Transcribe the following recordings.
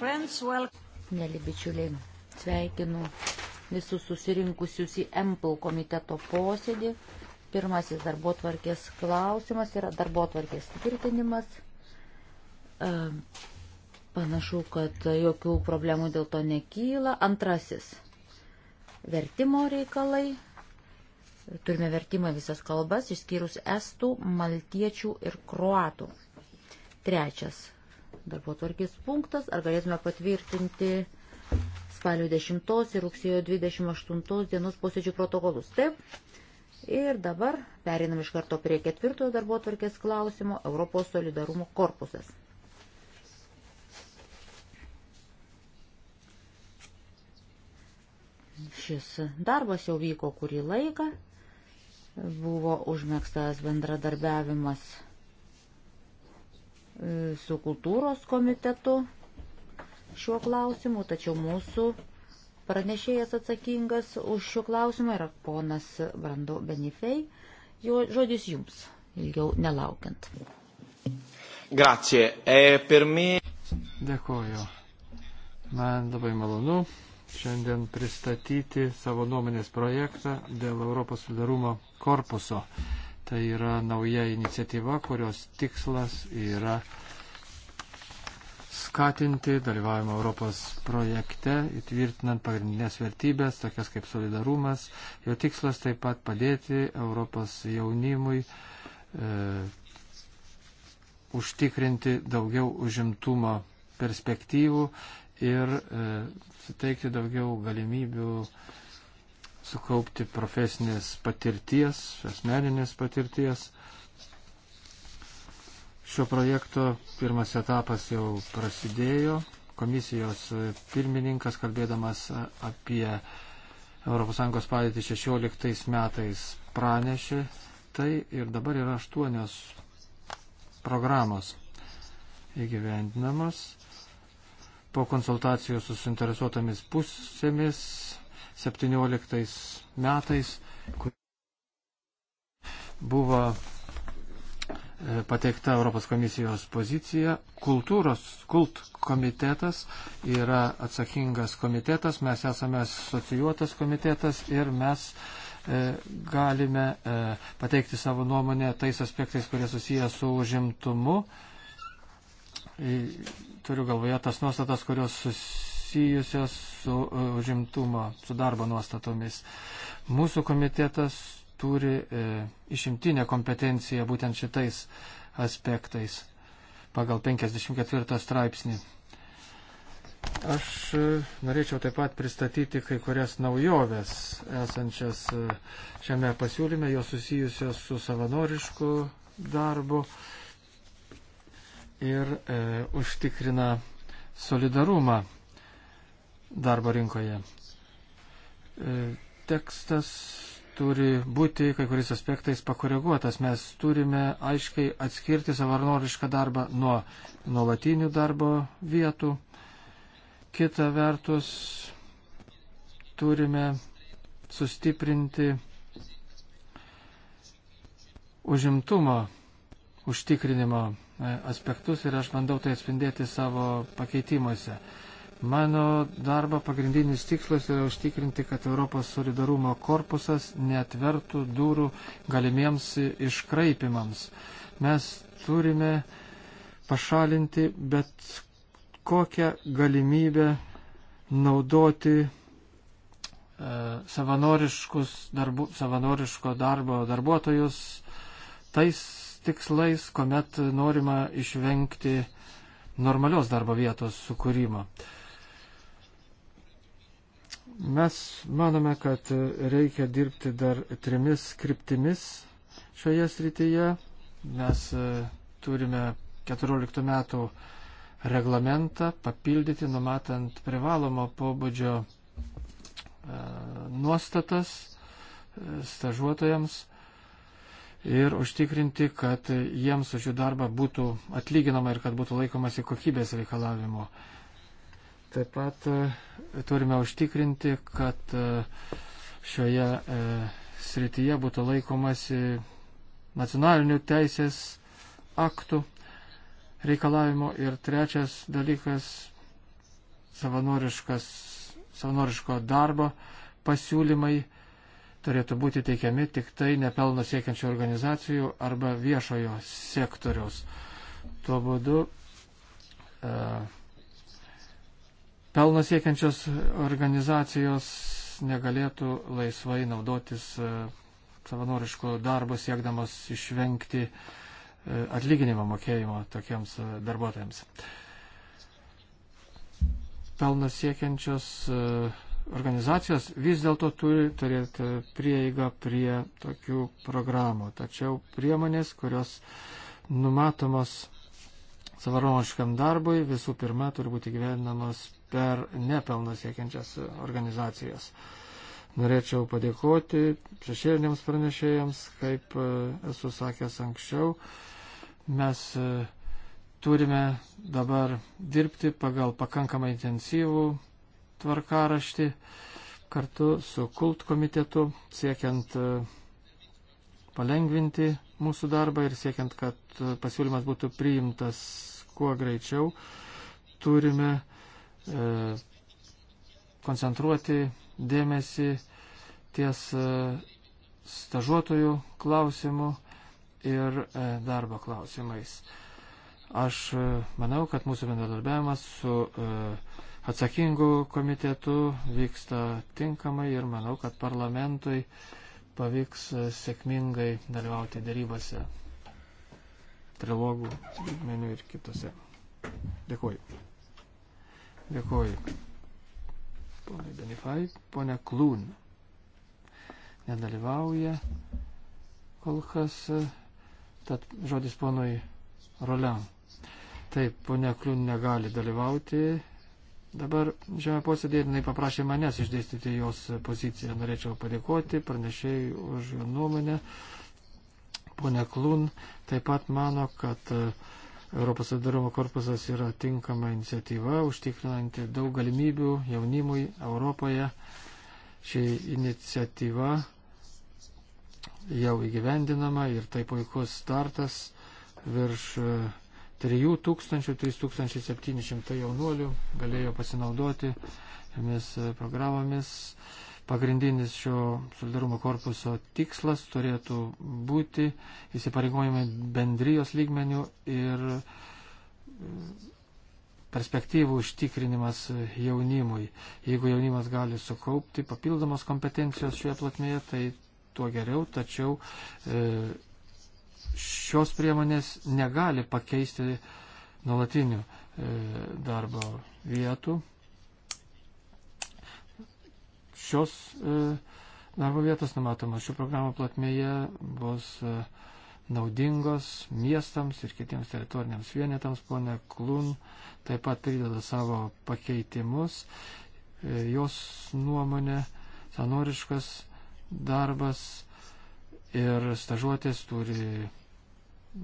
Mėly bičiuliai, sveikinu visus susirinkusius į MPL komiteto posėdį. Pirmasis darbo tvarkės klausimas yra darbo tvarkės tvirtinimas. E, panašu, kad jokių problemų dėl to nekyla. Antrasis - vertimo reikalai. Turime vertimą visas kalbas, išskyrus estų, maltiečių ir kruatų. Trečias darbo tvarkės punktas, ar galėtume patvirtinti spalio 10 ir rugsėjo 28 dienos posėdžių protokolus. Taip. Ir dabar perinam iš karto prie ketvirtojo darbo tvarkės klausimo Europos solidarumo korpusas. Šis darbas jau vyko kurį laiką, buvo užmėgstas bendradarbiavimas su kultūros komitetu šiuo klausimu, tačiau mūsų pranešėjas atsakingas už šiuo klausimą yra ponas Brando Benifei. Jo žodis jums, ilgiau nelaukiant. Grazie. E, per me... Dėkuoju. Man labai malonu šiandien pristatyti savo nuomonės projektą dėl Europos solidarumo korpuso. Tai yra nauja iniciatyva, kurios tikslas yra skatinti dalyvavimą Europos projekte, įtvirtinant pagrindinės vertybės, tokias kaip solidarumas. Jo tikslas taip pat padėti Europos jaunimui e, užtikrinti daugiau užimtumo perspektyvų ir e, suteikti daugiau galimybių e, sukaupti profesinės patirties, asmeninės patirties. Šio projekto pirmas etapas jau prasidėjo. Komisijos pirmininkas, kalbėdamas apie ES padėtį 16 metais, pranešė tai ir dabar yra aštuonios programos įgyvendinamos. Po konsultacijų su suinteresuotomis pusėmis 17 metais buvo e, pateikta Europos komisijos pozicija. Kultūros kult komitetas yra atsakingas komitetas, mes esame asocijuotas komitetas ir mes e, galime e, pateikti savo nuomonę tais aspektais, kurie susiję su užimtumu. E, turiu galvoje tas nuostatas, kurios susiję susijusios su e, užimtumo, su darbo nuostatomis. Mūsų komitetas turi e, išimtinę kompetenciją būtent šitais aspektais pagal 54 straipsnį. Aš e, norėčiau taip pat pristatyti kai kurias naujoves esančias e, šiame pasiūlyme, jos susijusios su savanorišku darbu ir e, užtikrina solidarumą darbo rinkoje. E, tekstas turi būti kai kuriais aspektais pakoreguotas. Mes turime aiškiai atskirti savanorišką darbą nuo nuolatinių darbo vietų. Kita vertus, turime sustiprinti užimtumo užtikrinimo e, aspektus ir aš bandau tai atspindėti savo pakeitimuose. Mano darbo pagrindinis tikslas yra užtikrinti, kad Europos solidarumo korpusas netvertų durų galimiems iškraipimams. Mes turime pašalinti bet kokią galimybę naudoti e, darbu, savanoriško darbo darbuotojus tais tikslais, kuomet norima išvengti normalios darbo vietos sukūrimo. E, Mes manome, kad reikia dirbti dar trimis kryptimis šioje srityje. Mes e, turime 14 metų reglamentą papildyti, numatant privalomo pobūdžio e, nuostatas e, stažuotojams ir užtikrinti, kad jiems už jų darbą būtų atlyginama ir kad būtų laikomasi kokybės reikalavimo. Taip pat e, turime užtikrinti, kad e, šioje e, srityje būtų laikomasi nacionalinių teisės aktų reikalavimo. Ir trečias dalykas - savanoriško darbo pasiūlymai turėtų būti teikiami tik tai nepelno siekiančių organizacijų arba viešojo sektoriaus. Tuo būdu e, pelno siekiančios organizacijos negalėtų laisvai naudotis e, savanoriškų darbų siekdamas išvengti e, atlyginimo mokėjimo tokiems e, darbuotojams. Pelno siekiančios organizacijos vis dėlto turi turėti prieigą prie tokių programų. Tačiau priemonės, kurios numatomos savanoriškam darbui, visų pirma turi būti gyvenamos per nepelno siekiančias organizacijas. Norėčiau padėkoti šešėliniams pranešėjams, kaip e, esu sakęs anksčiau. Mes e, turime dabar dirbti pagal pakankamai intensyvų tvarkaraštį kartu su kult komitetu, siekiant e, palengvinti mūsų darbą ir siekiant, kad pasiūlymas būtų priimtas kuo greičiau, turime E, koncentruoti dėmesį ties e, stažuotojų klausimų ir e, darbo klausimais. Aš manau, kad mūsų bendradarbiavimas su atsakingu komitetu vyksta tinkamai ir manau, kad parlamentui pavyks sėkmingai dalyvauti dėrybose, trilogų meniu ir kitose. Dėkuoju. Dėkuoju. Pone Benifai, pone Klūn. Nedalyvauja kol kas. Tad žodis ponui Roliam. Taip, ponia Kliun negali dalyvauti. Dabar šiame posėdėje jinai paprašė manęs išdėstyti jos poziciją. Norėčiau padėkoti pranešėjai už jo nuomonę. Pone Klun taip pat mano, kad uh, Europos solidarumo korpusas yra tinkama iniciatyva, užtikrinanti daug galimybių jaunimui Europoje. Ši iniciatyva jau įgyvendinama ir tai puikus startas virš 3000-3700 e, jaunuolių galėjo pasinaudoti jomis e, programomis. Pagrindinis šio solidarumo korpuso tikslas turėtų būti įsipareigojimai bendrijos lygmenių ir e, perspektyvų užtikrinimas jaunimui. Jeigu jaunimas gali sukaupti papildomos kompetencijos šioje platmėje, tai tuo geriau, tačiau e, šios priemonės negali pakeisti nuolatinių e, darbo vietų šios e, darbo vietos numatomos šių programų platmėje bus e, naudingos miestams ir kitiems teritoriniams vienetams. Pone Klun taip pat prideda savo pakeitimus. E, jos nuomonė, sanoriškas darbas ir stažuotės turi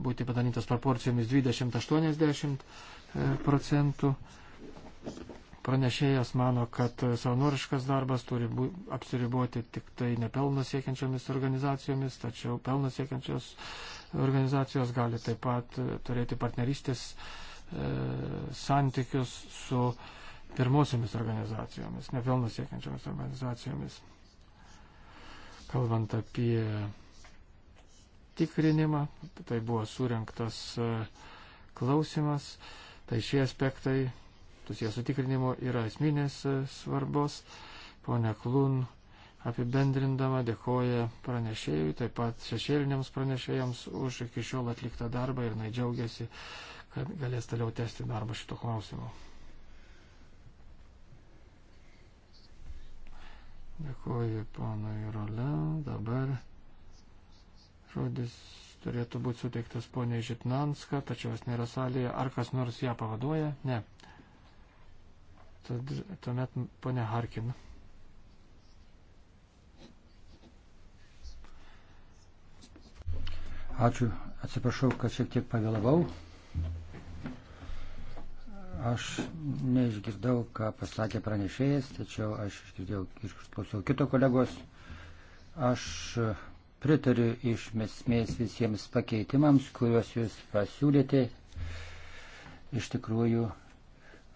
būti padalintas proporcijomis 20-80 procentų. Pranešėjas mano, kad savanoriškas darbas turi bū, apsiriboti tik tai nepelno siekiančiomis organizacijomis, tačiau pelno siekiančios organizacijos gali taip pat e, turėti partnerystės e, santykius su pirmosiomis organizacijomis, nepelno siekiančiomis organizacijomis. Kalbant apie tikrinimą, tai buvo surinktas e, klausimas, tai šie aspektai susijęs su tikrinimu yra esminės e, svarbos. Pone Klun apibendrindama dėkoja pranešėjui, taip pat šešėliniams pranešėjams už iki šiol atliktą darbą ir jinai džiaugiasi, kad galės toliau tęsti darbą šito klausimu. Dėkoju ponui Role. Dabar žodis turėtų būti suteiktas poniai Žitnanska, tačiau jis nėra salėje. Ar kas nors ją pavaduoja? Ne. Tad, tuomet ponia Harkin. Ačiū, atsiprašau, kad šiek tiek pavėlavau. Aš neišgirdau, ką pasakė pranešėjas, tačiau aš išgirdau, išklausiau kito kolegos. Aš pritariu iš mesmės visiems pakeitimams, kuriuos jūs pasiūlėte. Iš tikrųjų,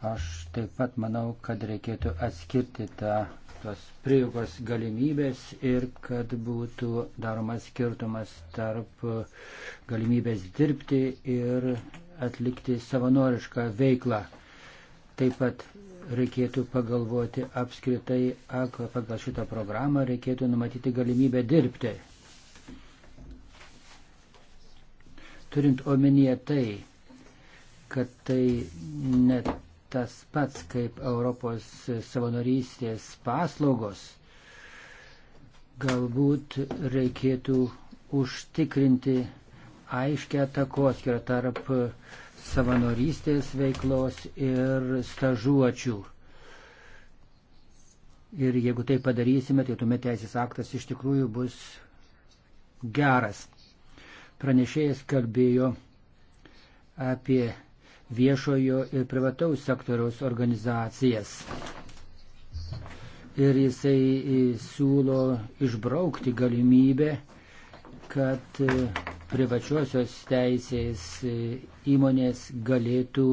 Aš taip pat manau, kad reikėtų atskirti tą, tos prieigos galimybės ir kad būtų daromas skirtumas tarp galimybės dirbti ir atlikti savanorišką veiklą. Taip pat reikėtų pagalvoti apskritai, ak, pagal šitą programą reikėtų numatyti galimybę dirbti. Turint omenyje tai, kad tai net tas pats kaip Europos savanorystės paslaugos. Galbūt reikėtų užtikrinti aiškę takoskirą tarp savanorystės veiklos ir stažuočių. Ir jeigu tai padarysime, tai tuomet teisės aktas iš tikrųjų bus geras. Pranešėjas kalbėjo apie viešojo ir privataus sektoriaus organizacijas. Ir jisai e, siūlo išbraukti galimybę, kad e, privačiosios teisės e, įmonės galėtų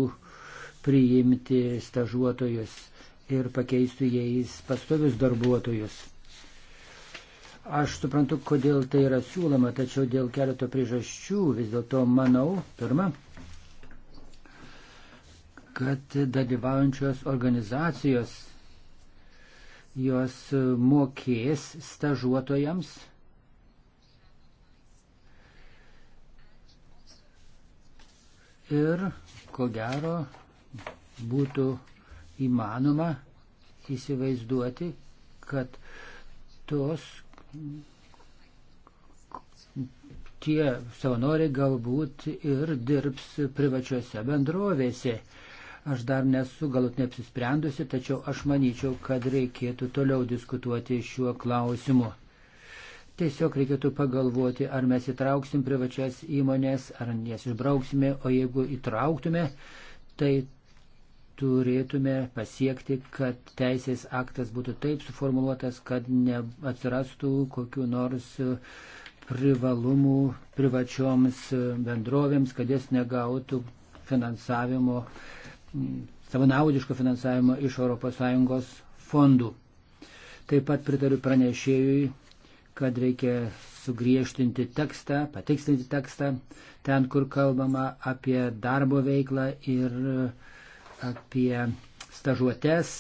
priimti stažuotojus ir pakeistų jais pastovius darbuotojus. Aš suprantu, kodėl tai yra siūloma, tačiau dėl keleto priežasčių vis dėlto manau, pirma, kad dalyvaujančios organizacijos jos mokės stažuotojams ir ko gero būtų įmanoma įsivaizduoti, kad tos tie savanoriai galbūt ir dirbs privačiose bendrovėse. Aš dar nesu galutinai apsisprendusi, tačiau aš manyčiau, kad reikėtų toliau diskutuoti šiuo klausimu. Tiesiog reikėtų pagalvoti, ar mes įtrauksim privačias įmonės, ar jas išbrauksime, o jeigu įtrauktume, tai turėtume pasiekti, kad teisės aktas būtų taip suformuoluotas, kad neatsirastų kokiu nors privalumų privačioms bendrovėms, kad jas negautų finansavimo savanaudiško finansavimo iš ES fondų. Taip pat pritariu pranešėjui, kad reikia sugriežtinti tekstą, patikslinti tekstą, ten, kur kalbama apie darbo veiklą ir e, apie stažuotes.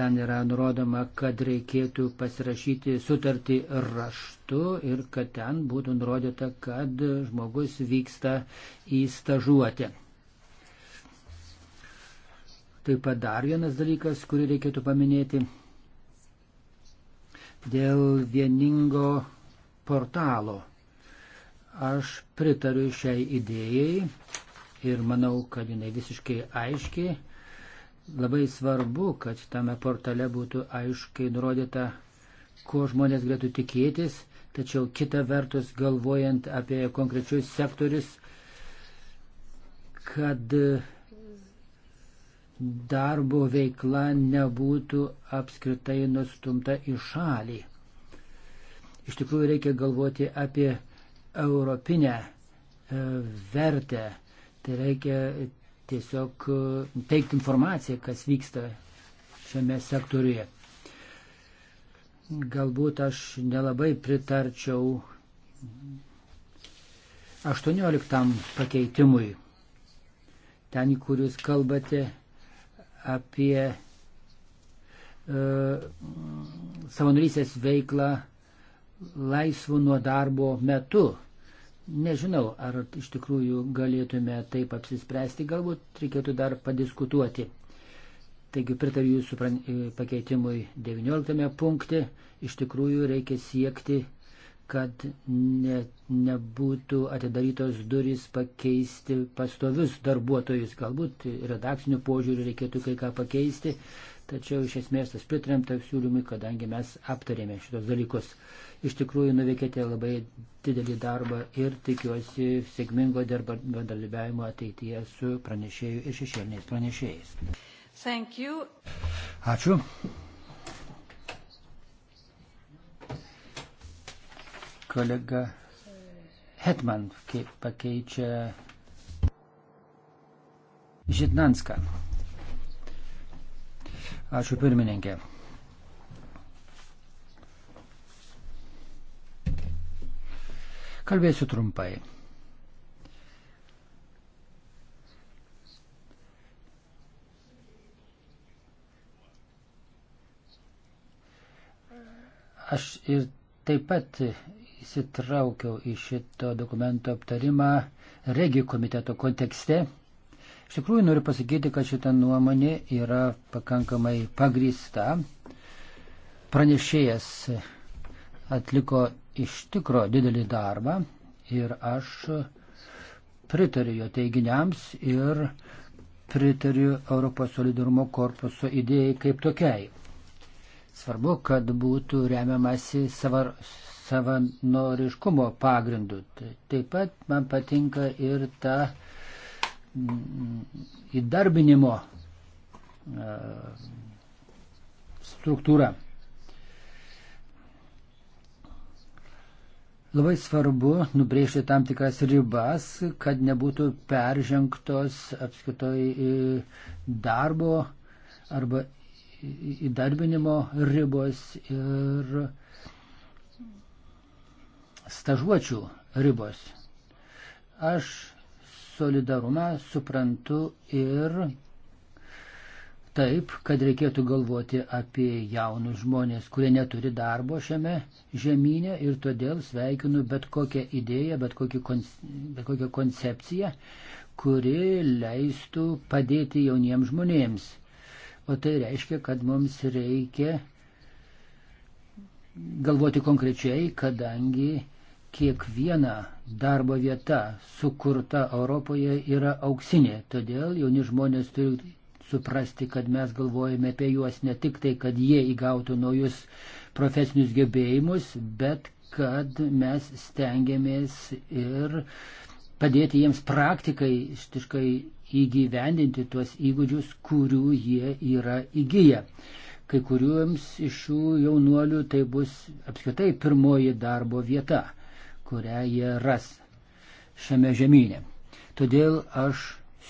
Ten yra nurodoma, kad reikėtų pasirašyti sutartį raštu ir kad ten būtų nurodyta, kad žmogus vyksta į stažuotę. Taip pat dar vienas dalykas, kurį reikėtų paminėti. Dėl vieningo portalo. Aš pritariu šiai idėjai ir manau, kad jinai visiškai aiški. Labai svarbu, kad tame portale būtų aiškiai nurodyta, ko žmonės galėtų tikėtis, tačiau kita vertus, galvojant apie konkrečius sektorius, kad darbo veikla nebūtų apskritai nustumta į šalį. Iš tikrųjų reikia galvoti apie europinę e, vertę. Tai reikia tiesiog e, teikti informaciją, kas vyksta šiame sektoriuje. Galbūt aš nelabai pritarčiau 18 pakeitimui, ten, kur jūs kalbate apie e, savanorysės veiklą laisvų nuo darbo metu. Nežinau, ar iš tikrųjų galėtume taip apsispręsti, galbūt reikėtų dar padiskutuoti. Taigi pritariu jūsų e, pakeitimui 19 punkte, iš tikrųjų reikia siekti kad ne, nebūtų atidarytos durys pakeisti pastovius darbuotojus. Galbūt redakcinių požiūrių reikėtų kai ką pakeisti, tačiau iš esmės tas pritarėm tam siūlymui, kadangi mes aptarėme šitos dalykus. Iš tikrųjų nuveikėte labai didelį darbą ir tikiuosi sėkmingo bendradarbiavimo ateityje su pranešėjų ir šešėliniais pranešėjais. Ačiū. kolega Hetman pakeičia Žitnanską. Ačiū pirmininkė. Kalbėsiu trumpai. Aš ir taip pat įsitraukiau į šito dokumento aptarimą regijų komiteto kontekste. Iš tikrųjų noriu pasakyti, kad šita nuomonė yra pakankamai pagrįsta. Pranešėjas atliko iš tikro didelį darbą ir aš pritariu jo teiginiams ir pritariu Europos solidarumo korpuso idėjai kaip tokiai. Svarbu, kad būtų remiamasi savar, savanoriškumo pagrindu. Taip pat man patinka ir ta mm, įdarbinimo struktūra. Labai svarbu nubrėžti tam tikras ribas, kad nebūtų peržengtos apskritai darbo arba įdarbinimo ribos ir stažuočių ribos. Aš solidarumą suprantu ir taip, kad reikėtų galvoti apie jaunus žmonės, kurie neturi darbo šiame žemynė ir todėl sveikinu bet kokią idėją, bet, kokį, bet kokią koncepciją, kuri leistų padėti jauniems žmonėms. O tai reiškia, kad mums reikia galvoti konkrečiai, kadangi kiekviena darbo vieta sukurta Europoje yra auksinė. Todėl jauni žmonės turi suprasti, kad mes galvojame apie juos ne tik tai, kad jie įgautų naujus profesinius gebėjimus, bet kad mes stengiamės ir padėti jiems praktikai ištiškai įgyvendinti tuos įgūdžius, kurių jie yra įgyję. Kai kuriuoms iš šių jaunuolių tai bus apskritai pirmoji darbo vieta kurią jie ras šiame žemynė. Todėl aš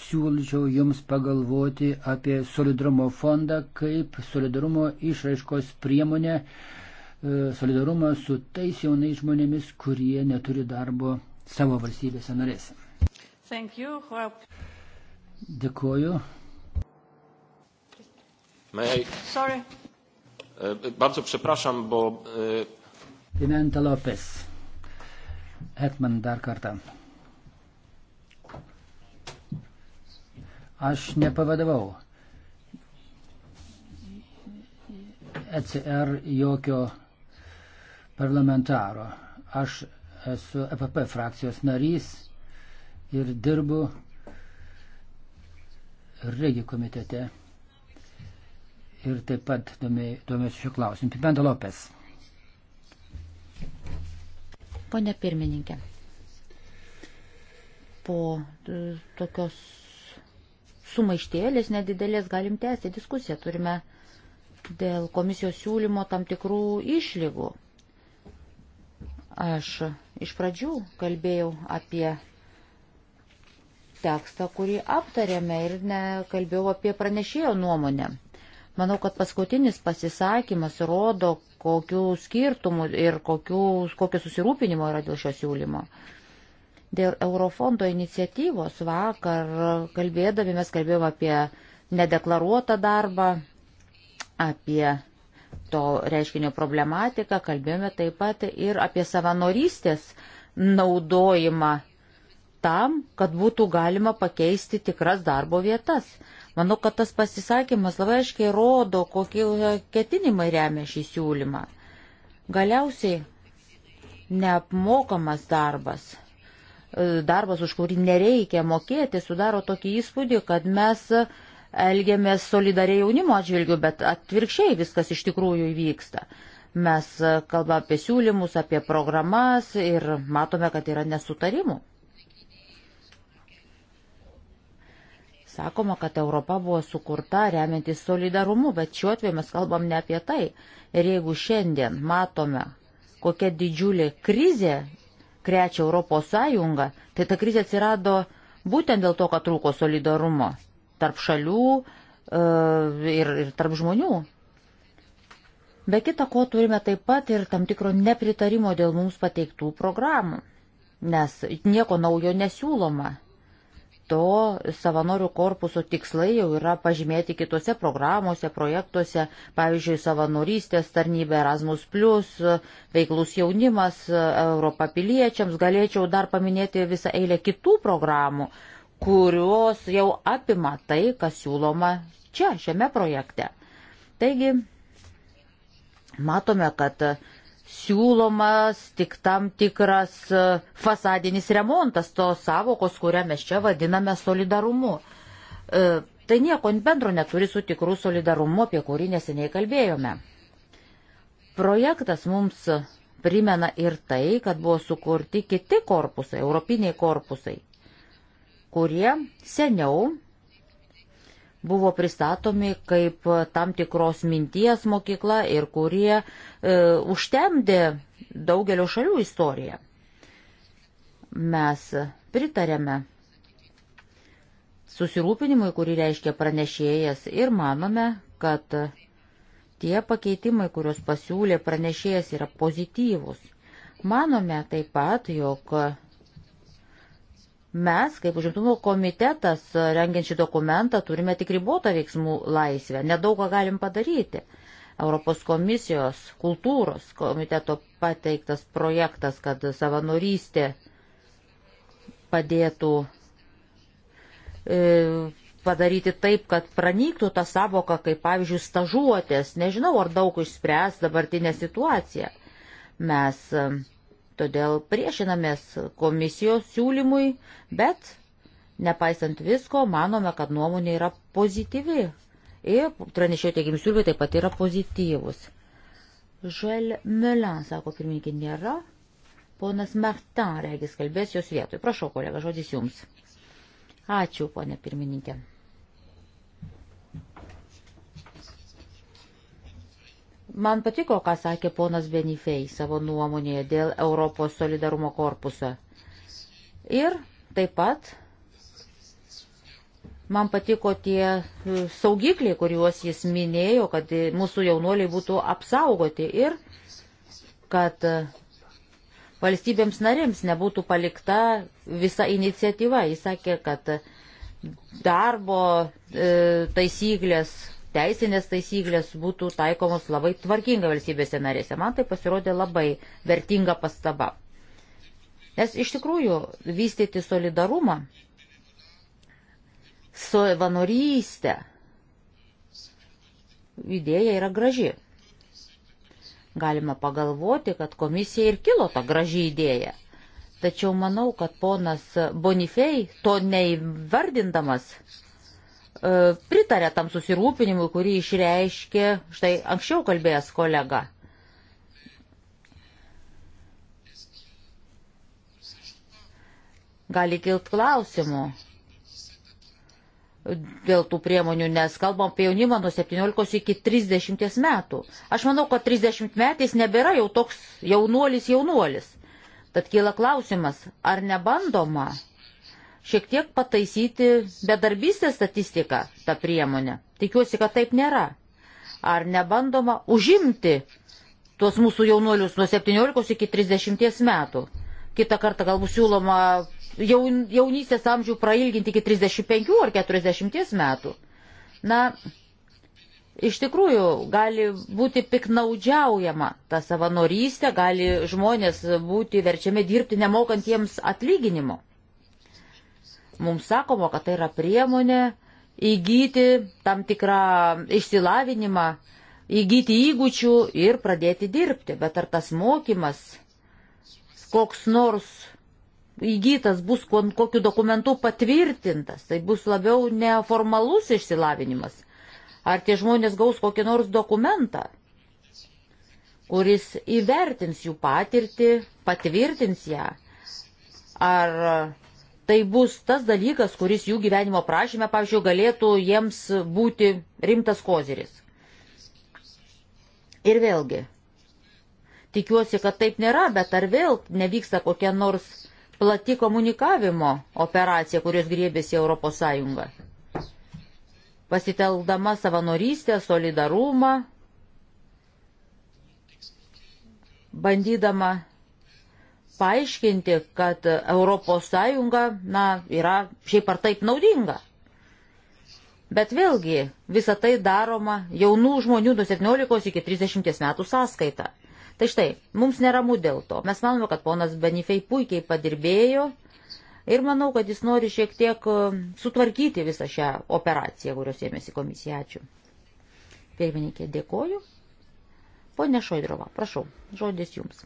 siūlyčiau jums pagalvoti apie solidarumo fondą kaip solidarumo išraiškos priemonę, e, solidarumą su tais jaunais žmonėmis, kurie neturi darbo savo valstybėse narėse. Dėkuoju. May I... Sorry. E, bardzo przepraszam, bo... E, Pimenta Lopez. Hetman dar kartą. Aš nepavadavau ECR jokio parlamentaro. Aš esu EPP frakcijos narys ir dirbu Regi komitete ir taip pat domėsiu šiuo klausimu. Pimenta Lopes. Pone pirmininkė, po e, tokios sumaištėlės nedidelės galim tęsti diskusiją. Turime dėl komisijos siūlymo tam tikrų išlygų. Aš iš pradžių kalbėjau apie tekstą, kurį aptarėme ir nekalbėjau apie pranešėjo nuomonę. Manau, kad paskutinis pasisakymas rodo, kokių skirtumų ir kokių, kokio susirūpinimo yra dėl šio siūlymo. Dėl Eurofondo iniciatyvos vakar kalbėdami mes kalbėjome apie nedeklaruotą darbą, apie to reiškinio problematiką, kalbėjome taip pat ir apie savanorystės naudojimą tam, kad būtų galima pakeisti tikras darbo vietas. Manau, kad tas pasisakymas labai aiškiai rodo, kokie ketinimai remia šį siūlymą. Galiausiai neapmokamas darbas, e, darbas, už kurį nereikia mokėti, sudaro tokį įspūdį, kad mes elgiamės solidariai jaunimo atžvilgių, bet atvirkščiai viskas iš tikrųjų įvyksta. Mes kalbame apie siūlymus, apie programas ir matome, kad yra nesutarimų. Sakoma, kad Europa buvo sukurta remiantis solidarumu, bet šiuo atveju mes kalbam ne apie tai. Ir jeigu šiandien matome, kokia didžiulė krizė krečia Europos Sąjungą, tai ta krizė atsirado būtent dėl to, kad trūko solidarumo tarp šalių e, ir, ir tarp žmonių. Be kita ko turime taip pat ir tam tikro nepritarimo dėl mums pateiktų programų, nes nieko naujo nesiūloma to savanorių korpuso tikslai jau yra pažymėti kitose programuose, projektuose, pavyzdžiui, savanorystės tarnybė Erasmus, veiklus jaunimas Europą piliečiams. Galėčiau dar paminėti visą eilę kitų programų, kurios jau apima tai, kas siūloma čia, šiame projekte. Taigi, matome, kad siūlomas tik tam tikras e, fasadinis remontas tos savokos, kurią mes čia vadiname solidarumu. E, tai nieko bendro neturi su tikrų solidarumu, apie kurį neseniai kalbėjome. Projektas mums primena ir tai, kad buvo sukurti kiti korpusai, europiniai korpusai, kurie seniau buvo pristatomi kaip tam tikros minties mokykla ir kurie e, užtemdė daugelio šalių istoriją. Mes pritarėme susirūpinimui, kurį reiškia pranešėjas ir manome, kad tie pakeitimai, kuriuos pasiūlė pranešėjas, yra pozityvus. Manome taip pat, jog Mes, kaip užimtumo komitetas, rengiant šį dokumentą, turime tik ribotą veiksmų laisvę, nedaug ką galim padaryti. Europos komisijos kultūros komiteto pateiktas projektas, kad savanorystė padėtų e, padaryti taip, kad pranyktų tą savoką, kaip pavyzdžiui, stažuotės. Nežinau, ar daug išspręs dabartinę situaciją. Mes Todėl priešinamės komisijos siūlymui, bet nepaisant visko, manome, kad nuomonė yra pozityvi. Ir pranešėjo teigiami siūlymai taip pat yra pozityvus. Žuel Melan, sako pirmininkė, nėra. Ponas Mertan, regis, kalbės jos vietoj. Prašau, kolega, žodis jums. Ačiū, ponė pirmininkė. Man patiko, ką sakė ponas Benifei savo nuomonėje dėl Europos solidarumo korpuso. Ir taip pat man patiko tie e, saugikliai, kuriuos jis minėjo, kad e, mūsų jaunuoliai būtų apsaugoti ir kad e, valstybėms narėms nebūtų palikta visa iniciatyva. Jis sakė, kad darbo e, taisyklės teisinės taisyklės būtų taikomos labai tvarkinga valstybėse narėse. Man tai pasirodė labai vertinga pastaba. Nes iš tikrųjų vystyti solidarumą, savanorystę, idėja yra graži. Galima pagalvoti, kad komisija ir kilo ta graži idėja. Tačiau manau, kad ponas Bonifei to neįvardindamas E, pritarė tam susirūpinimui, kurį išreiškė štai anksčiau kalbėjęs kolega. Gali kilt klausimų dėl tų priemonių, nes kalbam apie jaunimą nuo 17 iki 30 metų. Aš manau, kad 30 metys nebėra jau toks jaunuolis jaunuolis. Tad kyla klausimas, ar nebandoma šiek tiek pataisyti bedarbystės statistiką tą priemonę. Tikiuosi, kad taip nėra. Ar nebandoma užimti tuos mūsų jaunuolius nuo 17 iki 30 metų. Kita karta galbūt siūloma jaun, jaunystės amžių prailginti iki 35 ar 40 metų. Na, iš tikrųjų, gali būti piknaudžiaujama ta savanorystė, gali žmonės būti verčiami dirbti nemokant jiems atlyginimo. Mums sakoma, kad tai yra priemonė įgyti tam tikrą išsilavinimą, įgyti įgūdžių ir pradėti dirbti. Bet ar tas mokymas, koks nors įgytas bus kokiu dokumentu patvirtintas, tai bus labiau neformalus išsilavinimas. Ar tie žmonės gaus kokį nors dokumentą, kuris įvertins jų patirtį, patvirtins ją. Ar tai bus tas dalykas, kuris jų gyvenimo prašymę, pavyzdžiui, galėtų jiems būti rimtas koziris. Ir vėlgi, tikiuosi, kad taip nėra, bet ar vėl nevyksta kokia nors plati komunikavimo operacija, kurios griebėsi Europos Sąjunga, pasitelkdama savanorystę, solidarumą, bandydama paaiškinti, kad ES na, yra šiaip ar taip naudinga. Bet vėlgi visa tai daroma jaunų žmonių nuo 17 iki 30 metų sąskaita. Tai štai, mums neramu dėl to. Mes manome, kad ponas Benifei puikiai padirbėjo ir manau, kad jis nori šiek tiek e, sutvarkyti visą šią operaciją, kurios ėmėsi komisija. Ačiū. Pirmininkė, dėkoju. Pone Šoidrova, prašau, žodis jums.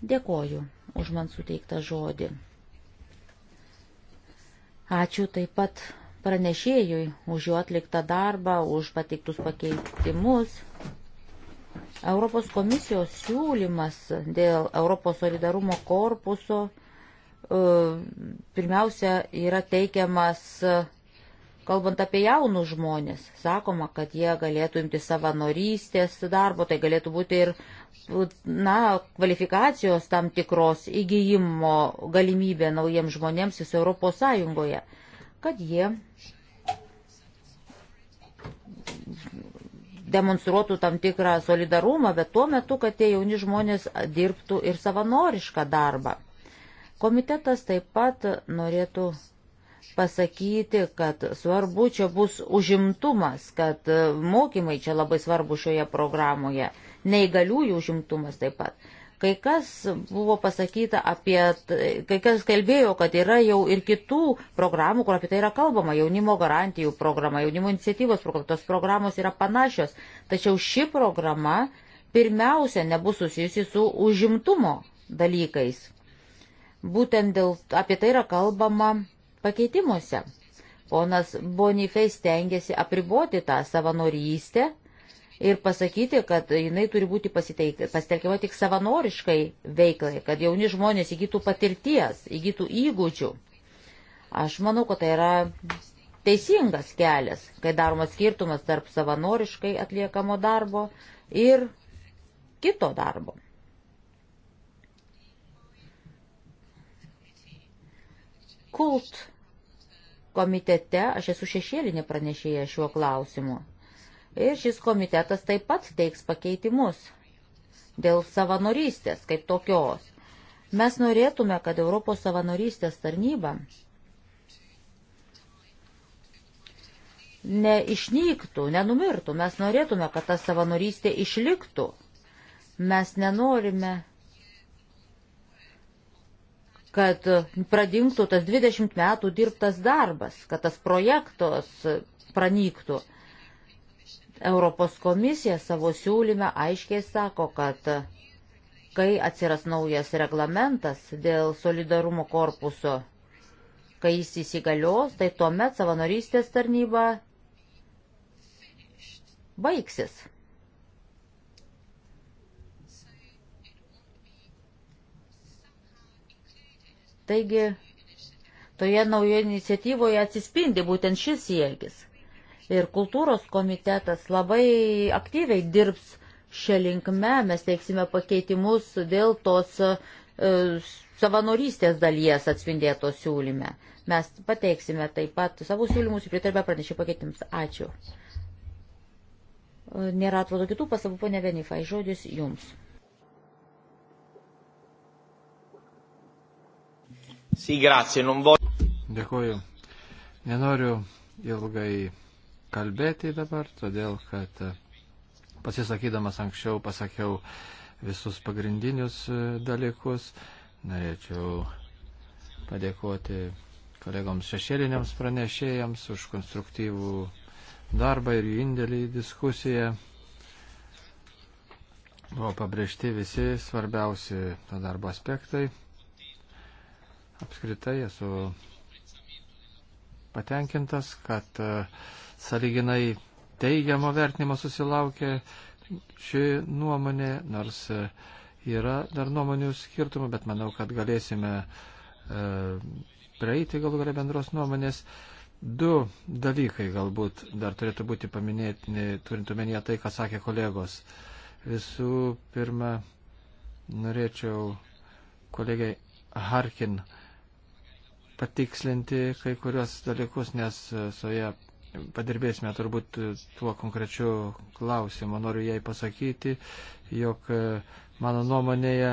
Dėkoju už man suteiktą žodį. Ačiū taip pat pranešėjui už jo atliktą darbą, už pateiktus pakeitimus. Europos komisijos siūlymas dėl Europos solidarumo korpuso e, pirmiausia yra teikiamas Kalbant apie jaunus žmonės, sakoma, kad jie galėtų imti savanorystės darbo, tai galėtų būti ir na, kvalifikacijos tam tikros įgyjimo galimybė naujiems žmonėms viso Europos Sąjungoje, kad jie demonstruotų tam tikrą solidarumą, bet tuo metu, kad tie jauni žmonės dirbtų ir savanorišką darbą. Komitetas taip pat norėtų pasakyti, kad svarbu čia bus užimtumas, kad e, mokymai čia labai svarbu šioje programoje, neįgaliųjų užimtumas taip pat. Kai kas buvo pasakyta apie, kai kas kalbėjo, kad yra jau ir kitų programų, kur apie tai yra kalbama, jaunimo garantijų programa, jaunimo iniciatyvos programa, tos programos yra panašios, tačiau ši programa pirmiausia nebus susijusi su užimtumo dalykais. Būtent dėl, apie tai yra kalbama pakeitimuose. Ponas Bonifei stengiasi apriboti tą savanorystę ir pasakyti, kad jinai turi būti pasitelkiama tik savanoriškai veiklai, kad jauni žmonės įgytų patirties, įgytų įgūdžių. Aš manau, kad tai yra teisingas kelias, kai daromas skirtumas tarp savanoriškai atliekamo darbo ir kito darbo. Kult komitete aš esu šešėlinė pranešėja šiuo klausimu. Ir šis komitetas taip pat teiks pakeitimus dėl savanorystės kaip tokios. Mes norėtume, kad Europos savanorystės tarnyba neišnyktų, nenumirtų. Mes norėtume, kad ta savanorystė išliktų. Mes nenorime kad pradingtų tas 20 metų dirbtas darbas, kad tas projektos pranyktų. Europos komisija savo siūlyme aiškiai sako, kad kai atsiras naujas reglamentas dėl solidarumo korpuso, kai jis įsigalios, tai tuomet savanorystės tarnyba baigsis. Taigi, toje naujoje iniciatyvoje atsispindi būtent šis siekis. Ir kultūros komitetas labai aktyviai dirbs šią linkmę, mes teiksime pakeitimus dėl tos e, savanorystės dalies atspindėtos siūlyme. Mes pateiksime taip pat savo siūlymus ir pritarbę pranešė pakeitims. Ačiū. E, nėra atrodo kitų pasabų, ponia Venifai, žodis jums. Sì, grazie, non voglio. Dėkuoju. Nenoriu ilgai kalbėti dabar, todėl kad e, pasisakydamas anksčiau pasakiau visus pagrindinius e, dalykus. Norėčiau padėkoti kolegoms šešėliniams pranešėjams už konstruktyvų darbą ir jų indėlį į diskusiją. Buvo pabrėžti visi svarbiausi to darbo aspektai. Apskritai esu patenkintas, kad e, saliginai teigiamo vertinimo susilaukė ši nuomonė, nors e, yra dar nuomonių skirtumų, bet manau, kad galėsime e, praeiti galų galę bendros nuomonės. Du dalykai galbūt dar turėtų būti paminėti, turint omenyje tai, ką sakė kolegos. Visų pirma, norėčiau kolegiai Harkin uh, patikslinti kai kurios dalykus, nes e, su ja padirbėsime turbūt e, tuo konkrečiu klausimu. Noriu jai pasakyti, jog e, mano nuomonėje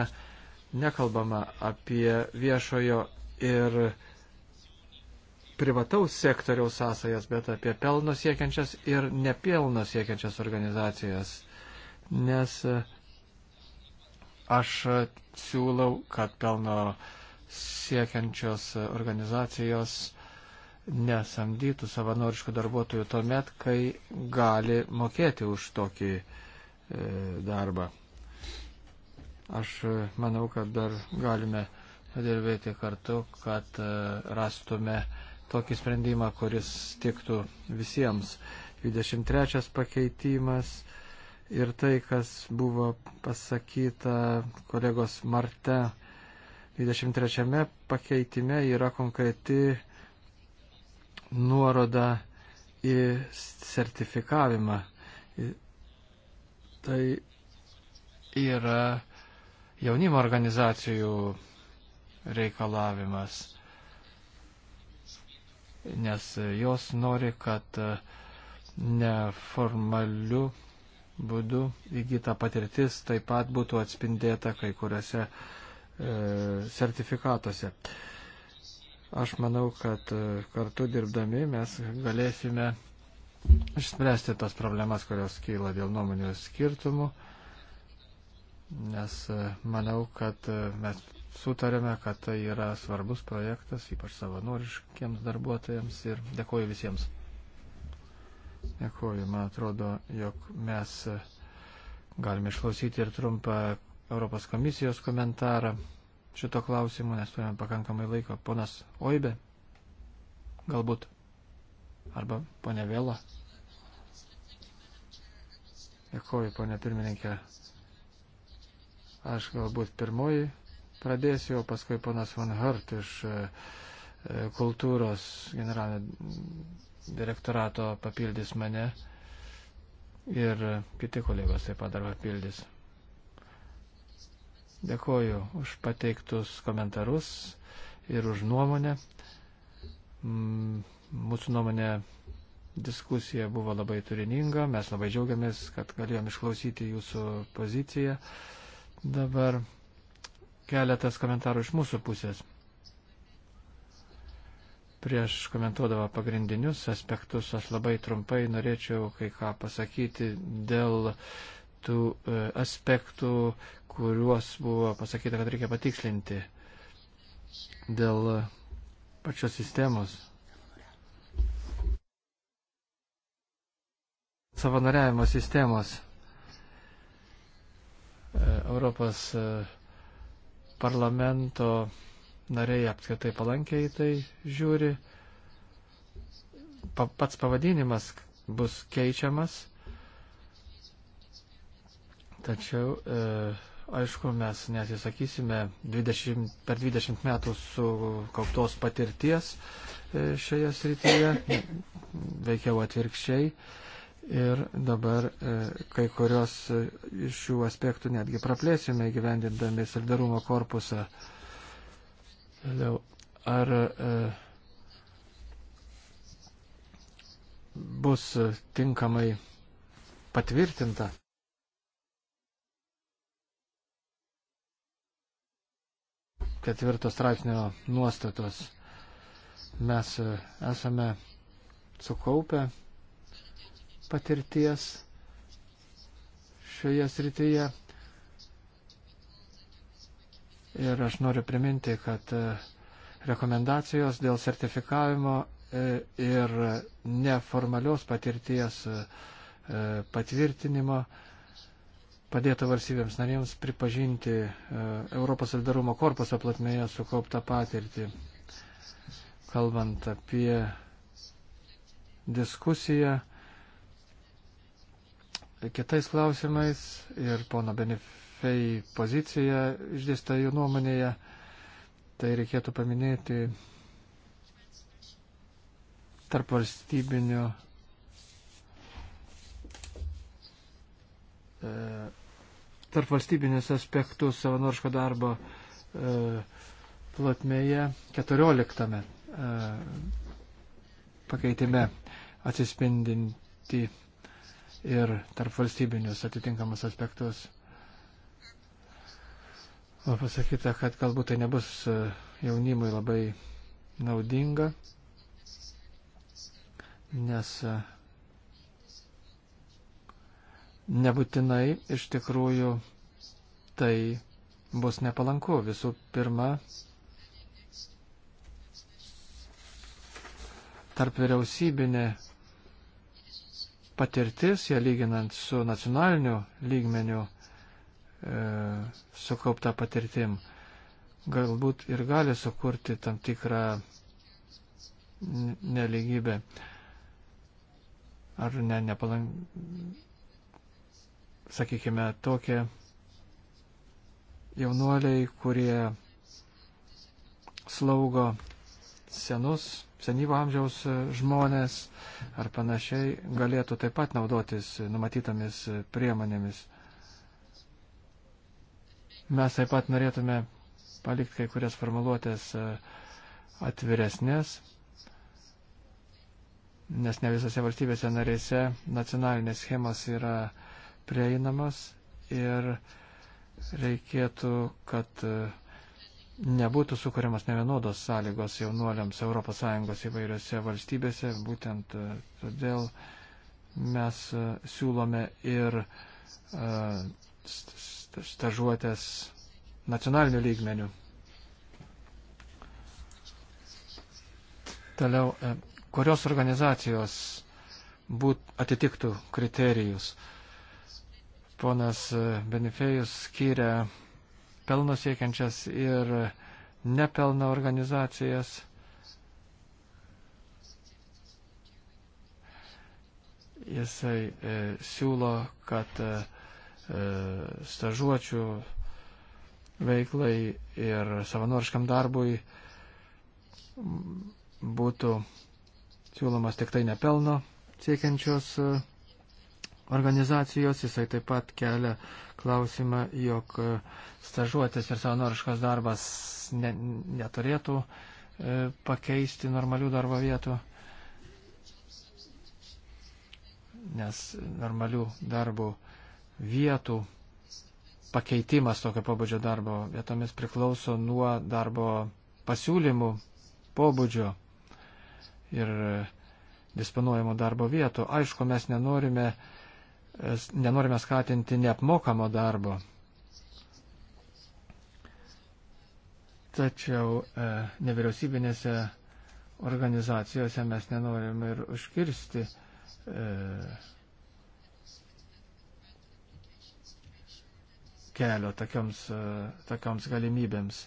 nekalbama apie viešojo ir privataus sektoriaus sąsajas, bet apie pelno siekiančias ir nepelno siekiančias organizacijas. Nes aš siūlau, kad pelno uh, siekiančios organizacijos nesamdytų savanoriškų darbuotojų tuomet, kai gali mokėti už tokį e, darbą. Aš e, manau, kad dar galime padirbėti kartu, kad e, rastume tokį sprendimą, kuris tiktų visiems. 23 pakeitimas ir tai, kas buvo pasakyta kolegos Marte 23 pakeitime yra konkreti nuoroda į sertifikavimą. Tai yra jaunimo organizacijų reikalavimas, nes jos nori, kad neformaliu būdu įgyta patirtis taip pat būtų atspindėta kai kuriuose uh, E, sertifikatuose. Aš manau, kad e, kartu dirbdami mes galėsime išspręsti tas problemas, kurios kyla dėl nuomonių skirtumų, nes e, manau, kad mes sutarėme, kad tai yra svarbus projektas, ypač savanoriškiems darbuotojams ir dėkoju visiems. Dėkoju, man atrodo, jog mes galime išklausyti ir trumpą Europos komisijos komentarą šito klausimu, nes turime pakankamai laiko. Ponas Oibė, galbūt, arba ponė Vėla. Dėkuoju, ponė pirmininkė. Aš galbūt pirmoji pradėsiu, o paskui ponas Van Hart iš e, e, kultūros generalinio direktorato papildys mane ir kiti kolegos taip pat dar papildys. Dėkoju už pateiktus komentarus ir už nuomonę. Mm, mūsų nuomonė diskusija buvo labai turininga, mes labai džiaugiamės, kad galėjom išklausyti jūsų poziciją. Dabar keletas komentarų iš mūsų pusės. Prieš komentuodama pagrindinius aspektus, aš labai trumpai norėčiau kai ką pasakyti dėl tų e, aspektų, kuriuos buvo pasakyta, kad reikia patikslinti dėl pačios sistemos. Savanoriavimo sistemos. E, Europos e, parlamento nariai apskritai palankiai tai žiūri. Pa, pats pavadinimas bus keičiamas Tačiau, e, aišku, mes nesisakysime 20, per 20 metų sukauptos patirties e, šioje srityje, veikiau atvirkščiai. Ir dabar e, kai kurios iš šių aspektų netgi praplėsime gyvendindami solidarumo korpusą. Ar bus tinkamai patvirtinta ketvirto straipsnio nuostatos. Mes e, esame sukaupę patirties šioje srityje. Ir aš noriu priminti, kad e, rekomendacijos dėl sertifikavimo e, ir neformalios patirties patvirtinimo padėta valstybėms narėms pripažinti e, Europos solidarumo korpuso platmėje sukauptą patirtį. Kalbant apie diskusiją kitais klausimais ir pono Benefei poziciją išdėsta jų nuomonėje, tai reikėtų paminėti tarp valstybinio E, tarp valstybinės aspektus savanoriško darbo e, plotmėje 14 e, pakeitime atsispindinti ir tarp valstybinius atitinkamus aspektus. O pasakyta, kad galbūt tai nebus jaunimui labai naudinga, nes Nebūtinai iš tikrųjų tai bus nepalanku. Visų pirma, tarp vyriausybinė patirtis, ją lyginant su nacionaliniu lygmeniu e, sukaupta patirtim, galbūt ir gali sukurti tam tikrą nelygybę ar ne, nepalank, sakykime, tokie jaunuoliai, kurie slaugo senus, senyvo amžiaus žmonės ar panašiai, galėtų taip pat naudotis numatytomis priemonėmis. Mes taip pat norėtume palikti kai kurias formuluotės atviresnės, nes ne visose valstybėse narėse nacionalinės schemos yra prieinamas ir reikėtų, kad e, nebūtų sukūriamas nevienodos sąlygos jaunuoliams ES įvairiose valstybėse. Būtent e, todėl mes e, siūlome ir stažuotės nacionalinių lygmenių. Toliau, kurios organizacijos būt, atitiktų kriterijus. Uh, ponas Benefėjus skiria pelno siekiančias ir nepelno organizacijas. Jisai e, siūlo, kad e, e stažuočių veiklai ir savanoriškam darbui būtų siūlomas tik tai nepelno siekiančios e, organizacijos. Jisai taip pat kelia klausimą, jog e, stažuotis ir savanoriškas darbas ne, neturėtų e, pakeisti normalių darbo vietų, nes normalių darbo vietų pakeitimas tokio pobūdžio darbo vietomis priklauso nuo darbo pasiūlymų pobūdžio ir disponuojamo darbo vietų. Aišku, mes nenorime uh, nenorime skatinti neapmokamo darbo. Tačiau e, nevyriausybinėse organizacijose mes nenorim ir užkirsti e, kelio tokioms, e, tokioms galimybėms.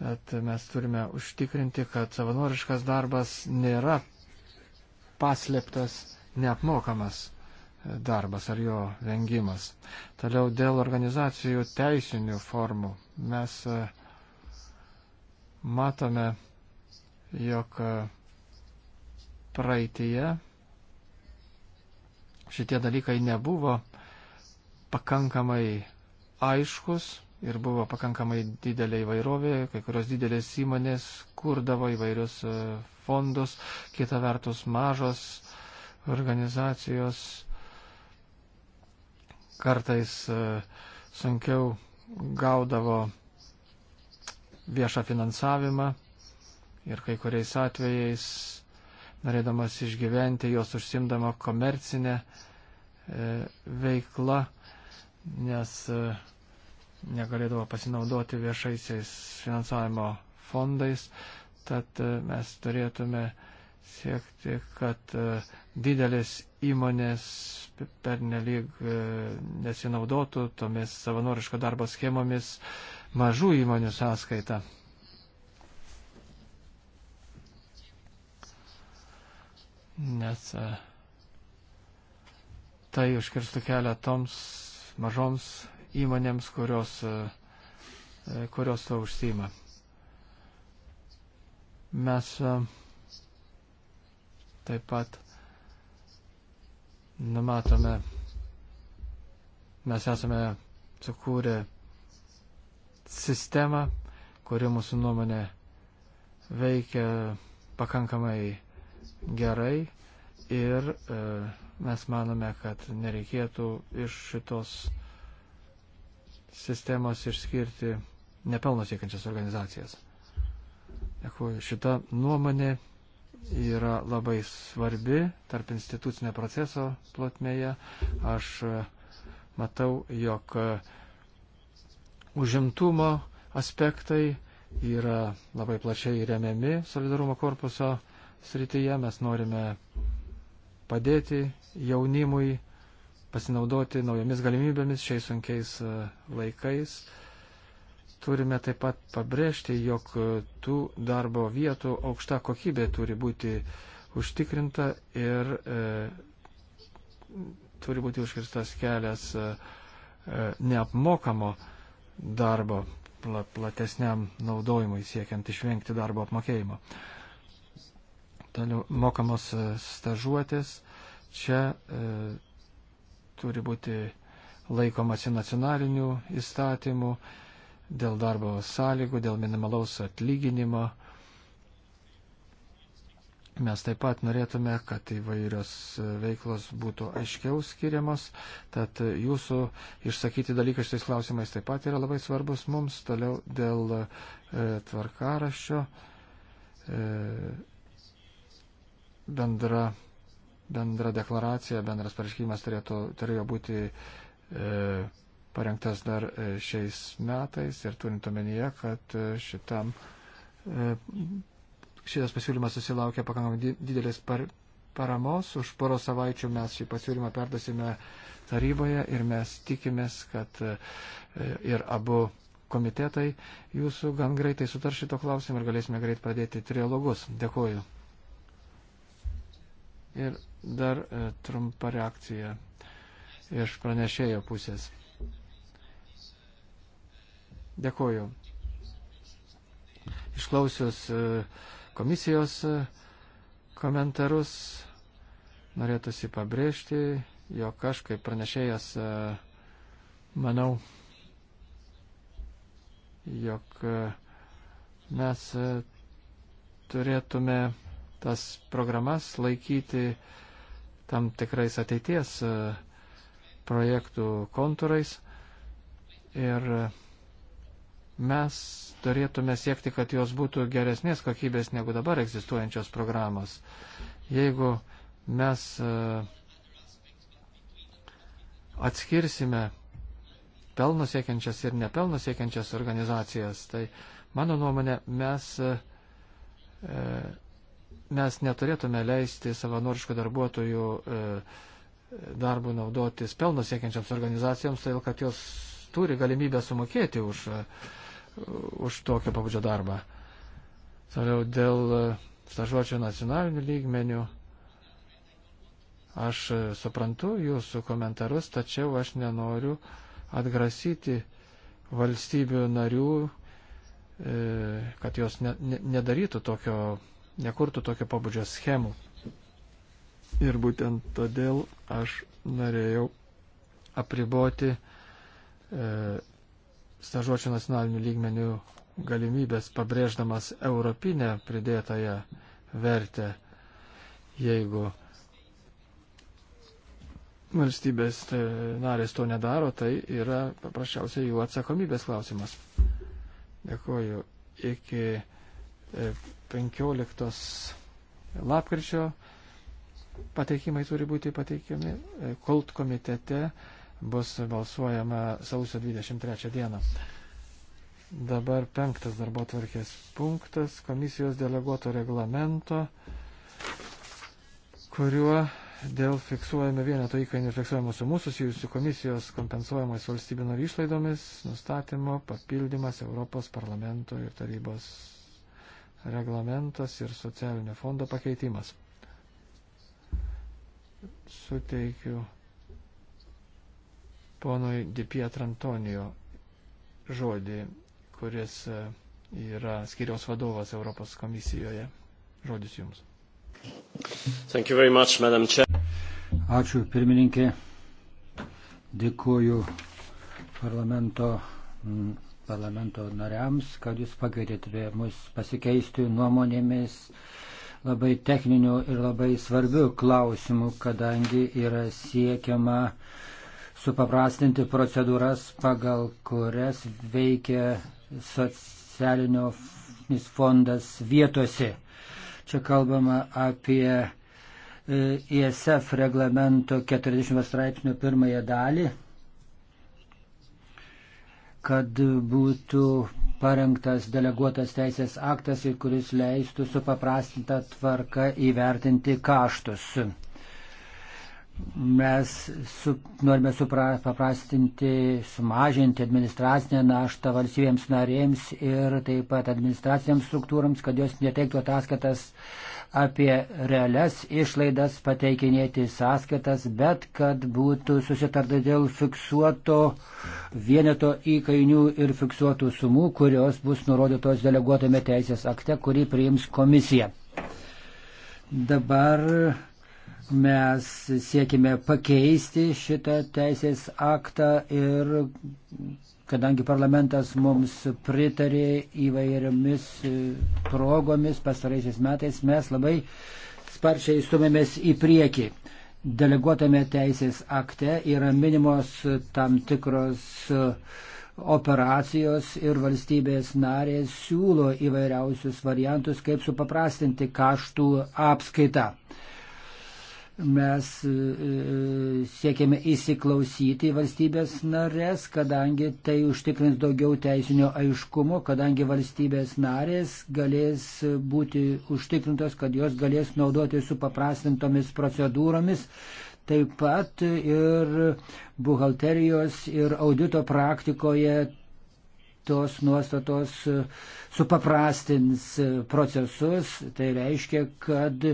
Tad mes turime užtikrinti, kad savanoriškas darbas nėra paslėptas, neapmokamas darbas ar jo rengimas. Toliau dėl organizacijų teisinių formų mes e, matome, jog e, praeitie šitie dalykai nebuvo pakankamai aiškus ir buvo pakankamai didelė įvairovė, kai kurios didelės įmonės kurdavo įvairius e, fondus, kita vertus mažos organizacijos kartais e, sunkiau gaudavo viešą finansavimą ir kai kuriais atvejais, norėdamas išgyventi, jos užsimdama komercinę e, veiklą, nes e, negalėdavo pasinaudoti viešaisiais finansavimo fondais, tad mes turėtume siekti, kad didelis įmonės pernelyg e, nesinaudotų tomis savanoriško darbo schemomis mažų įmonių sąskaita. Nes e, tai užkirstų kelią toms mažoms įmonėms, kurios, e, kurios to užsima. Mes taip pat numatome, mes esame sukūrę sistemą, kuri mūsų nuomonė veikia pakankamai gerai ir e, mes manome, kad nereikėtų iš šitos sistemos išskirti nepelno siekiančias organizacijas. Dėkuoju, šita nuomonė yra labai svarbi tarp institucinio proceso plotmėje. Aš e, matau, jog e, užimtumo aspektai yra labai plačiai remiami solidarumo korpuso srityje. Mes norime padėti jaunimui pasinaudoti naujomis galimybėmis šiais sunkiais e, laikais. Turime taip pat pabrėžti, jog tų darbo vietų aukšta kokybė turi būti užtikrinta ir e, turi būti užkirstas kelias e, e neapmokamo darbo pla, platesniam naudojimui siekiant išvengti darbo apmokėjimo. Toliau mokamos e, stažuotės. Čia e, turi būti laikomasi nacionalinių įstatymų. E, dėl darbo sąlygų, dėl minimalaus atlyginimo. Mes taip pat norėtume, kad įvairios veiklos būtų aiškiau skiriamos, tad jūsų išsakyti dalykai šitais klausimais taip pat yra labai svarbus mums toliau dėl e, tvarkaraščio e, bendra, bendra deklaracija, bendras pareiškimas turėtų, turėjo būti e, parengtas dar e, šiais metais ir turint omenyje, kad e, šitam, e, šitas pasiūlymas susilaukė pakankamai didelės par, paramos. Už poros savaičių mes šį pasiūlymą perdasime taryboje ir mes tikimės, kad ir abu komitetai jūsų gan greitai sutar šito klausimą ir galėsime greit pradėti trialogus. Dėkuoju. Ir dar trumpa reakcija iš pranešėjo pusės. Dėkuoju. Išklausius e, komisijos e, komentarus, norėtųsi pabrėžti, jog aš kaip pranešėjas e, manau, jog mes turėtume tas programas laikyti tam tikrais ateities projektų kontūrais ir mes turėtume siekti, kad jos būtų geresnės kokybės negu dabar egzistuojančios programos. Jeigu mes e, atskirsime pelno siekiančias ir nepelno siekiančias organizacijas, tai mano nuomonė, mes, e, e, mes neturėtume leisti savanoriškų darbuotojų darbų naudotis pelno siekiančiams organizacijoms, todėl tai, kad jos turi galimybę sumokėti už uh, už tokio pabudžio darbą. Toliau dėl e, stažuočio nacionalinių lygmenių. Aš e, suprantu jūsų komentarus, tačiau aš nenoriu atgrasyti valstybių narių, e, kad jos ne, ne, nedarytų tokio, nekurtų tokio pabudžio schemų. Ir būtent todėl aš norėjau apriboti e, stažuočių nacionalinių lygmenių galimybės, pabrėždamas europinę pridėtąją vertę, jeigu valstybės e, narės to nedaro, tai yra paprasčiausiai jų atsakomybės klausimas. Dėkuoju. Iki 15 e, lapkričio pateikimai turi būti pateikiami. E, Kult komitete bus balsuojama sausio 23 dieną. Dabar penktas darbo tvarkės punktas komisijos deleguoto reglamento, kuriuo dėl fiksuojame vieneto įkainių ir fiksuojamų sumų susijusių komisijos kompensuojamais valstybino išlaidomis nustatymo papildymas Europos parlamento ir tarybos reglamentas ir socialinio fondo pakeitimas. Suteikiu ponui Di Pietrantonio žodį, kuris e, yra skiriaus vadovas Europos komisijoje. Žodis jums. Much, Ačiū pirmininkė. Dėkuoju parlamento, parlamento nariams, kad jūs pakvietėte mus pasikeisti nuomonėmis labai techninių ir labai svarbių klausimų, kadangi yra siekiama uh, supaprastinti procedūras, pagal kurias veikia socialinio fondas vietose. Čia kalbama apie ISF e, e reglamento 40 straipsnio pirmąją dalį, kad būtų parengtas deleguotas teisės aktas, kuris leistų supaprastintą tvarką įvertinti kaštus mes su, norime supaprastinti, sumažinti administracinę naštą valstybėms narėms ir taip pat administracinėms struktūrams, kad jos neteiktų ataskaitas apie realias išlaidas, pateikinėti sąskaitas, bet kad būtų susitarta dėl fiksuoto vieneto įkainių ir fiksuotų sumų, kurios bus nurodytos deleguotame teisės akte, kurį priims komisija. Dabar Mes siekime pakeisti šitą teisės aktą ir kadangi parlamentas mums pritarė įvairiomis progomis pastaraisiais metais, mes labai sparčiai stumėmės į priekį. Deleguotame teisės akte yra minimos tam tikros operacijos ir valstybės narės siūlo įvairiausius variantus, kaip supaprastinti kaštų apskaitą mes e, e, siekiame įsiklausyti valstybės narės, kadangi tai užtikrins daugiau teisinio aiškumo, kadangi valstybės narės galės būti užtikrintos, kad jos galės naudoti su paprastintomis procedūromis. Taip pat ir buhalterijos ir audito praktikoje tos nuostatos supaprastins procesus. Tai reiškia, kad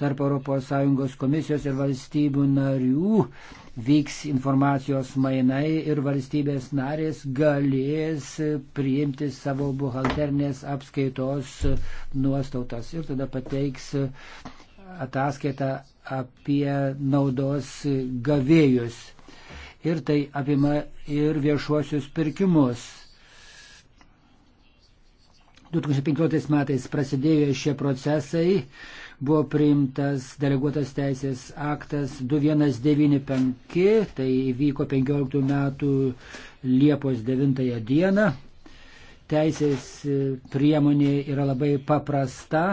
tarp ES komisijos ir valstybių narių vyks informacijos mainai ir valstybės narės galės priimti savo buhalternės apskaitos nuostatas ir tada pateiks ataskaitą apie naudos gavėjus ir tai apima ir viešuosius pirkimus. 2015 metais prasidėjo šie procesai, buvo priimtas deleguotas teisės aktas 2195, tai vyko 15 metų Liepos 9 dieną. Teisės priemonė yra labai paprasta,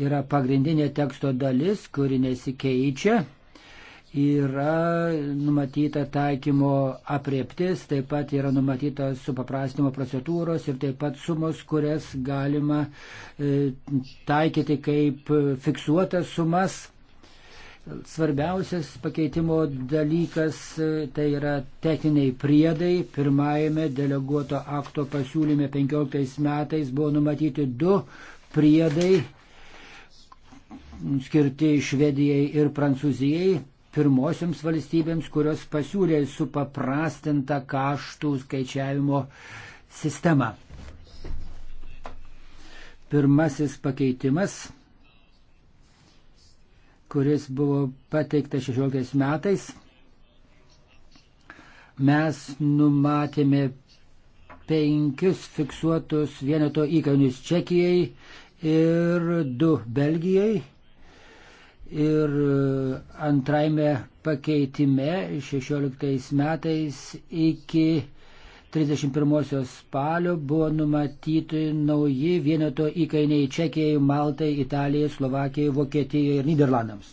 yra pagrindinė teksto dalis, kuri nesikeičia yra numatyta taikymo apriektis, taip pat yra numatyta supaprastinimo procedūros ir taip pat sumos, kurias galima e, taikyti kaip fiksuotas sumas. Svarbiausias pakeitimo dalykas e, tai yra techniniai priedai. Pirmajame deleguoto akto pasiūlyme 15 metais buvo numatyti du priedai skirti Švedijai ir Prancūzijai pirmosioms valstybėms, kurios pasiūlė supaprastintą kaštų skaičiavimo sistemą. Pirmasis pakeitimas, kuris buvo pateiktas 16 metais, mes numatėme penkius fiksuotus vieneto įkainius Čekijai ir du Belgijai Ir e, antraime pakeitime 16 metais iki 31 spalio buvo numatyti nauji vieneto įkainiai Čekijai, Maltai, Italijai, Slovakijai, Vokietijai ir Niderlandams.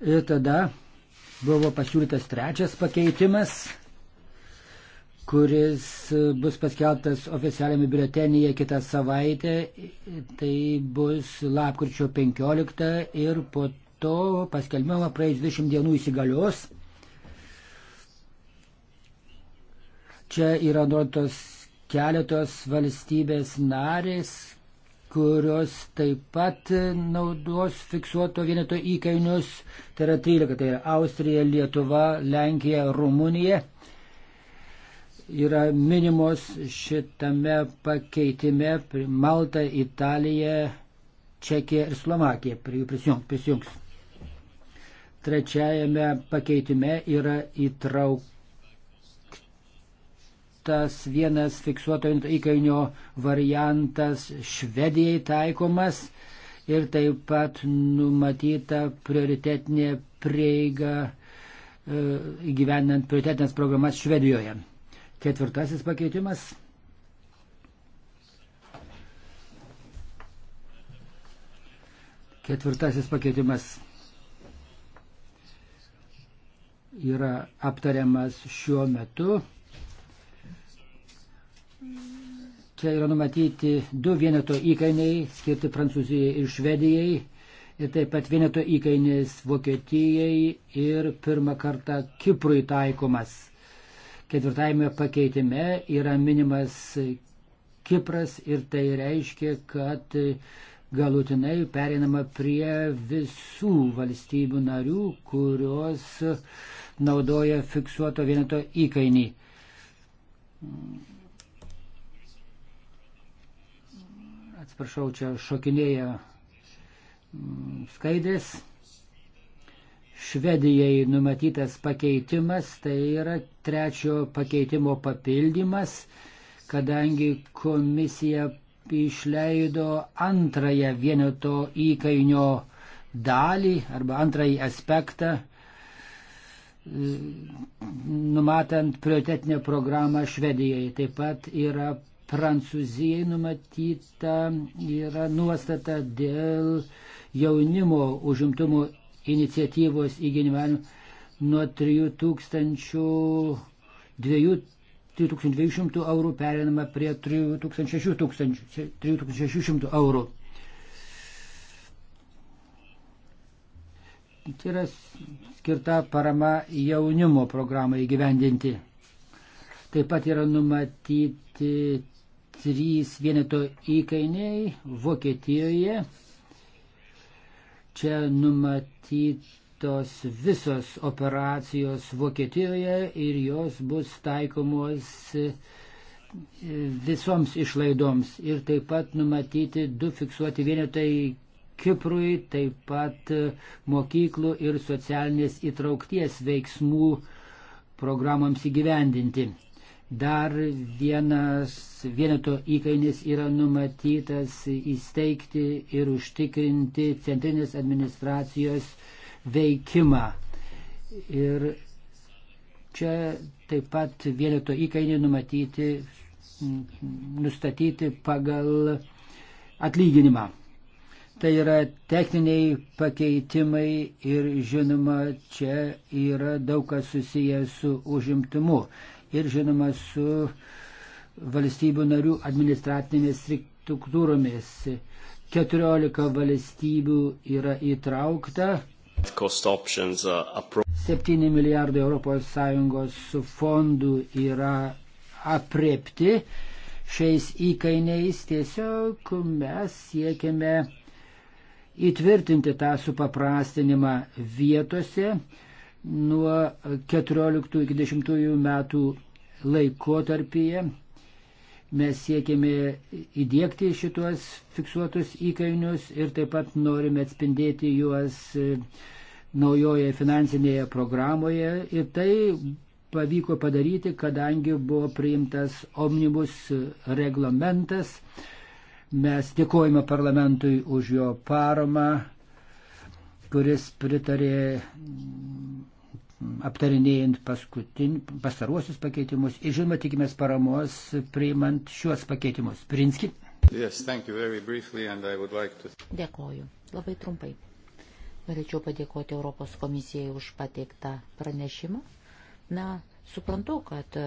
Ir tada buvo pasiūlytas trečias pakeitimas kuris bus paskelbtas oficialiame biuletenyje kitą savaitę. Tai bus lapkričio 15 ir po to paskelbimo praeis 20 dienų įsigalios. Čia yra nuotos keletos valstybės narės, kurios taip pat naudos fiksuoto vieneto įkainius, tai yra 13, tai yra Austrija, Lietuva, Lenkija, Rumunija yra minimos šitame pakeitime Malta, Italija, Čekija ir Slovakija prie jų prisijungs. prisijungs. Trečiajame pakeitime yra įtrauktas vienas fiksuoto įkainio variantas Švedijai taikomas ir taip pat numatyta prioritetinė prieiga e, įgyvendinant prioritetinės programas Švedijoje. Ketvirtasis pakeitimas. Ketvirtasis pakeitimas yra aptariamas šiuo metu. Čia yra numatyti du vieneto įkainiai skirti Prancūzijai ir Švedijai ir taip pat vieneto įkainis Vokietijai ir pirmą kartą Kiprui taikomas. Ketvirtajame pakeitime yra minimas Kipras ir tai reiškia, kad galutinai perinama prie visų valstybių narių, kurios naudoja fiksuoto vieneto įkainį. Atsiprašau, čia šokinėja skaidrės. Švedijai numatytas pakeitimas, tai yra trečio pakeitimo papildymas, kadangi komisija išleido antrąją vieneto įkainio dalį arba antrąjį aspektą, numatant prioritetinę programą Švedijai. Taip pat yra Prancūzijai numatyta yra nuostata dėl jaunimo užimtumo iniciatyvos įgyvenimą nuo 3200 eurų perinama prie 3600 eurų. Tai yra skirta parama jaunimo programai įgyvendinti. Taip pat yra numatyti trys vieneto įkainiai Vokietijoje Čia numatytos visos operacijos Vokietijoje ir jos bus taikomos e, visoms išlaidoms. Ir taip pat numatyti du fiksuoti vienetai Kiprui, taip pat e, mokyklų ir socialinės įtraukties veiksmų programams įgyvendinti. Dar vienas vieneto įkainis yra numatytas įsteigti ir užtikrinti centrinės administracijos veikimą. Ir čia taip pat vieneto įkainį numatyti, nustatyti pagal atlyginimą. Tai yra techniniai pakeitimai ir žinoma, čia yra daug kas susijęs su užimtumu ir žinoma su valstybių narių administratinėmis struktūromis. 14 valstybių yra įtraukta. 7 milijardai ES fondų yra apriepti šiais įkainiais. Tiesiog mes siekiame įtvirtinti tą supaprastinimą vietose nuo 14 iki 10 metų laikotarpyje mes siekėme įdėkti šituos fiksuotus įkainius ir taip pat norime atspindėti juos e, naujoje finansinėje programoje. Ir tai pavyko padaryti, kadangi buvo priimtas omnibus reglamentas. Mes dėkojame parlamentui už jo paramą, kuris pritarė aptarinėjant pastaruosius pakeitimus ir žinoma tikimės paramos priimant šiuos pakeitimus. Prinski. Yes, briefly, like to... Dėkoju. Labai trumpai. Norėčiau padėkoti Europos komisijai už pateiktą pranešimą. Na, suprantu, kad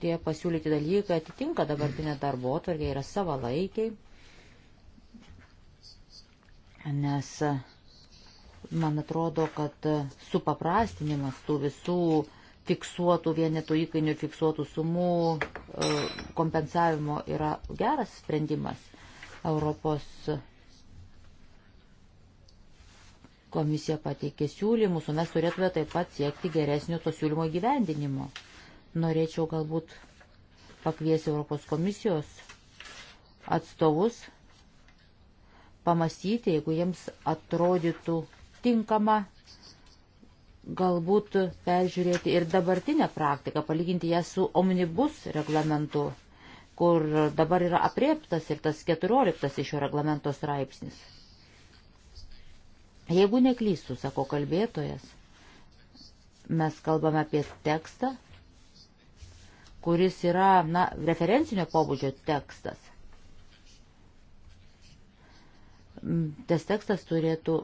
tie pasiūlyti dalykai atitinka dabartinę darbo atvarkę, yra savalaikiai, nes Man atrodo, kad supaprastinimas tų visų fiksuotų vienetų įkainių, fiksuotų sumų e, kompensavimo yra geras sprendimas. Europos komisija pateikė siūlymus, o mes turėtume taip pat siekti geresnio to siūlymo gyvendinimo. Norėčiau galbūt pakviesti Europos komisijos atstovus pamastyti, jeigu jiems atrodytų tinkama galbūt peržiūrėti ir dabartinę praktiką, palyginti ją su omnibus reglamentu, kur dabar yra apriektas ir tas 14 iš šio reglamento straipsnis. Jeigu neklystų, sako kalbėtojas, mes kalbame apie tekstą, kuris yra na, referencinio pobūdžio tekstas. Tas tekstas turėtų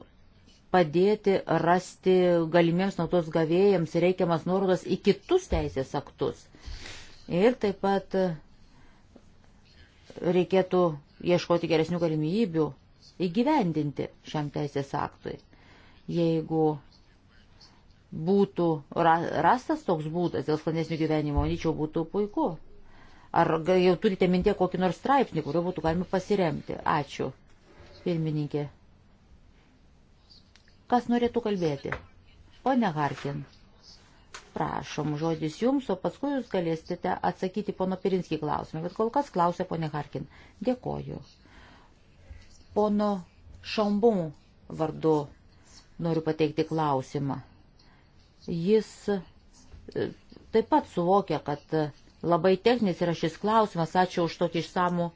padėti rasti galimiems naudos gavėjams reikiamas nuorodas į kitus teisės aktus. Ir taip pat reikėtų ieškoti geresnių galimybių įgyvendinti šiam teisės aktui. Jeigu būtų rastas toks būdas dėl sklandesnių gyvenimo, manyčiau, būtų puiku. Ar jau turite mintė kokį nors straipsnį, kuriuo būtų galima pasiremti? Ačiū, pirmininkė. Kas norėtų kalbėti? Pone Harkin, prašom, žodis jums, o paskui jūs galėsite atsakyti pono Pirinskį klausimą. Bet kol kas klausė pone Harkin. Dėkoju. Pono Šambum vardu noriu pateikti klausimą. Jis e, taip pat suvokia, kad e, labai techninis yra šis klausimas. Ačiū už tokį išsamų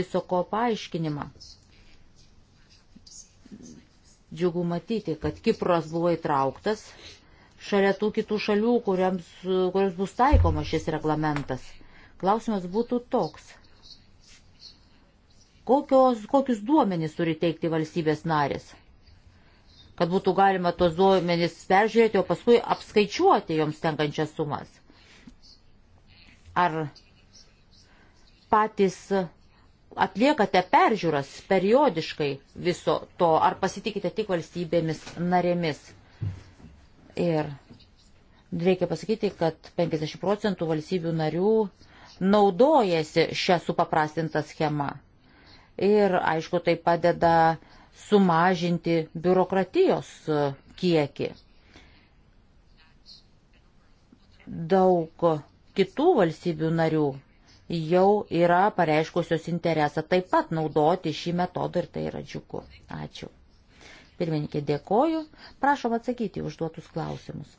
viso ko paaiškinimą. Džiugu matyti, kad Kipras buvo įtrauktas šalia tų kitų šalių, kuriams, kuriams bus taikoma šis reglamentas. Klausimas būtų toks. Kokios, kokius duomenys turi teikti valstybės narės? Kad būtų galima tos duomenys peržiūrėti, o paskui apskaičiuoti joms tenkančias sumas. Ar patys atliekate peržiūras periodiškai viso to, ar pasitikite tik valstybėmis narėmis. Ir reikia pasakyti, kad 50 procentų valstybių narių naudojasi šią supaprastintą schemą. Ir aišku, tai padeda sumažinti biurokratijos e, kiekį. Daug kitų valstybių narių jau yra pareiškusios interesą taip pat naudoti šį metodą ir tai yra džiugu. Ačiū. Pirmininkė, dėkoju. Prašom atsakyti užduotus klausimus.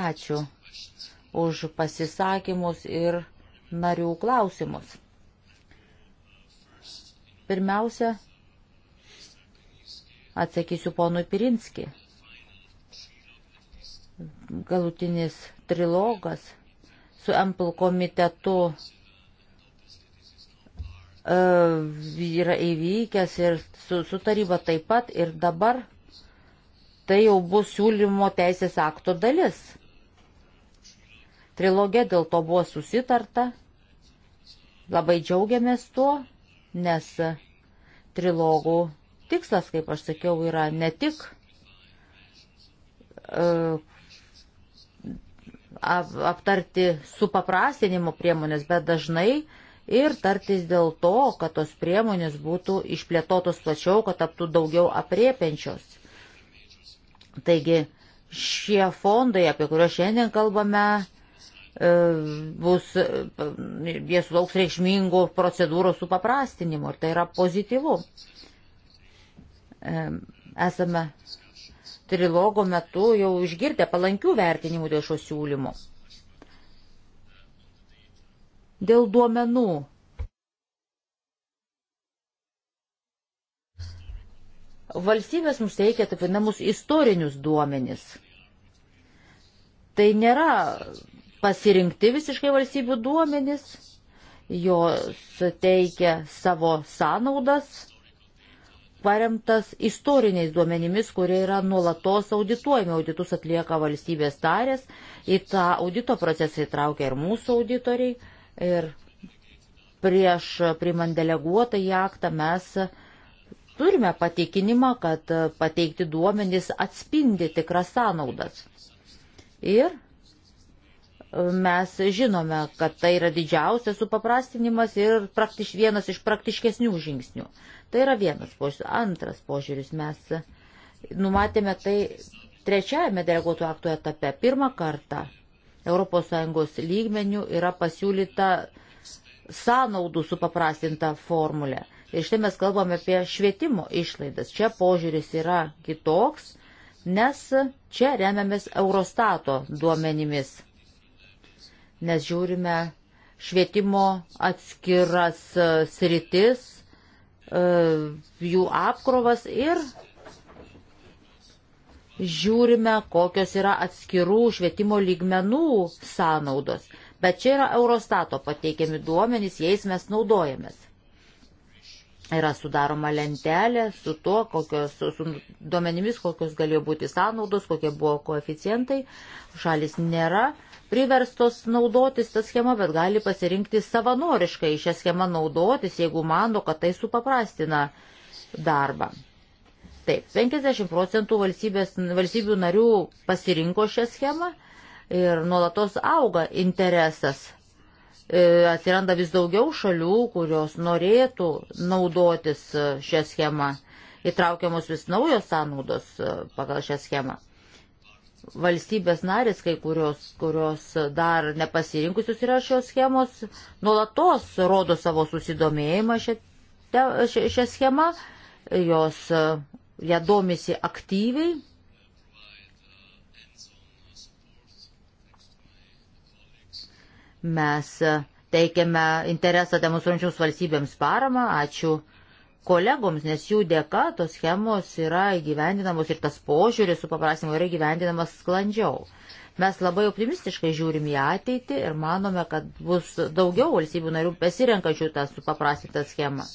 Ačiū už pasisakymus ir narių klausimus. Pirmiausia, atsakysiu ponui Pirinski galutinis trilogas su Ample komitetu e, yra įvykęs ir su, su taryba taip pat ir dabar tai jau bus siūlymo teisės akto dalis. Trilogė dėl to buvo susitarta. Labai džiaugiamės tuo, nes trilogų tikslas, kaip aš sakiau, yra ne tik uh, aptarti supaprastinimo priemonės, bet dažnai ir tartis dėl to, kad tos priemonės būtų išplėtotos plačiau, kad taptų daugiau apriepiančios. Taigi šie fondai, apie kuriuos šiandien kalbame, e, bus, e, jie sulauks reikšmingų procedūrų supaprastinimo ir tai yra pozityvu. E, esame trilogo metu jau išgirdę palankių vertinimų dėl šio siūlymo. Dėl duomenų. Valstybės mums teikia taip vadinamus istorinius duomenis. Tai nėra pasirinkti visiškai valstybių duomenis, jos teikia savo sąnaudas paremtas istoriniais duomenimis, kurie yra nuolatos audituojami. Auditus atlieka valstybės tarės, į tą audito procesą įtraukia ir mūsų auditoriai. Ir prieš primant deleguotą į aktą mes turime patikinimą, kad pateikti duomenys atspindi tikras sąnaudas. Ir mes žinome, kad tai yra didžiausias supaprastinimas ir praktiš, vienas iš praktiškesnių žingsnių. Tai yra vienas požiūris. Antras požiūris mes numatėme tai trečiajame deleguotų aktų etape. Pirmą kartą ES lygmenių yra pasiūlyta sąnaudų supaprastinta formulė. Ir štai mes kalbame apie švietimo išlaidas. Čia požiūris yra kitoks, nes čia remiamės Eurostato duomenimis. Nes žiūrime švietimo atskiras sritis, E, jų apkrovas ir žiūrime, kokios yra atskirų švietimo lygmenų sąnaudos. Bet čia yra Eurostato pateikiami duomenys, jais mes naudojamės. Yra sudaroma lentelė su to, kokios, su, su duomenimis, kokios galėjo būti sąnaudos, kokie buvo koeficientai. Šalis nėra priverstos naudotis tą schemą, bet gali pasirinkti savanoriškai šią schemą naudotis, jeigu mano, kad tai supaprastina darbą. Taip, 50 procentų valstybių narių pasirinko šią schemą ir nuolatos auga interesas. E, atsiranda vis daugiau šalių, kurios norėtų naudotis e, šią schemą. Įtraukiamos vis naujos sąnaudos e, pagal šią schemą valstybės narės, kai kurios, kurios dar nepasirinkusius yra šios schemos, nuolatos rodo savo susidomėjimą šią, šią, šią schemą, jos ją domisi aktyviai. Mes teikiame interesą demonstruojančioms valstybėms paramą. Ačiū kolegoms, nes jų dėka tos schemos yra įgyvendinamos ir tas požiūris su paprasimu yra įgyvendinamas sklandžiau. Mes labai optimistiškai žiūrim į ateitį ir manome, kad bus daugiau valstybių narių pasirenkančių tą supaprastintą schemą.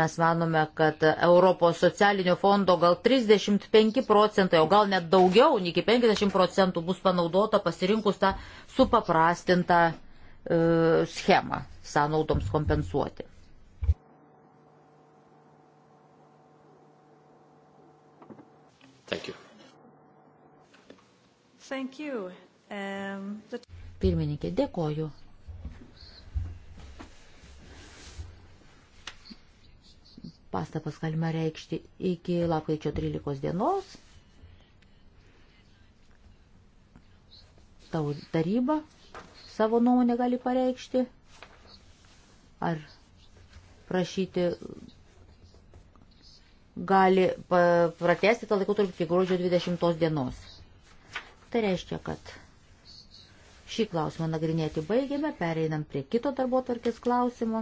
Mes manome, kad Europos socialinio fondo gal 35 procentai, o gal net daugiau, iki 50 procentų bus panaudota pasirinkus tą supaprastintą schemą E, schemą sąnaudoms kompensuoti. Thank you. Thank you. Um, the... Pirmininkė, dėkoju. Pastabas galima reikšti iki lapkričio 13 dienos. Tau taryba savo nuomonę gali pareikšti, ar prašyti gali pratesti tą laikotarpį iki gruodžio 20 dienos. Tai reiškia, kad šį klausimą nagrinėti baigėme, pereinam prie kito darbo tvarkės klausimo.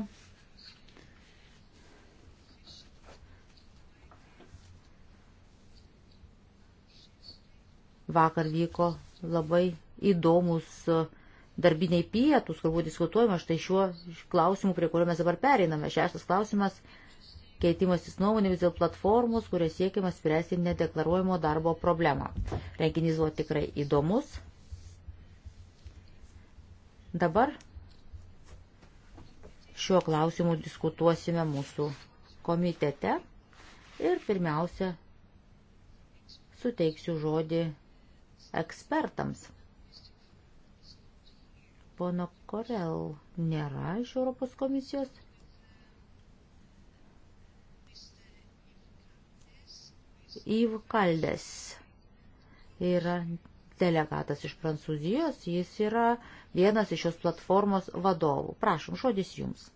Vakar vyko labai įdomus uh, darbiniai pietus, kur buvo diskutuojama štai šiuo klausimu, prie kurio mes dabar pereiname. Šeštas klausimas - keitimasis nuomonėmis dėl platformos, kuria siekiama spręsti nedeklaruojamo darbo problemą. Renginys buvo tikrai įdomus. Dabar šiuo klausimu diskutuosime mūsų komitete ir pirmiausia suteiksiu žodį ekspertams. Pono Korel nėra iš Europos komisijos. Įvkaldės yra delegatas iš Prancūzijos, jis yra vienas iš šios platformos vadovų. Prašom, žodis jums.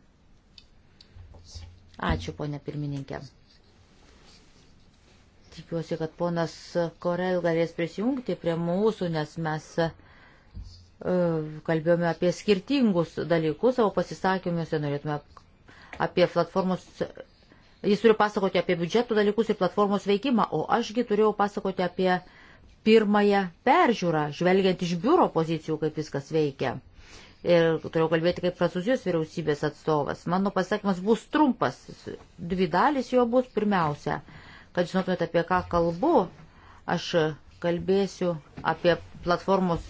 Ačiū, ponė pirmininkė. Tikiuosi, kad ponas Korel galės prisijungti prie mūsų, nes mes E, kalbėjome apie skirtingus dalykus savo pasisakymuose, norėtume apie platformos, jis turi pasakoti apie biudžetų dalykus ir platformos veikimą, o ašgi turėjau pasakoti apie pirmąją peržiūrą, žvelgiant iš biuro pozicijų, kaip viskas veikia. Ir turėjau kalbėti kaip prancūzijos vyriausybės atstovas. Mano pasakymas bus trumpas, dvi dalys jo bus pirmiausia. Kad žinotumėte, apie ką kalbu, aš kalbėsiu apie platformos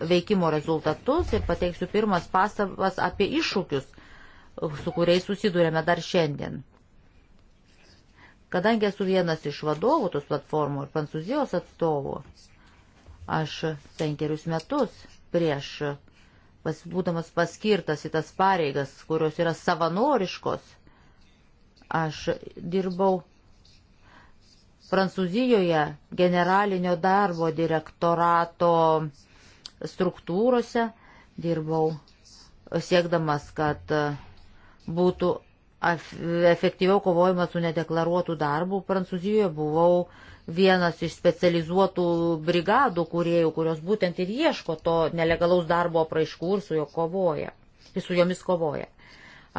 veikimo rezultatus ir pateiksiu pirmas pastabas apie iššūkius, su kuriais susidurėme dar šiandien. Kadangi esu vienas iš vadovų tos platformų ir prancūzijos atstovų, aš penkerius metus prieš pas, būdamas paskirtas į tas pareigas, kurios yra savanoriškos, aš dirbau Prancūzijoje generalinio darbo direktorato struktūrose dirbau siekdamas, kad būtų efektyviau kovojama su nedeklaruotų darbų. Prancūzijoje buvau vienas iš specializuotų brigadų kuriejų, kurios būtent ir ieško to nelegalaus darbo apraiškų ir su, jo kovoja, ir su jomis kovoja.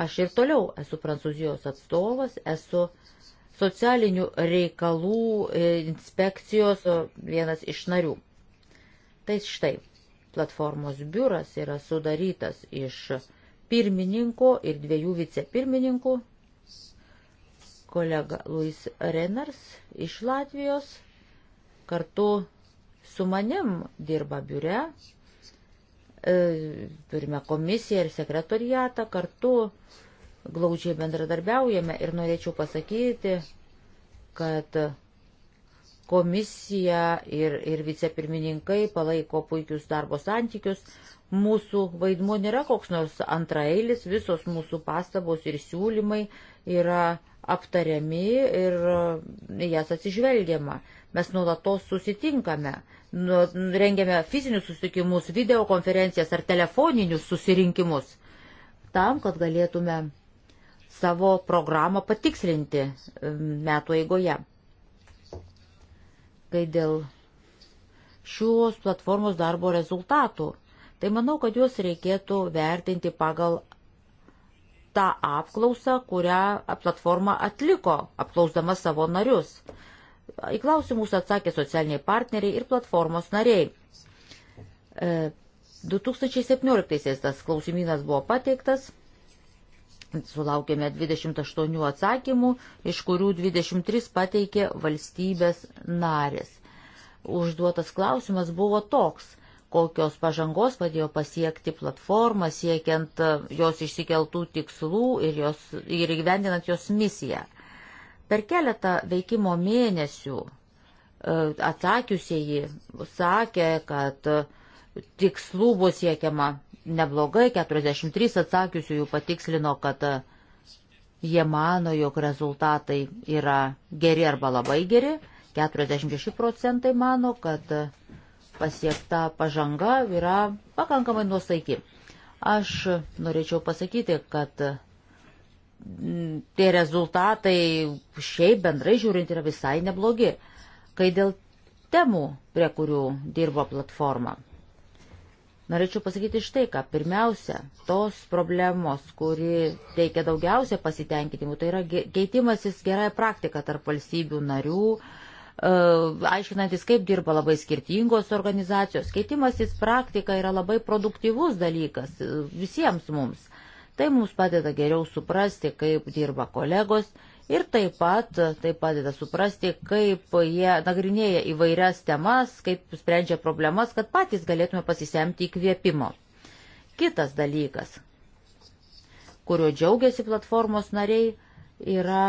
Aš ir toliau esu Prancūzijos atstovas, esu socialinių reikalų e, inspekcijos vienas iš narių. Tai štai, platformos biuras yra sudarytas iš pirmininko ir dviejų vicepirmininkų, kolega Luis Renars iš Latvijos, kartu su manim dirba biure, e, turime komisiją ir sekretoriatą, kartu glaudžiai bendradarbiaujame ir norėčiau pasakyti, kad komisija ir, ir vicepirmininkai palaiko puikius darbo santykius. Mūsų vaidmuo nėra koks nors antraeilis, visos mūsų pastabos ir siūlymai yra aptariami ir jas atsižvelgiama. Mes nuolatos susitinkame, nu, rengiame fizinius susitikimus, videokonferencijas ar telefoninius susirinkimus tam, kad galėtume savo programą patikslinti metų eigoje. Kai dėl šios platformos darbo rezultatų, tai manau, kad juos reikėtų vertinti pagal tą apklausą, kurią platforma atliko, apklausdama savo narius. Į klausimus atsakė socialiniai partneriai ir platformos nariai. 2017 e, tas klausimynas buvo pateiktas Sulaukėme 28 atsakymų, iš kurių 23 pateikė valstybės narės. Užduotas klausimas buvo toks, kokios pažangos padėjo pasiekti platformą, siekiant jos išsikeltų tikslų ir, jos, ir įgyvendinant jos misiją. Per keletą veikimo mėnesių e, atsakiusieji sakė, kad tikslų buvo siekiama neblogai, 43 atsakiusių jų patikslino, kad uh, jie mano, jog rezultatai yra geri arba labai geri, 46 procentai mano, kad uh, pasiekta pažanga yra pakankamai nuosaiki. Aš norėčiau pasakyti, kad mm, tie rezultatai šiaip bendrai žiūrint yra visai neblogi, kai dėl temų, prie kurių dirbo platforma. Norėčiau pasakyti štai ką. Pirmiausia, tos problemos, kuri teikia daugiausia pasitenkinimų, tai yra keitimasis gerąją praktiką tarp valstybių narių, e, aiškinantis, kaip dirba labai skirtingos organizacijos. Keitimasis praktika yra labai produktyvus dalykas e, visiems mums. Tai mums padeda geriau suprasti, kaip dirba kolegos ir taip pat tai padeda suprasti, kaip jie nagrinėja įvairias temas, kaip sprendžia problemas, kad patys galėtume pasisemti įkvėpimo. Kitas dalykas, kuriuo džiaugiasi platformos nariai, yra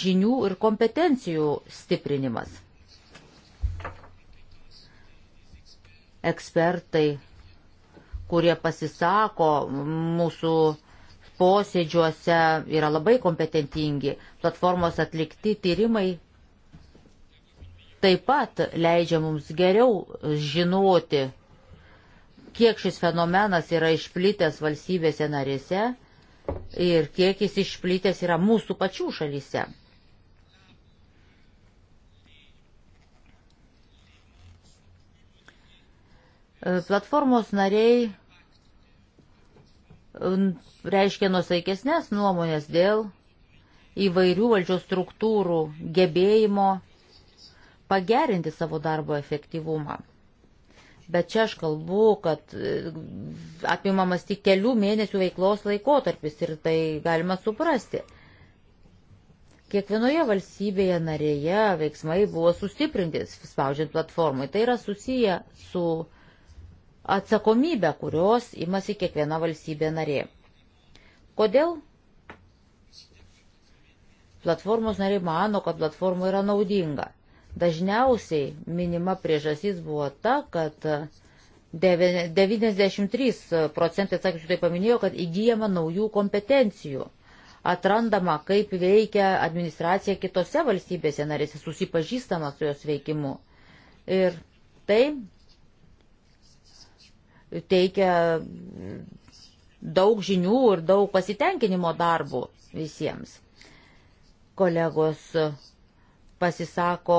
žinių ir kompetencijų stiprinimas. Ekspertai, kurie pasisako mūsų posėdžiuose yra labai kompetentingi. Platformos atlikti tyrimai taip pat leidžia mums geriau žinoti, kiek šis fenomenas yra išplitęs valstybėse narėse ir kiek jis išplitęs yra mūsų pačių šalyse. Platformos nariai reiškia nusaikesnės nuomonės dėl įvairių valdžios struktūrų gebėjimo pagerinti savo darbo efektyvumą. Bet čia aš kalbu, kad e, apimamas tik kelių mėnesių veiklos laikotarpis ir tai galima suprasti. Kiekvienoje valstybėje narėje veiksmai buvo sustiprinti, spaudžiant platformai. Tai yra susiję su uh, atsakomybę, kurios imasi kiekviena valstybė narė. Kodėl? Platformos nariai mano, kad platforma yra naudinga. Dažniausiai minima priežasys buvo ta, kad 93 procentai atsakyčių tai paminėjo, kad įgyjama naujų kompetencijų. Atrandama, kaip veikia administracija kitose valstybėse narėse, susipažįstama su jos veikimu. Ir tai teikia daug žinių ir daug pasitenkinimo darbų visiems. Kolegos pasisako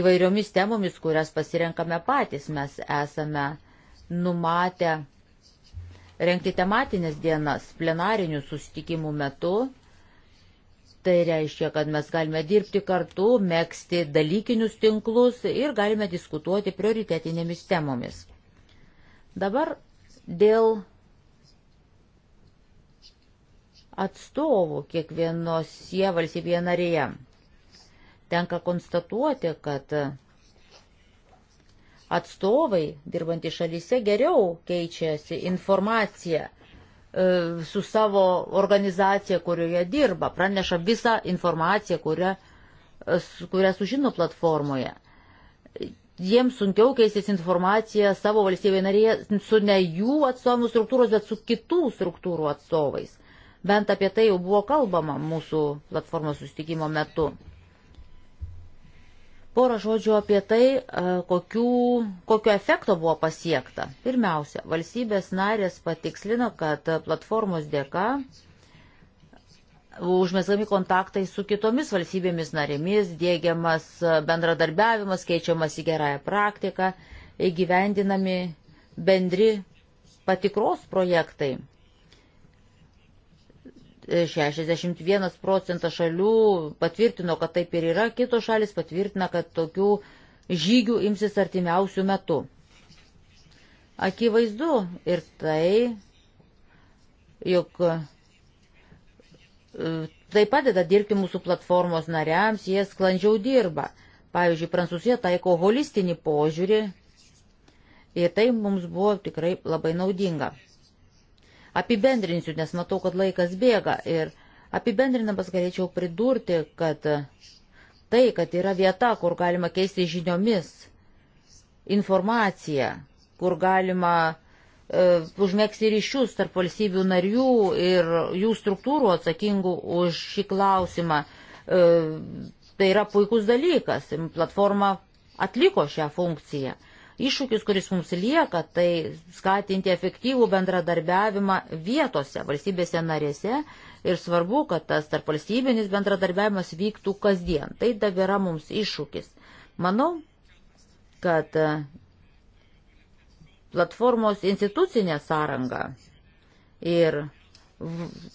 įvairiomis temomis, kurias pasirenkame patys. Mes esame numatę renkti tematinės dienas plenarinių susitikimų metu. Tai reiškia, kad mes galime dirbti kartu, mėgsti dalykinius tinklus ir galime diskutuoti prioritetinėmis temomis. Dabar dėl atstovų kiekvienosie valstybėje narėje. Tenka konstatuoti, kad atstovai dirbantys šalyse geriau keičiasi informaciją e, su savo organizacija, kurioje dirba, praneša visą informaciją, kurią, kurią sužino platformoje jiems sunkiau keistis informacija savo valstybėje narėje su ne jų atstovų struktūros, bet su kitų struktūrų atstovais. Bent apie tai jau buvo kalbama mūsų platformos sustikimo metu. Porą žodžių apie tai, kokiu, kokio efekto buvo pasiekta. Pirmiausia, valstybės narės patikslino, kad platformos dėka užmesgami kontaktai su kitomis valstybėmis narėmis, dėgiamas bendradarbiavimas, keičiamas į gerąją praktiką, įgyvendinami bendri patikros projektai. 61 procentas šalių patvirtino, kad taip ir yra, kitos šalis patvirtina, kad tokių žygių imsis artimiausių metų. Akivaizdu ir tai, jog Tai padeda dirbti mūsų platformos nariams, jie sklandžiau dirba. Pavyzdžiui, Prancūzija taiko holistinį požiūrį ir tai mums buvo tikrai labai naudinga. Apibendrinsiu, nes matau, kad laikas bėga ir apibendrinamas galėčiau pridurti, kad tai, kad yra vieta, kur galima keisti žiniomis, informaciją, kur galima E, užmėgsti ryšius tarp valstybių narių ir jų struktūrų atsakingų už šį klausimą. E, tai yra puikus dalykas. Platforma atliko šią funkciją. Iššūkis, kuris mums lieka, tai skatinti efektyvų bendradarbiavimą vietose, valstybėse narėse ir svarbu, kad tas tarp valstybinis bendradarbiavimas vyktų kasdien. Tai dabar yra mums iššūkis. Manau, kad platformos institucinę sąrangą ir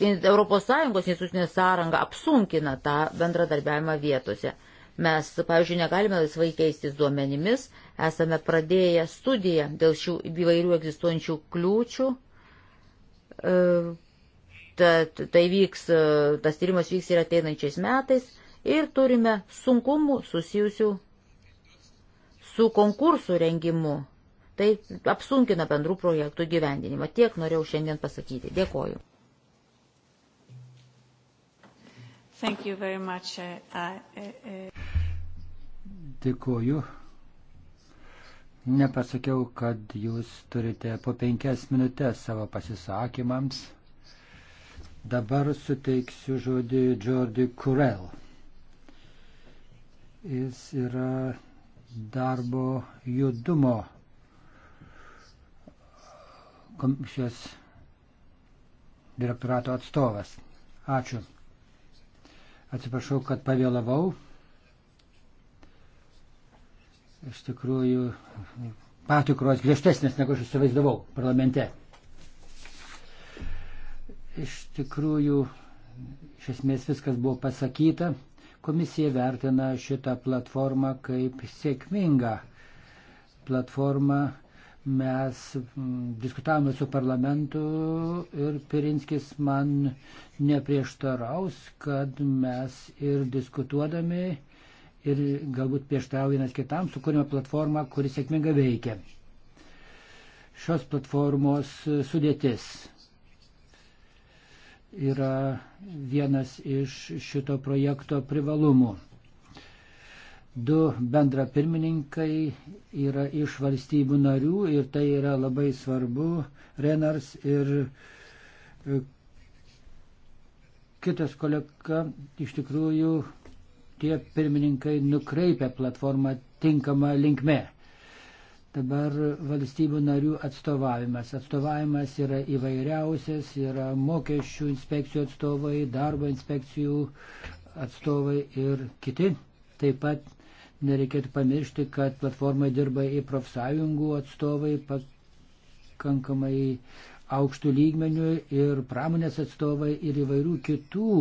ES institucinė sąranga apsunkina tą bendradarbiavimą vietose. Mes, pavyzdžiui, negalime laisvai keistis duomenimis, esame pradėję studiją dėl šių įvairių egzistuojančių kliūčių. E, tad, tai vyks, e, tas tyrimas vyks ir ateinančiais metais ir turime sunkumų susijusių su konkursų rengimu Tai apsunkina bendrų projektų gyvendinimą. Tiek norėjau šiandien pasakyti. Dėkoju. Much, uh, uh, uh, Dėkoju. Nepasakiau, kad jūs turite po penkias minutės savo pasisakymams. Dabar suteiksiu žodį Jordi Kurel. Jis yra darbo judumo komisijos direktorato atstovas. Ačiū. Atsiprašau, kad pavėlavau. Iš tikrųjų, patikros griežtesnės, negu aš įsivaizdavau parlamente. Iš tikrųjų, iš esmės viskas buvo pasakyta. Komisija vertina šitą platformą kaip sėkmingą platformą mes mm, diskutavome su parlamentu ir Pirinskis man neprieštaraus, kad mes ir diskutuodami ir galbūt prieštarau vienas kitam sukūrėme platformą, kuri sėkmingai veikia. Šios platformos sudėtis yra vienas iš šito projekto privalumų du bendra pirmininkai yra iš valstybių narių ir tai yra labai svarbu. Renars ir e, kitas kolega iš tikrųjų tie pirmininkai nukreipia platformą tinkamą linkme. Dabar valstybių narių atstovavimas. Atstovavimas yra įvairiausias, yra mokesčių inspekcijų atstovai, darbo inspekcijų atstovai ir kiti. Taip pat Nereikėtų pamiršti, kad platformai dirba į profsąjungų atstovai pakankamai aukštų lygmenių ir pramonės atstovai ir įvairių kitų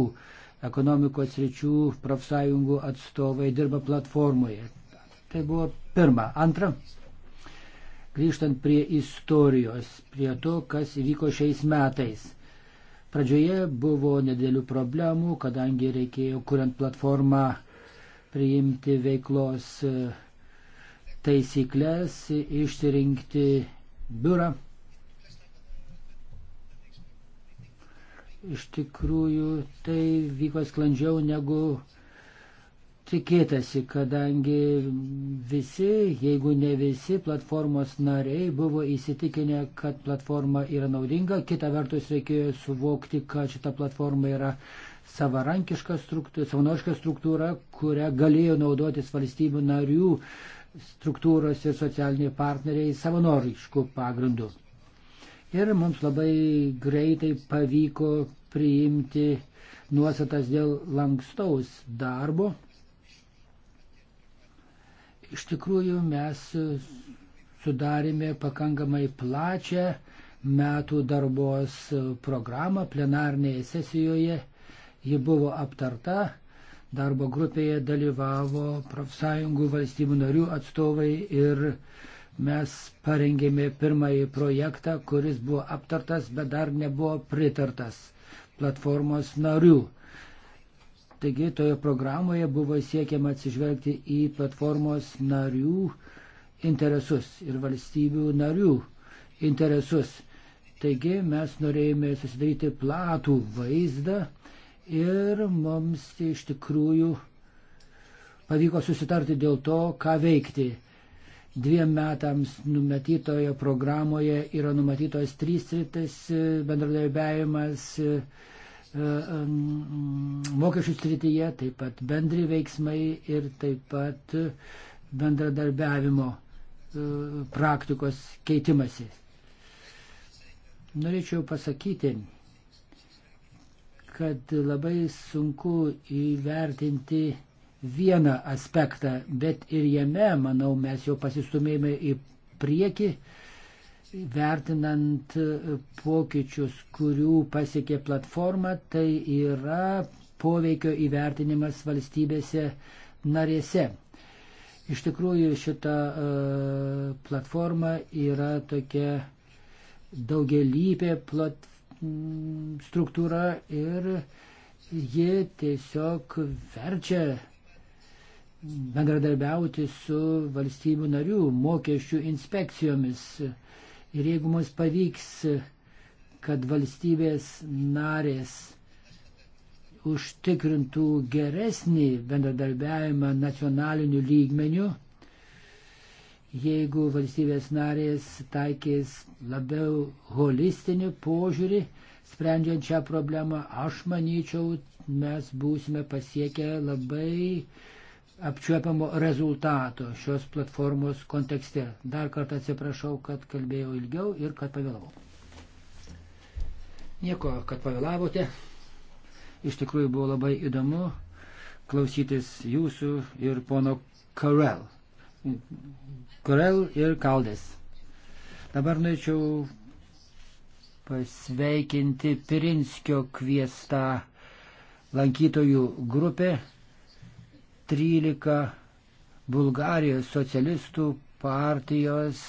ekonomikos ryčių profsąjungų atstovai dirba platformoje. Tai buvo pirma. Antra, grįžtant prie istorijos, prie to, kas įvyko šiais metais. Pradžioje buvo nedėlių problemų, kadangi reikėjo, kuriant platformą, priimti veiklos e, taisyklės, išsirinkti biurą. Iš tikrųjų, tai vyko sklandžiau negu tikėtasi, kadangi visi, jeigu ne visi platformos nariai buvo įsitikinę, kad platforma yra naudinga, kita vertus reikėjo suvokti, kad šita platforma yra savarankiška struktūra, savanoriška struktūra, kurią galėjo naudotis valstybių narių struktūros ir socialiniai partneriai savanoriškų pagrindų. Ir mums labai greitai pavyko priimti nuostatas dėl lankstaus darbo. Iš tikrųjų mes sudarėme pakankamai plačią metų darbos programą plenarnėje sesijoje Ji buvo aptarta, darbo grupėje dalyvavo profsąjungų valstybių narių atstovai ir mes parengėme pirmąjį projektą, kuris buvo aptartas, bet dar nebuvo pritartas platformos narių. Taigi toje programoje buvo siekiama atsižvelgti į platformos narių interesus ir valstybių narių interesus. Taigi mes norėjome susidaryti platų vaizdą ir mums iš tikrųjų pavyko susitarti dėl to, ką veikti. Dviem metams numatytoje programoje yra numatytos trys sritis - bendradarbiavimas e, e, mokesčių srityje, taip pat bendri veiksmai ir taip pat bendradarbiavimo e, praktikos keitimasis. Norėčiau pasakyti, kad labai sunku įvertinti vieną aspektą, bet ir jame, manau, mes jau pasistumėjome į priekį, vertinant pokyčius, kurių pasiekė platforma, tai yra poveikio įvertinimas valstybėse narėse. Iš tikrųjų, šita e, platforma yra tokia daugelybė platforma Mm, struktūra ir ji tiesiog verčia bendradarbiauti su valstybių narių mokesčių inspekcijomis. Ir jeigu mums pavyks, kad valstybės narės užtikrintų geresnį bendradarbiavimą nacionaliniu lygmeniu, jeigu valstybės narės taikys labiau holistinį požiūrį, sprendžiant šią problemą, aš manyčiau, mes būsime pasiekę labai apčiuopiamo rezultato šios platformos kontekste. Dar kartą atsiprašau, kad kalbėjau ilgiau ir kad pavėlavau. Nieko, kad pavėlavote. Iš tikrųjų buvo labai įdomu klausytis jūsų ir pono Karel Korel ir Kaldės. Dabar norėčiau pasveikinti Pirinskio kviestą lankytojų grupę. 13 Bulgarijos socialistų partijos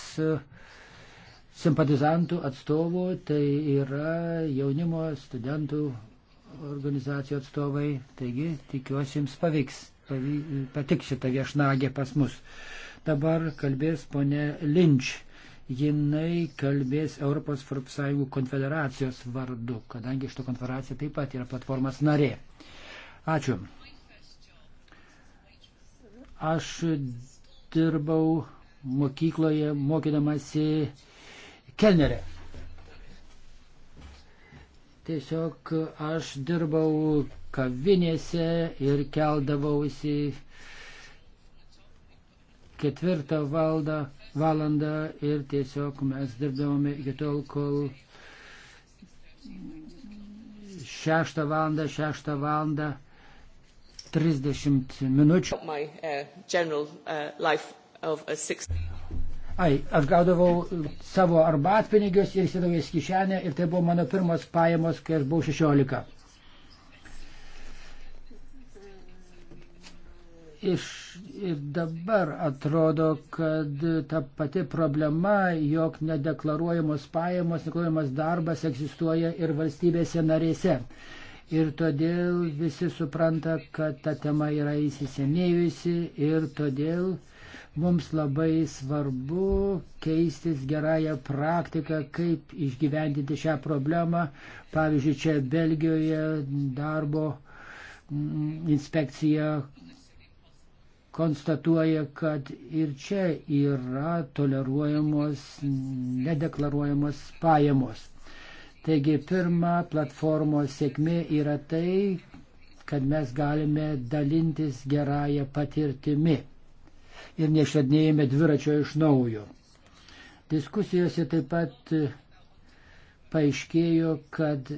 simpatizantų atstovų, tai yra jaunimo studentų organizacijų atstovai. Taigi, tikiuosi, jums pavyks, pavy, patiks šitą viešnagę pas mus. Dabar kalbės ponė Linč. Jinai kalbės Europos profsąjungų konfederacijos vardu, kadangi šito konfederacija taip pat yra platformos narė. Ačiū. Aš dirbau mokykloje mokydamasi kelnerė. Tiesiog aš dirbau kavinėse ir keldavausi uh, ketvirtą valdą, valandą ir tiesiog mes dirbdavome iki tol, kol šeštą valandą, šeštą valandą, 30 minučių. Uh, uh, Ai, aš gaudavau savo arbatpinigius ir įsidavau į kišenę ir tai buvo mano pirmos pajamos, kai aš buvau 16. Iš ir dabar atrodo, kad ta pati problema, jog nedeklaruojamos pajamos, deklaruojamas darbas egzistuoja ir valstybėse narėse. Ir todėl visi supranta, kad ta tema yra įsisenėjusi ir todėl mums labai svarbu keistis gerąją praktiką, kaip išgyvendinti šią problemą. Pavyzdžiui, čia Belgijoje darbo mm, inspekcija konstatuoja, kad ir čia yra toleruojamos nedeklaruojamos pajamos. Taigi pirma platformos sėkmė yra tai, kad mes galime dalintis gerąją patirtimi ir neišradinėjame dviračio iš naujo. Diskusijose taip pat paaiškėjo, kad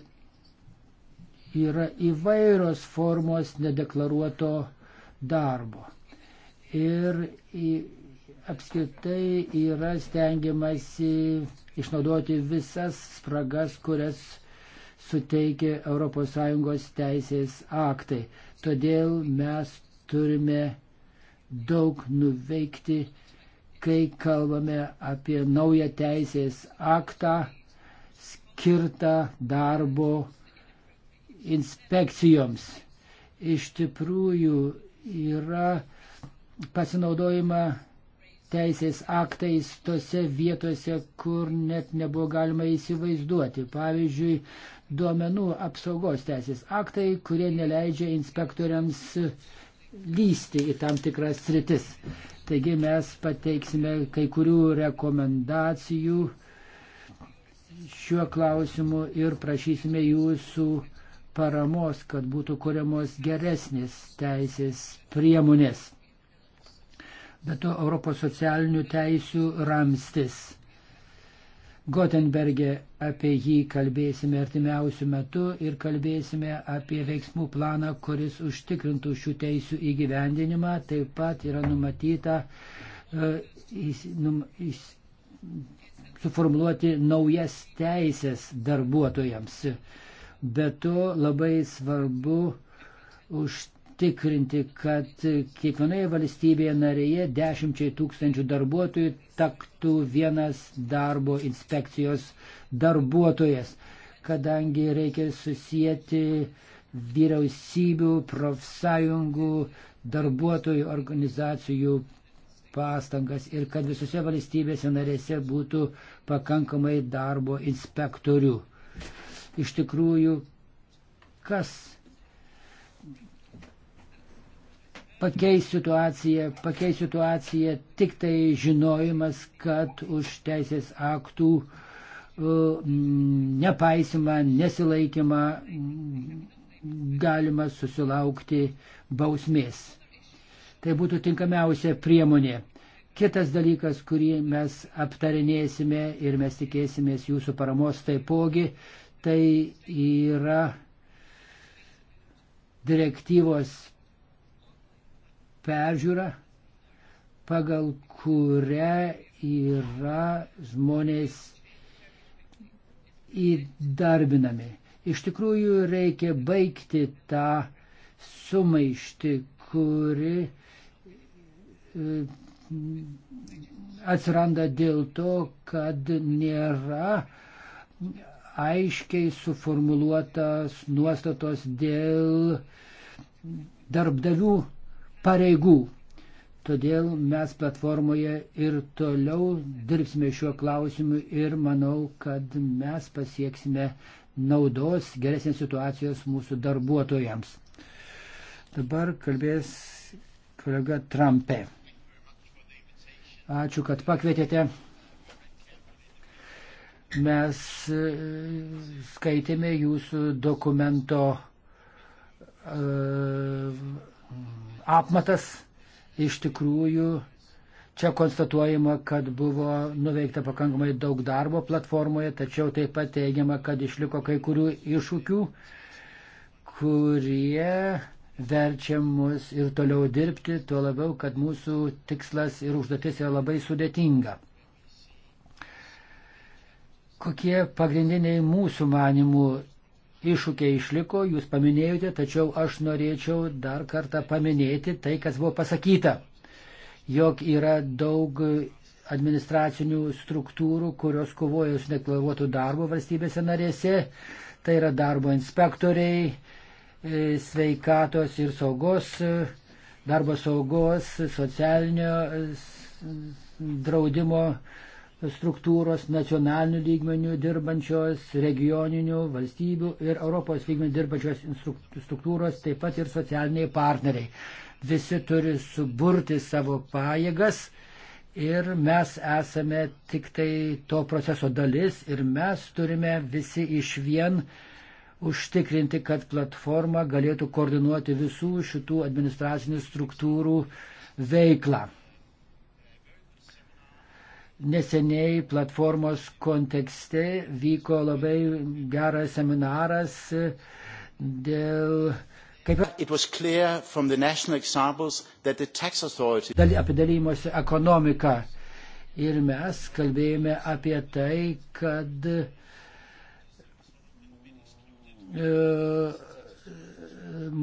yra įvairios formos nedeklaruoto darbo ir apskritai yra stengiamasi išnaudoti visas spragas, kurias suteikia ES teisės aktai. Todėl mes turime daug nuveikti, kai kalbame apie naują teisės aktą skirtą darbo inspekcijoms. Iš tikrųjų yra pasinaudojimą teisės aktais tose vietose, kur net nebuvo galima įsivaizduoti. Pavyzdžiui, duomenų apsaugos teisės aktai, kurie neleidžia inspektoriams lysti į tam tikras sritis. Taigi mes pateiksime kai kurių rekomendacijų šiuo klausimu ir prašysime jūsų paramos, kad būtų kuriamos geresnės teisės priemonės bet to Europos socialinių teisių ramstis. Gotenberge apie jį kalbėsime artimiausių metų ir kalbėsime apie veiksmų planą, kuris užtikrintų šių teisių įgyvendinimą. Taip pat yra numatyta uh, įs, num, įs, suformuoluoti naujas teisės darbuotojams. Be to labai svarbu užtikrinti tikrinti, kad kiekvienoje valstybėje narėje dešimčiai tūkstančių darbuotojų taktų vienas darbo inspekcijos darbuotojas, kadangi reikia susijęti vyriausybių, profsąjungų, darbuotojų organizacijų pastangas ir kad visose valstybėse narėse būtų pakankamai darbo inspektorių. Iš tikrųjų, kas pakeis situaciją, pakeis situaciją tik tai žinojimas, kad už teisės aktų e, nepaisimą, nesilaikymą galima susilaukti bausmės. Tai būtų tinkamiausia priemonė. Kitas dalykas, kurį mes aptarinėsime ir mes tikėsimės jūsų paramos taipogi, tai yra direktyvos peržiūra, pagal kurią yra žmonės įdarbinami. Iš tikrųjų reikia baigti tą sumaišti, kuri e, atsiranda dėl to, kad nėra aiškiai suformuluotas nuostatos dėl darbdavių pareigų. Todėl mes platformoje ir toliau dirbsime šiuo klausimu ir manau, kad mes pasieksime naudos geresnės situacijos mūsų darbuotojams. Dabar kalbės kolega Trumpe. Ačiū, kad pakvietėte. Mes e, skaitėme jūsų dokumento uh, apmatas. Iš tikrųjų, čia konstatuojama, kad buvo nuveikta pakankamai daug darbo platformoje, tačiau taip pat teigiama, kad išliko kai kurių iššūkių, kurie verčia mus ir toliau dirbti, tuo labiau, kad mūsų tikslas ir užduotis yra labai sudėtinga. Kokie pagrindiniai mūsų manimų iššūkiai išliko, jūs paminėjote, tačiau aš norėčiau dar kartą paminėti tai, kas buvo pasakyta, jog yra daug administracinių struktūrų, kurios kovoja su deklaruotu darbu valstybėse narėse. Tai yra darbo inspektoriai, e, sveikatos ir saugos, e, darbo saugos, socialinio e, draudimo struktūros nacionalinių lygmenių dirbančios, regioninių valstybių ir Europos lygmenių dirbančios struktūros, taip pat ir socialiniai partneriai. Visi turi suburti savo pajėgas ir mes esame tik tai to proceso dalis ir mes turime visi iš vien užtikrinti, kad platforma galėtų koordinuoti visų šitų administracinių struktūrų veiklą. Neseniai platformos kontekste vyko labai geras seminaras dėl Kaip apie dalymosi ekonomiką. Ir mes kalbėjome apie tai, kad uh,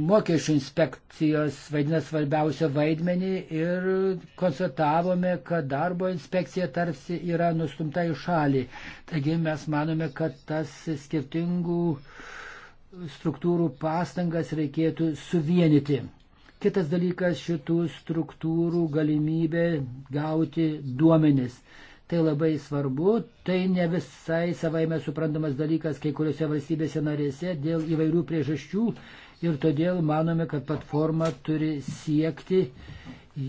mokesčių inspekcijos vaidina svarbiausią vaidmenį ir konstatavome, kad darbo inspekcija tarsi yra nustumta į šalį. Taigi mes manome, kad tas skirtingų struktūrų pastangas reikėtų suvienyti. Kitas dalykas šitų struktūrų galimybė gauti duomenis. Tai labai svarbu, tai ne visai savaime suprantamas dalykas kai kuriuose valstybėse narėse dėl įvairių priežasčių ir todėl manome, kad platforma turi siekti,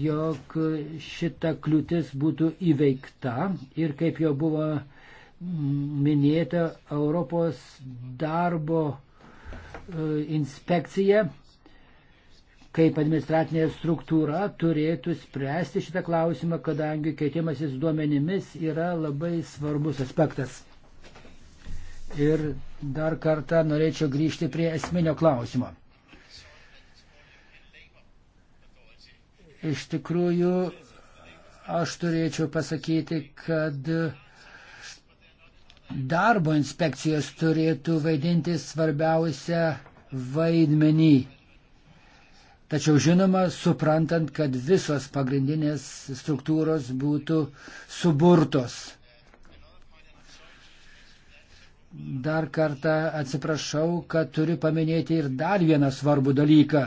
jog šita kliūtis būtų įveikta ir kaip jau buvo minėta Europos darbo e, inspekcija kaip administracinė struktūra turėtų spręsti šitą klausimą, kadangi keitimasis duomenimis yra labai svarbus aspektas. Ir dar kartą norėčiau grįžti prie esminio klausimo. Iš tikrųjų, aš turėčiau pasakyti, kad darbo inspekcijos turėtų vaidinti svarbiausią vaidmenį. Tačiau žinoma, suprantant, kad visos pagrindinės struktūros būtų suburtos. Dar kartą atsiprašau, kad turiu paminėti ir dar vieną svarbų dalyką.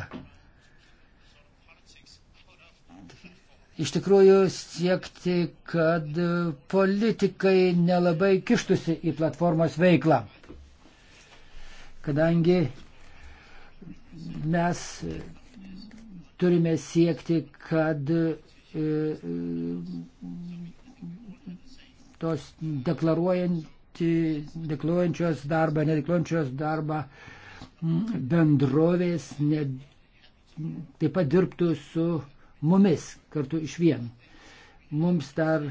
iš tikrųjų siekti, kad politikai nelabai kištusi į platformos veiklą. Kadangi mes turime siekti, kad e, e, tos deklaruojančios darbą, nedeklaruojančios darbą bendrovės ne, taip pat dirbtų su mumis, kartu iš vien. Mums dar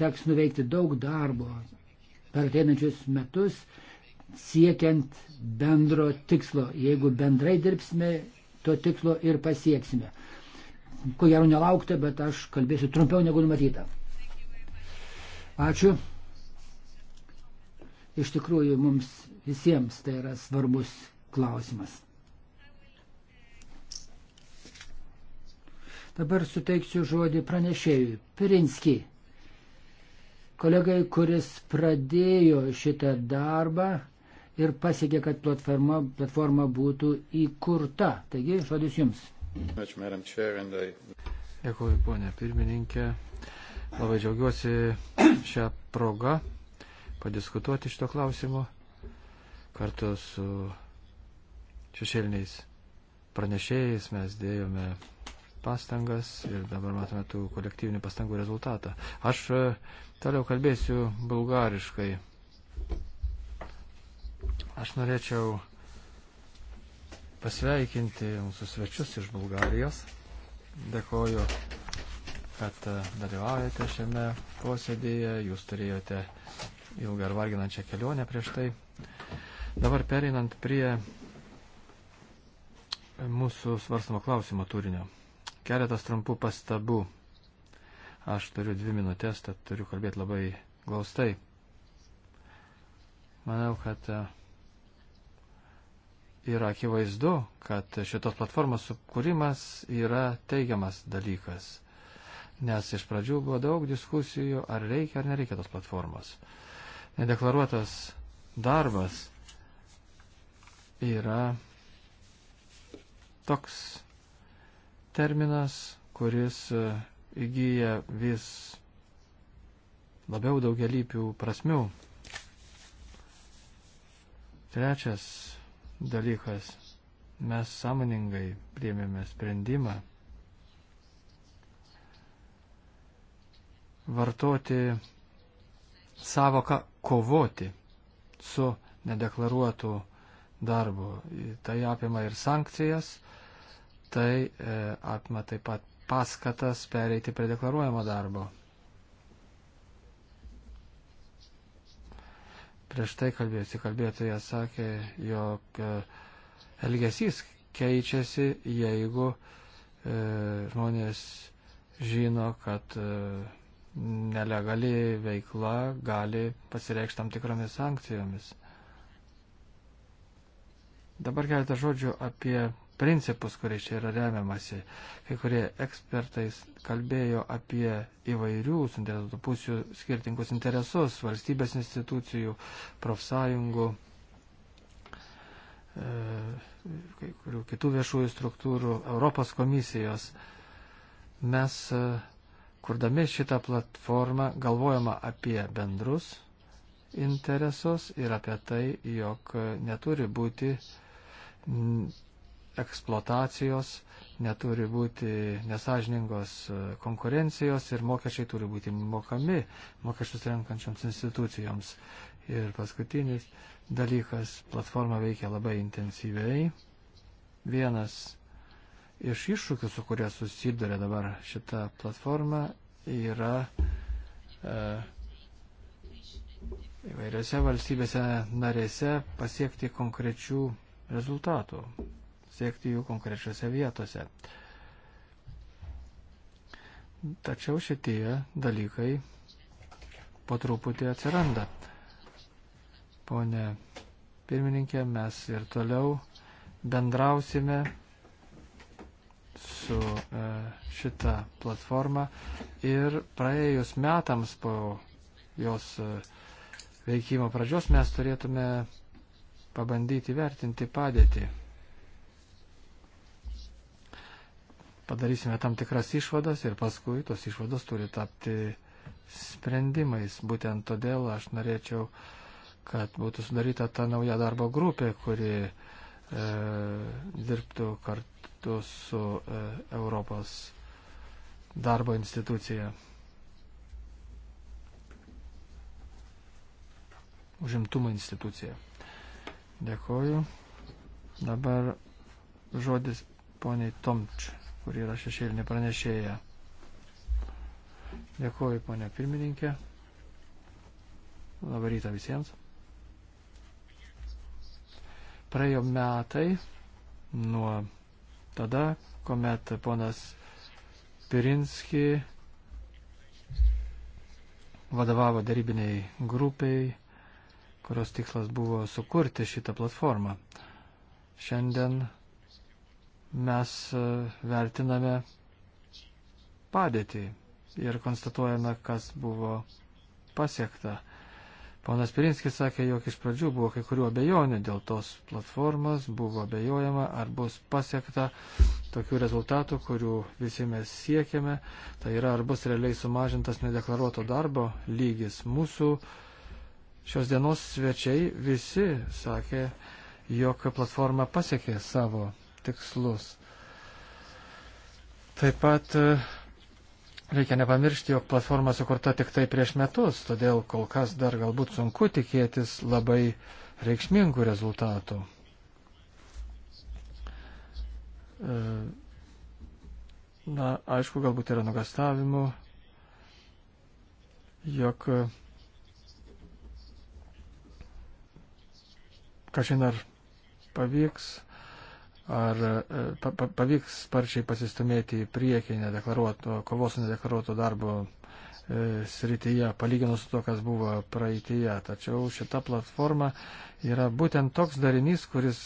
teks nuveikti daug darbo per ateinančius metus, siekiant bendro tikslo. Jeigu bendrai dirbsime, to tikslo ir pasieksime. Ko gero nelaukta, bet aš kalbėsiu trumpiau negu numatyta. Ačiū. Iš tikrųjų, mums visiems tai yra svarbus klausimas. Dabar suteiksiu žodį pranešėjui. Pirinski, kolegai, kuris pradėjo šitą darbą ir pasiekė, kad platforma, platforma būtų įkurta. Taigi, žodis jums. Dėkuoju, ponė pirmininkė. Labai džiaugiuosi šią progą padiskutuoti šito klausimo kartu su šešėliniais pranešėjais mes dėjome pastangas ir dabar matome tų kolektyvinių pastangų rezultatą. Aš e, toliau kalbėsiu bulgariškai. Aš norėčiau pasveikinti mūsų svečius iš Bulgarijos. Dėkoju, kad e, dalyvaujate šiame posėdėje. Jūs turėjote ilgą ir varginančią kelionę prieš tai. Dabar pereinant prie mūsų svarstamo klausimo turinio. Keletas trumpų pastabų. Aš turiu dvi minutės, tad turiu kalbėti labai glaustai. Manau, kad e, yra akivaizdu, kad šitos platformos sukūrimas yra teigiamas dalykas. Nes iš pradžių buvo daug diskusijų, ar reikia ar nereikia tos platformos. Nedeklaruotas darbas yra toks terminas, kuris e, įgyja vis labiau daugelypių prasmių. Trečias dalykas. Mes sąmoningai priemėme sprendimą vartoti savoką kovoti su nedeklaruotu darbu. Tai apima ir sankcijas, Tai e, apima taip pat paskatas pereiti prie deklaruojamo darbo. Prieš tai kalbėjusi kalbėtoja sakė, jog e, elgesys keičiasi, jeigu e, žmonės žino, kad e, nelegali veikla gali pasireikšti tam tikromis sankcijomis. Dabar keletą žodžių apie principus, kuriais čia yra remiamasi. Kai kurie ekspertais kalbėjo apie įvairių suinteresuotų pusių skirtingus interesus - valstybės institucijų, profsąjungų, e, kai kurių kitų viešųjų struktūrų, Europos komisijos. Mes, e, kurdami šitą platformą, galvojama apie bendrus interesus ir apie tai, jog e, neturi būti eksploatacijos, neturi būti nesažiningos e, konkurencijos ir mokesčiai turi būti mokami mokesčius renkančioms institucijoms. Ir paskutinis dalykas, platforma veikia labai intensyviai. Vienas iš iššūkių, su kuria susiduria dabar šita platforma, yra e, įvairiose valstybėse narėse pasiekti konkrečių rezultatų siekti jų konkrečiose vietose. Tačiau šitie dalykai po truputį atsiranda. Pone pirmininkė, mes ir toliau bendrausime su e, šita platforma ir praėjus metams po jos e, veikimo pradžios mes turėtume pabandyti vertinti padėtį. padarysime tam tikras išvadas ir paskui tos išvados turi tapti sprendimais. Būtent todėl aš norėčiau, kad būtų sudaryta ta nauja darbo grupė, kuri e, dirbtų kartu su e, Europos darbo institucija. Užimtumo institucija. Dėkoju. Dabar žodis poniai Tomčiui kur yra šešėlinė pranešėja. Dėkuoju, ponia pirmininkė. Labą rytą visiems. Praėjo metai nuo tada, kuomet ponas Pirinski vadovavo darybiniai grupiai, kurios tikslas buvo sukurti šitą platformą. Šiandien mes e, vertiname padėtį ir konstatuojame, kas buvo pasiekta. Ponas Pirinskis sakė, jog iš pradžių buvo kai kuriuo abejonių dėl tos platformos, buvo abejojama, ar bus pasiekta tokių rezultatų, kurių visi mes siekiame, tai yra, ar bus realiai sumažintas nedeklaruoto darbo lygis. Mūsų šios dienos svečiai visi sakė, jog platforma pasiekė savo tikslus. Taip pat e, reikia nepamiršti, jog platforma sukurta tik tai prieš metus, todėl kol kas dar galbūt sunku tikėtis labai reikšmingų rezultatų. E, na, aišku, galbūt yra nugastavimų, jog e, kažin ar pavyks ar e, pa, pa, pavyks sparčiai pasistumėti į priekį nedeklaruoto, kovos nedeklaruoto darbo e, srityje, palyginus su to, kas buvo praeitėje. Tačiau šita platforma yra būtent toks darinys, kuris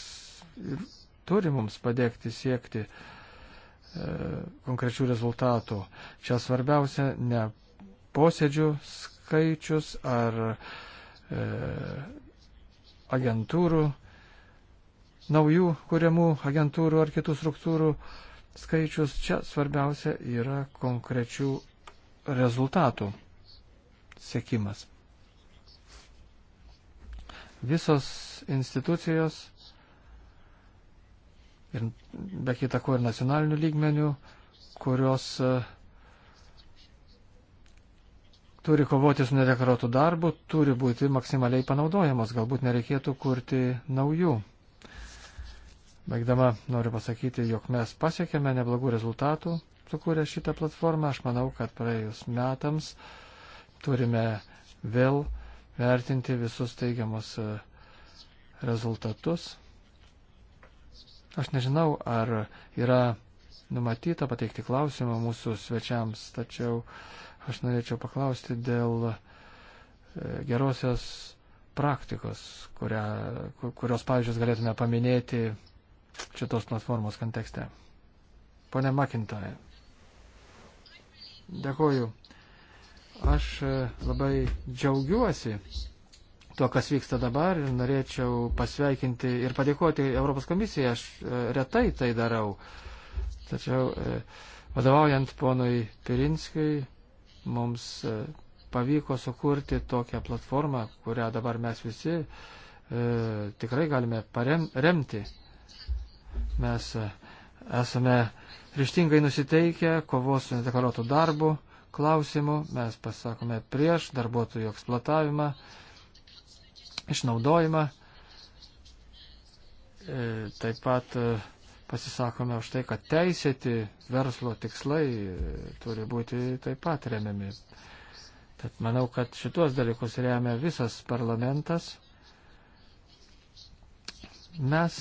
turi mums padėkti siekti e, konkrečių rezultatų. Čia svarbiausia ne posėdžių skaičius ar e, agentūrų naujų kuriamų agentūrų ar kitų struktūrų skaičius. Čia svarbiausia yra konkrečių rezultatų sėkimas. Visos institucijos ir be kita ko ir nacionalinių lygmenių, kurios e, turi kovoti su nedeklaruotu darbu, turi būti maksimaliai panaudojamos. Galbūt nereikėtų kurti naujų Baigdama noriu pasakyti, jog mes pasiekėme neblogų rezultatų, sukūrė šitą platformą. Aš manau, kad praėjus metams turime vėl vertinti visus teigiamus e, rezultatus. Aš nežinau, ar yra numatyta pateikti klausimą mūsų svečiams, tačiau aš norėčiau paklausti dėl e, gerosios praktikos, kurią, kurios pavyzdžius galėtume paminėti šitos platformos kontekste. Pone Makintoje. Dėkoju. Aš e, labai džiaugiuosi tuo, kas vyksta dabar ir norėčiau pasveikinti ir padėkoti Europos komisijai. Aš e, retai tai darau. Tačiau e, vadovaujant ponui Pirinskui, mums pavyko sukurti tokią platformą, kurią dabar mes visi e, tikrai galime paremti. Parem, Mes e, esame ryštingai nusiteikę kovos su nedeklaruotų darbų klausimų, mes pasakome prieš darbuotojų eksploatavimą, išnaudojimą. E, taip pat e, pasisakome už tai, kad teisėti verslo tikslai turi būti taip pat remiami. Tad manau, kad šitos dalykus remia visas parlamentas. Mes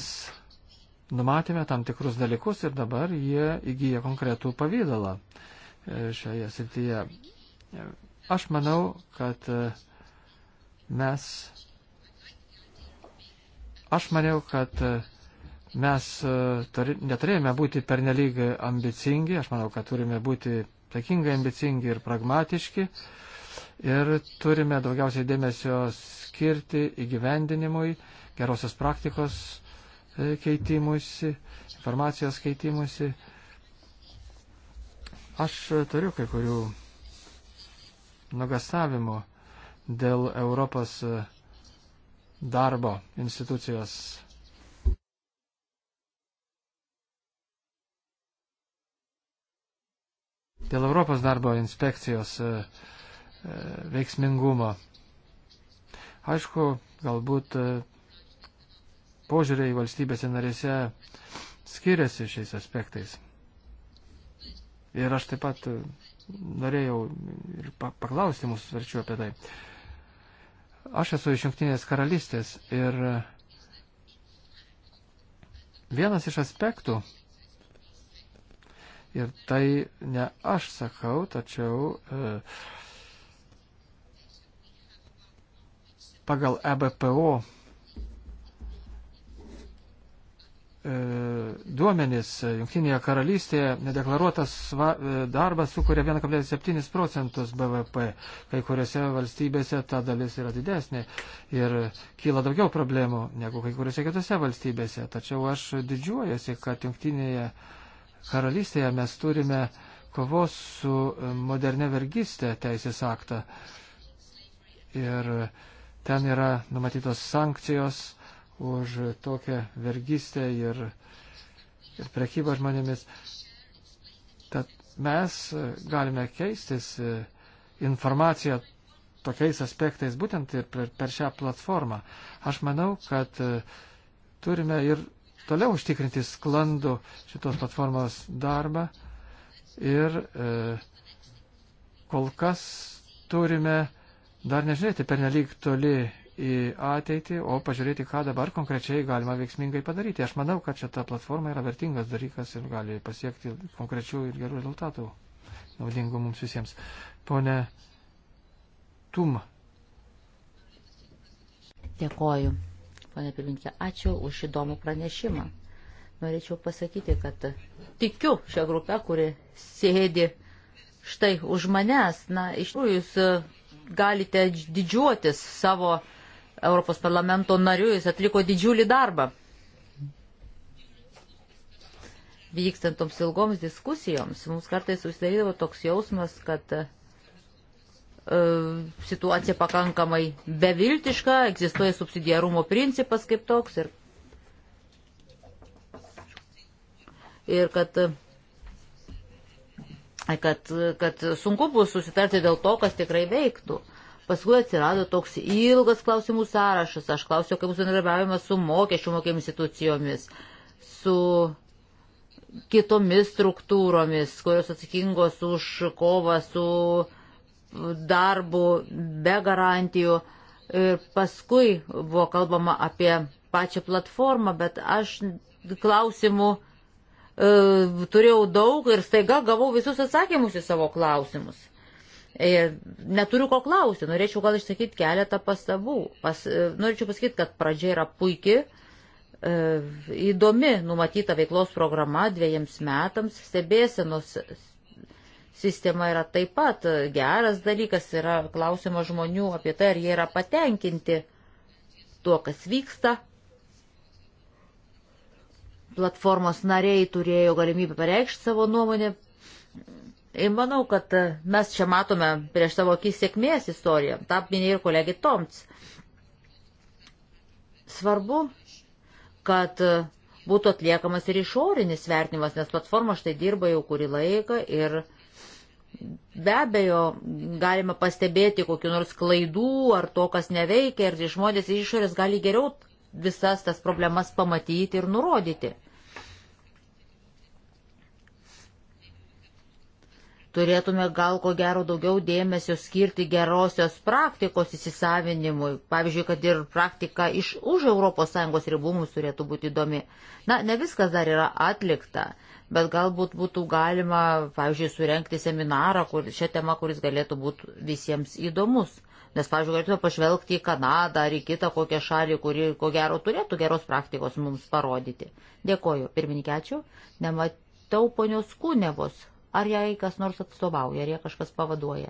numatėme tam tikrus dalykus ir dabar jie įgyja konkretų pavydalą e, šioje srityje. Aš manau, kad e, mes. Aš maniau, kad e, mes neturėjome būti pernelyg ambicingi, aš manau, kad turime būti takingai ambicingi ir pragmatiški ir turime daugiausiai dėmesio skirti įgyvendinimui, gerosios praktikos keitimusi, informacijos keitimusi. Aš turiu kai kurių nugastavimų dėl Europos darbo institucijos dėl Europos darbo inspekcijos e, e, veiksmingumo. Aišku, galbūt e, požiūriai valstybėse narėse skiriasi šiais aspektais. Ir aš taip pat e, norėjau ir paklausti mūsų svarčių apie tai. Aš esu iš Junktinės karalystės ir e, vienas iš aspektų, ir tai ne aš sakau, tačiau e, pagal EBPO E, duomenys e, Junktinėje karalystėje nedeklaruotas e, darbas sukuria 1,7 procentus BVP. Kai kuriuose valstybėse ta dalis yra didesnė ir kyla daugiau problemų negu kai kuriuose kitose valstybėse. Tačiau aš didžiuojasi, kad Junktinėje karalystėje mes turime kovos su modernė vergystė teisės aktą. Ir ten yra numatytos sankcijos už tokią vergystę ir, ir prekybą žmonėmis. Tad mes galime keistis e, informaciją tokiais aspektais būtent ir per šią platformą. Aš manau, kad e, turime ir toliau užtikrinti sklandų šitos platformos darbą ir e, kol kas turime dar nežiūrėti pernelyg toli į ateitį, o pažiūrėti, ką dabar konkrečiai galima veiksmingai padaryti. Aš manau, kad šita platforma yra vertingas dalykas ir gali pasiekti konkrečių ir gerų rezultatų, naudingų mums visiems. Pone Tum. Dėkoju, pane Pilinkė, ačiū už įdomų pranešimą. Norėčiau pasakyti, kad tikiu šią grupę, kuri sėdi štai už manęs. Na, iš tikrųjų, jūs e, galite didžiuotis savo uh, Europos parlamento nariu, jis atliko didžiulį darbą. Vykstant toms ilgoms diskusijoms, mums kartais susidarydavo toks jausmas, kad e, situacija pakankamai beviltiška, egzistuoja subsidiarumo principas kaip toks ir, ir kad kad, kad sunku bus susitarti dėl to, kas tikrai veiktų. Paskui atsirado toks ilgas klausimų sąrašas. Aš klausiau, kaip bus bendradarbiavimas su mokesčių mokėjimo institucijomis, su kitomis struktūromis, kurios atsakingos už kovą su darbu be garantijų. Ir paskui buvo kalbama apie pačią platformą, bet aš klausimų e, turėjau daug ir staiga gavau visus atsakymus į savo klausimus. E, neturiu ko klausti, norėčiau gal išsakyti keletą pastabų. Pas, e, norėčiau pasakyti, kad pradžia yra puikia, e, įdomi numatyta veiklos programa dviejams metams, stebėsenos sistema yra taip pat geras dalykas, yra klausima žmonių apie tai, ar jie yra patenkinti tuo, kas vyksta. Platformos nariai turėjo galimybę pareikšti savo nuomonę, Manau, kad e, mes čia matome prieš savo akis sėkmės istoriją. Ta minėjo ir kolegė Toms. Svarbu, kad e, būtų atliekamas ir išorinis vertinimas, nes platforma štai dirba jau kurį laiką ir be abejo galima pastebėti kokiu nors klaidų ar to, kas neveikia ir žmonės iš išorės gali geriau visas tas problemas pamatyti ir nurodyti. Turėtume gal ko gero daugiau dėmesio skirti gerosios praktikos įsisavinimui. Pavyzdžiui, kad ir praktika iš už ES ribų mums turėtų būti įdomi. Na, ne viskas dar yra atlikta, bet galbūt būtų galima, pavyzdžiui, surenkti seminarą kur, šią temą, kuris galėtų būti visiems įdomus. Nes, pavyzdžiui, galėtume pažvelgti į Kanadą ar į kitą kokią šalį, kuri ko gero turėtų geros praktikos mums parodyti. Dėkoju. Pirmininkė, ačiū. Nematau ponios Kūnevos. Ar jai kas nors atstovauja, ar jie kažkas pavaduoja.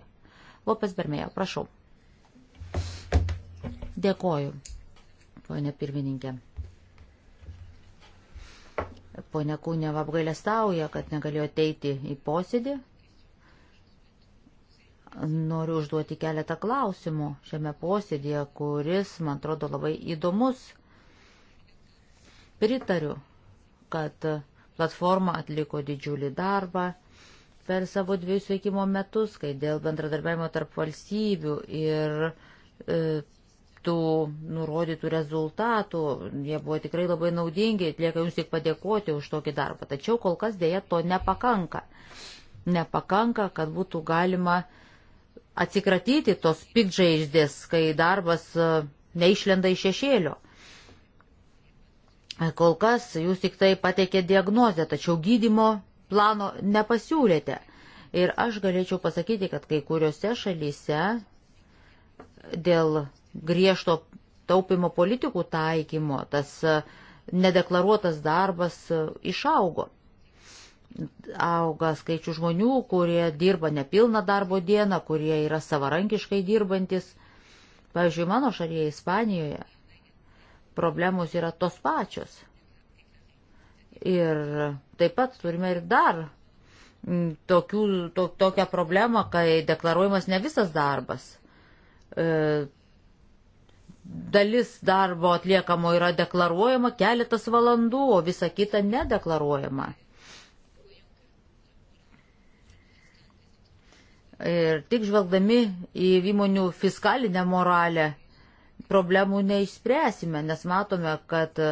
Lopes Bermėjo, prašau. Dėkoju, ponė pirmininkė. Pone Kūnėva apgailestauja, kad negalėjo ateiti į posėdį. Noriu užduoti keletą klausimų šiame posėdėje, kuris, man atrodo, labai įdomus. Pritariu, kad platforma atliko didžiulį darbą per savo dviejus veikimo metus, kai dėl bendradarbiavimo tarp valstybių ir e, tų nurodytų rezultatų, jie buvo tikrai labai naudingi, lieka jums tik padėkoti už tokį darbą. Tačiau kol kas dėja to nepakanka. Nepakanka, kad būtų galima atsikratyti tos pikžaizdės, kai darbas e, neišlenda iš šešėlio. Kol kas jūs tik tai pateikė diagnozę, tačiau gydimo plano nepasiūlėte. Ir aš galėčiau pasakyti, kad kai kuriuose šalyse dėl griežto taupimo politikų taikymo tas e, nedeklaruotas darbas e, išaugo. Auga skaičių žmonių, kurie dirba nepilną darbo dieną, kurie yra savarankiškai dirbantis. Pavyzdžiui, mano šalyje Ispanijoje problemos yra tos pačios. Ir taip pat turime ir dar tokių, to, tokią problemą, kai deklaruojamas ne visas darbas. E, dalis darbo atliekamo yra deklaruojama keletas valandų, o visa kita nedeklaruojama. Ir tik žvelgdami į įmonių fiskalinę moralę problemų neišspręsime, nes matome, kad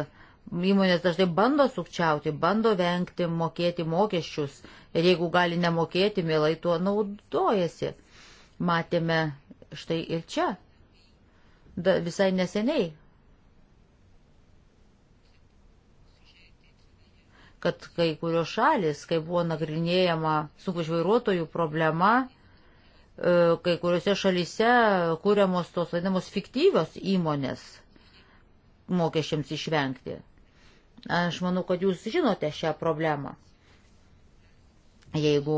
Įmonės dažnai bando sukčiauti, bando vengti mokėti mokesčius ir jeigu gali nemokėti, mielai tuo naudojasi. Matėme štai ir čia, da, visai neseniai, kad kai kurios šalis, kai buvo nagrinėjama sunku žvairuotojų problema, e, kai kuriuose šalyse kūriamos tos vadinamos fiktyvios įmonės mokesčiams išvengti. Aš manau, kad jūs žinote šią problemą. Jeigu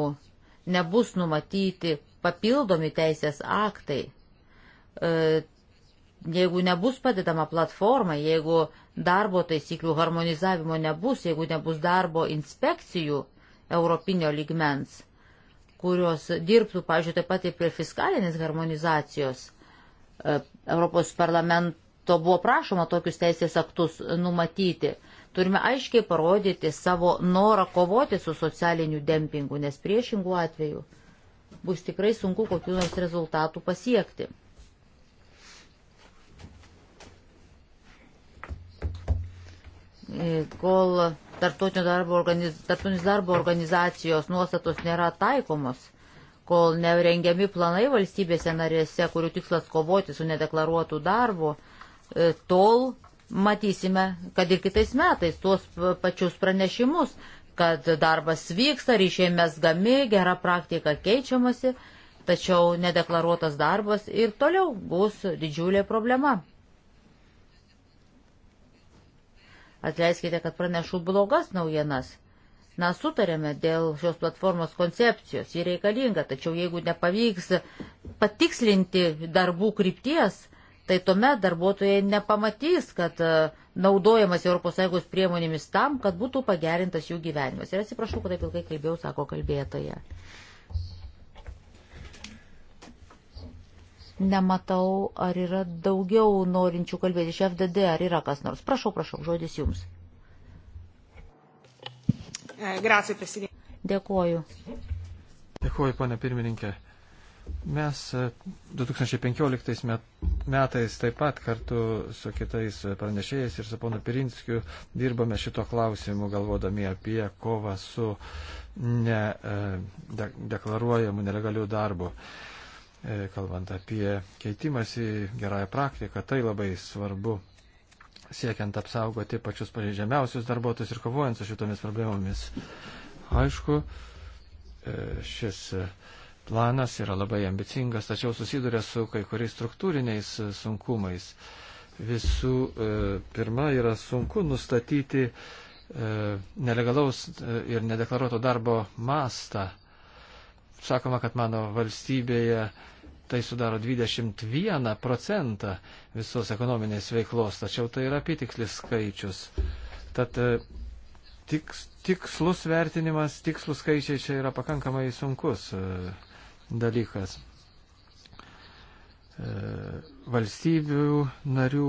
nebus numatyti papildomi teisės aktai, e, jeigu nebus padedama platforma, jeigu darbo taisyklių harmonizavimo nebus, jeigu nebus darbo inspekcijų europinio ligmens, kurios dirbtų, pažiūrėjau, taip pat ir prie fiskalinės harmonizacijos. E, Europos parlamento buvo prašoma tokius teisės aktus numatyti. Turime aiškiai parodyti savo norą kovoti su socialiniu dempingu, nes priešingų atveju bus tikrai sunku kokiu nors rezultatų pasiekti. Kol tarptautinės darbo, organiz... darbo organizacijos nuostatos nėra taikomos, kol nerengiami planai valstybėse narėse, kurių tikslas kovoti su nedeklaruotu darbu, e, tol matysime, kad ir kitais metais tuos pačius pranešimus, kad darbas vyksta, ryšiai mes gami, gera praktika keičiamasi, tačiau nedeklaruotas darbas ir toliau bus didžiulė problema. Atleiskite, kad pranešu blogas naujienas. Na, sutarėme dėl šios platformos koncepcijos, ji reikalinga, tačiau jeigu nepavyks patikslinti darbų krypties, tai tuomet darbuotojai nepamatys, kad e, naudojamas ES priemonėmis tam, kad būtų pagerintas jų gyvenimas. Ir atsiprašau, kad taip ilgai kalbėjau, sako kalbėtoja. Nematau, ar yra daugiau norinčių kalbėti iš FDD, ar yra kas nors. Prašau, prašau, žodis jums. Eh, grazie, Dėkuoju. Dėkuoju, ponė pirmininkė. Mes 2015 e, metais taip pat kartu su kitais e, pranešėjais ir su ponu Pirinskiu dirbame šito klausimu, galvodami apie kovą su nedeklaruojamu e, nelegaliu darbu. Kalbant apie keitimąsi gerąją praktiką, tai labai svarbu siekiant apsaugoti pačius pažeidžiamiausius darbuotojus ir kovojant su šitomis problemomis. Aišku, šis planas yra labai ambicingas, tačiau susiduria su kai kuriais struktūriniais e, sunkumais. Visų e, pirma, yra sunku nustatyti e, nelegalaus ir nedeklaruoto darbo mastą. Sakoma, kad mano valstybėje tai sudaro 21 procentą visos ekonominės veiklos, tačiau tai yra apitikslis skaičius. Tad tiks, tikslus vertinimas, tikslus skaičiai čia yra pakankamai sunkus. E, dalykas. E, valstybių narių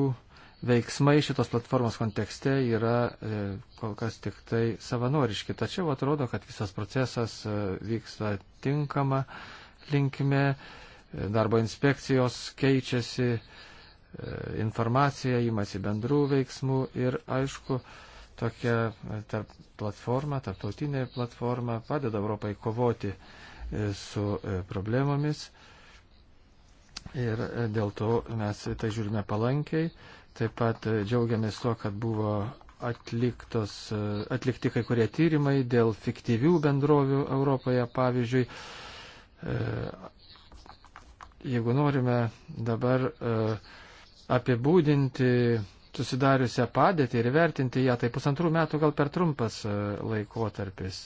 veiksmai šitos platformos kontekste yra e, kol kas tik tai savanoriški, tačiau atrodo, kad visas procesas e, vyksta tinkama linkme, darbo inspekcijos keičiasi informacija, įmasi bendrų veiksmų ir aišku, tokia tarp platforma, tarptautinė platforma padeda Europai kovoti uh, E, su e, problemomis. Ir e, dėl to mes tai žiūrime palankiai. Taip pat džiaugiamės to, kad buvo atliktos, atlikti kai kurie tyrimai dėl fiktyvių bendrovių Europoje. Pavyzdžiui, jeigu norime dabar apibūdinti susidariusią padėtį ir vertinti ją, tai pusantrų metų gal per trumpas laikotarpis.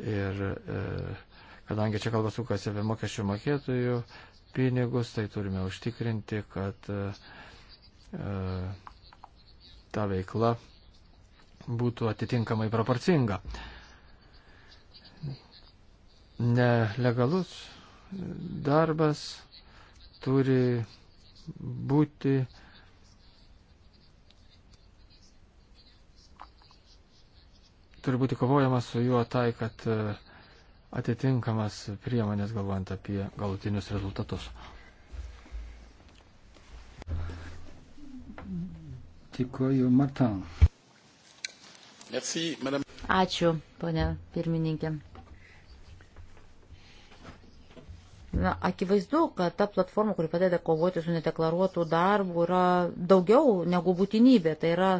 Ir e, kadangi čia kalba sukasi apie mokesčių mokėtojų pinigus, tai turime užtikrinti, kad e, e, ta veikla būtų atitinkamai proporcinga. Nelegalus darbas turi būti turi būti kovojama su juo tai, kad uh, atitinkamas priemonės galvojant apie galutinius rezultatus. Tikoju, Martan. Merci, madame. Ačiū, ponia pirmininkė. Na, akivaizdu, kad ta platforma, kuri padeda kovoti su nedeklaruotų darbų, yra daugiau negu būtinybė. Tai yra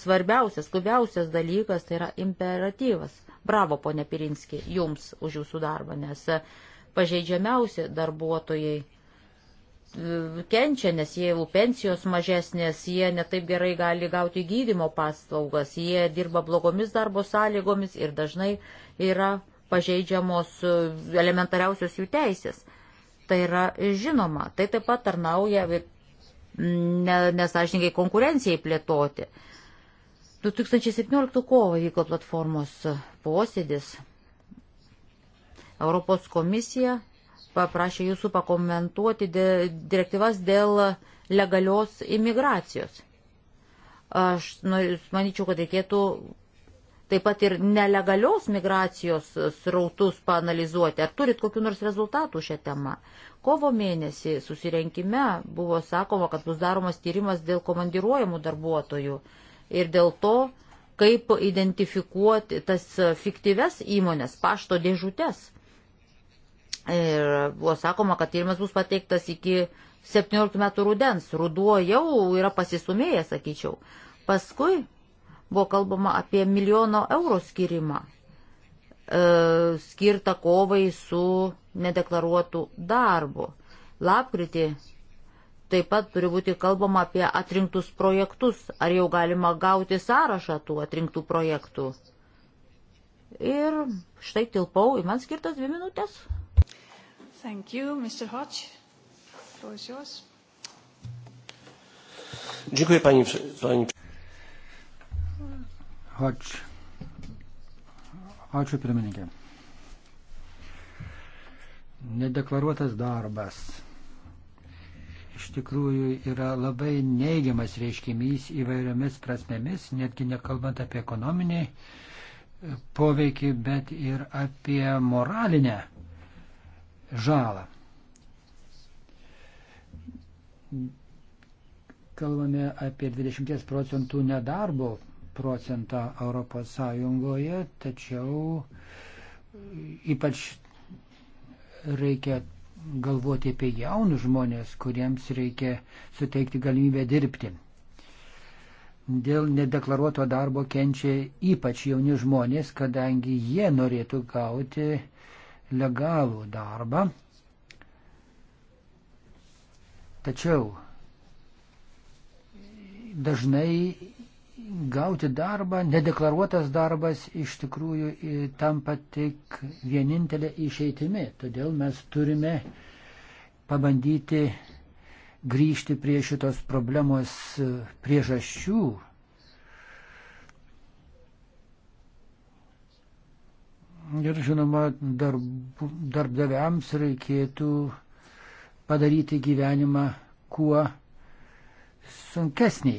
svarbiausias, skubiausias dalykas, tai yra imperatyvas. Bravo, ponė Pirinski, jums už jūsų darbą, nes pažeidžiamiausi darbuotojai e, kenčia, nes jie jau pensijos mažesnės, jie netaip gerai gali gauti gydymo paslaugas, jie dirba blogomis darbo sąlygomis ir dažnai yra pažeidžiamos e, elementariausios jų teisės. Tai yra žinoma, tai taip pat tarnauja nesažininkai konkurencijai plėtoti. 2017 kovo vyko platformos posėdis. Europos komisija paprašė jūsų pakomentuoti direktyvas dėl legalios imigracijos. Aš nu, manyčiau, kad reikėtų taip pat ir nelegalios migracijos srautus panalizuoti. Ar turit kokiu nors rezultatų šią temą? Kovo mėnesį susirenkime buvo sakoma, kad bus daromas tyrimas dėl komandiruojamų darbuotojų. Uh, ir dėl to, kaip identifikuoti tas fiktyves įmonės, pašto dėžutės. Ir buvo sakoma, kad tyrimas bus pateiktas iki 17 metų rudens. Ruduo jau yra pasisumėjęs, sakyčiau. Paskui buvo kalbama apie milijono eurų skirimą, e, skirtą kovai su nedeklaruotu darbu. Lapkritį Taip pat turi būti kalbama apie atrinktus projektus, ar jau galima gauti sąrašą tų atrinktų projektų. Ir štai tilpau į man skirtas dvi minutės. Thank you, Mr. Hodge. Floor is yours. Dziękuję pani, pani. Hodge. Ačiū pirmininkė. Nedeklaruotas darbas iš tikrųjų yra labai neigiamas reiškinys įvairiomis prasmėmis, netgi nekalbant apie ekonominį e, poveikį, bet ir apie moralinę žalą. Kalbame apie 20 procentų nedarbo procentą Europos Sąjungoje, tačiau ypač reikia galvoti apie jaunus žmonės, kuriems reikia suteikti galimybę dirbti. Dėl nedeklaruoto darbo kenčia ypač jauni žmonės, kadangi jie norėtų gauti legalų darbą. Tačiau dažnai gauti darbą, nedeklaruotas darbas iš tikrųjų tampa tik vienintelė išeitimi. Todėl mes turime pabandyti grįžti prie šitos problemos e, priežasčių. Ir žinoma, darb, darbdaviams reikėtų padaryti gyvenimą kuo sunkesnį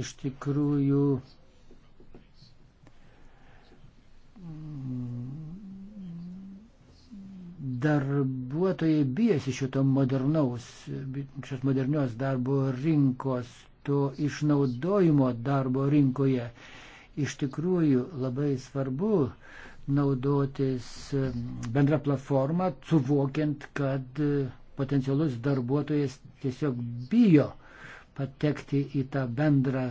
iš tikrųjų darbuotojai bijasi šito modernaus, šios modernios darbo rinkos, to išnaudojimo darbo rinkoje. Iš tikrųjų labai svarbu naudotis bendrą platformą, suvokiant, kad potencialus darbuotojas tiesiog bijo uh, patekti į tą bendrą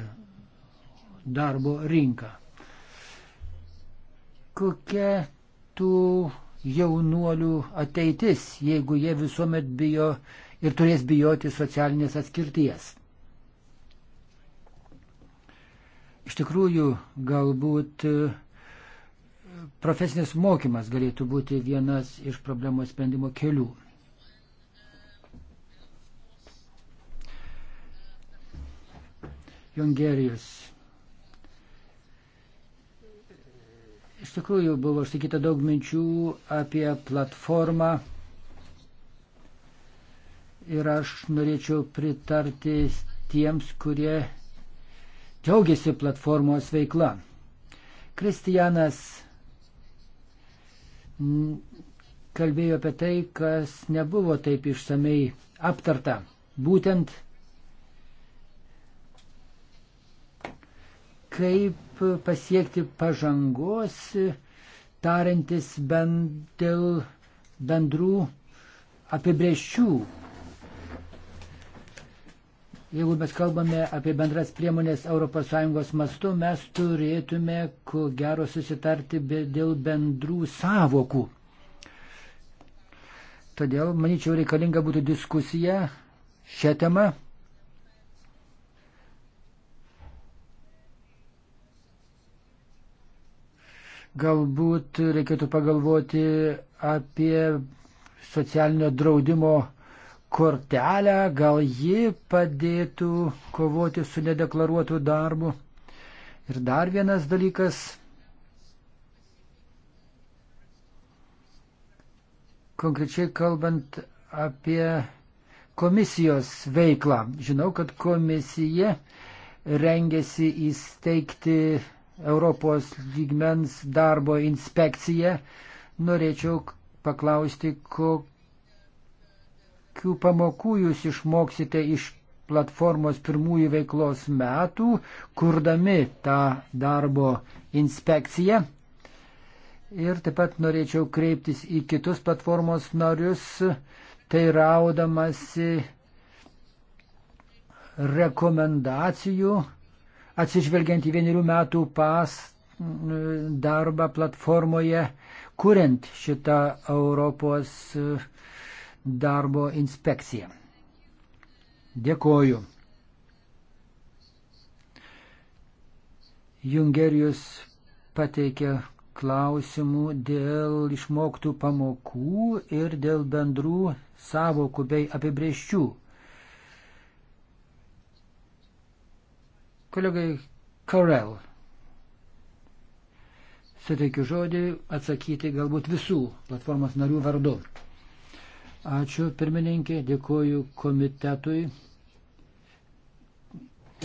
darbo rinką. Kokia tų jaunuolių ateitis, jeigu jie visuomet bijo ir turės bijoti socialinės atskirties? Iš tikrųjų, galbūt e, profesinis mokymas galėtų būti vienas iš problemos sprendimo kelių. Jungerijus. Iš tikrųjų buvo išsakyta daug minčių apie platformą ir aš norėčiau pritarti tiems, kurie džiaugiasi platformos veikla. Kristijanas kalbėjo apie tai, kas nebuvo taip išsamei aptarta. Būtent kaip pasiekti pažangos, tarintis bent dėl bendrų apibrėžčių. Jeigu mes kalbame apie bendras priemonės ES mastu, mes turėtume, ko gero, susitarti dėl bendrų savokų. Todėl, manyčiau, reikalinga būtų diskusija šią temą. Galbūt reikėtų pagalvoti apie socialinio draudimo kortelę, gal ji padėtų kovoti su nedeklaruotu darbu. Ir dar vienas dalykas. Konkrečiai kalbant apie komisijos veiklą. Žinau, kad komisija rengiasi įsteigti Europos lygmens darbo inspekcija. Norėčiau paklausti, kokių pamokų jūs išmoksite iš platformos pirmųjų veiklos metų, kurdami tą darbo inspekciją. Ir taip pat norėčiau kreiptis į kitus platformos narius, tai raudamasi rekomendacijų atsižvelgiant į vienerių metų pas darbą platformoje, kuriant šitą Europos e, darbo inspekciją. Dėkoju. Jungerius pateikė klausimų dėl išmoktų pamokų ir dėl bendrų savokų bei apibrieščių. Kolegai Karel, suteikiu žodį atsakyti galbūt visų platformos narių vardu. Ačiū pirmininkė, dėkoju komitetui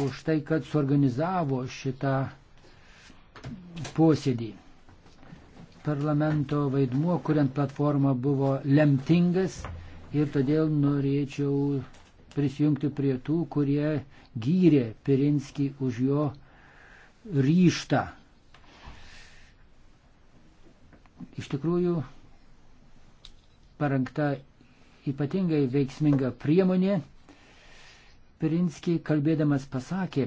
už tai, kad suorganizavo šitą posėdį. Parlamento vaidmuo, kuriant platformą, buvo lemtingas ir todėl norėčiau prisijungti prie tų, kurie gyrė Pirinskį už jo ryštą. Iš tikrųjų, parengta ypatingai veiksminga priemonė. Pirinskį kalbėdamas pasakė,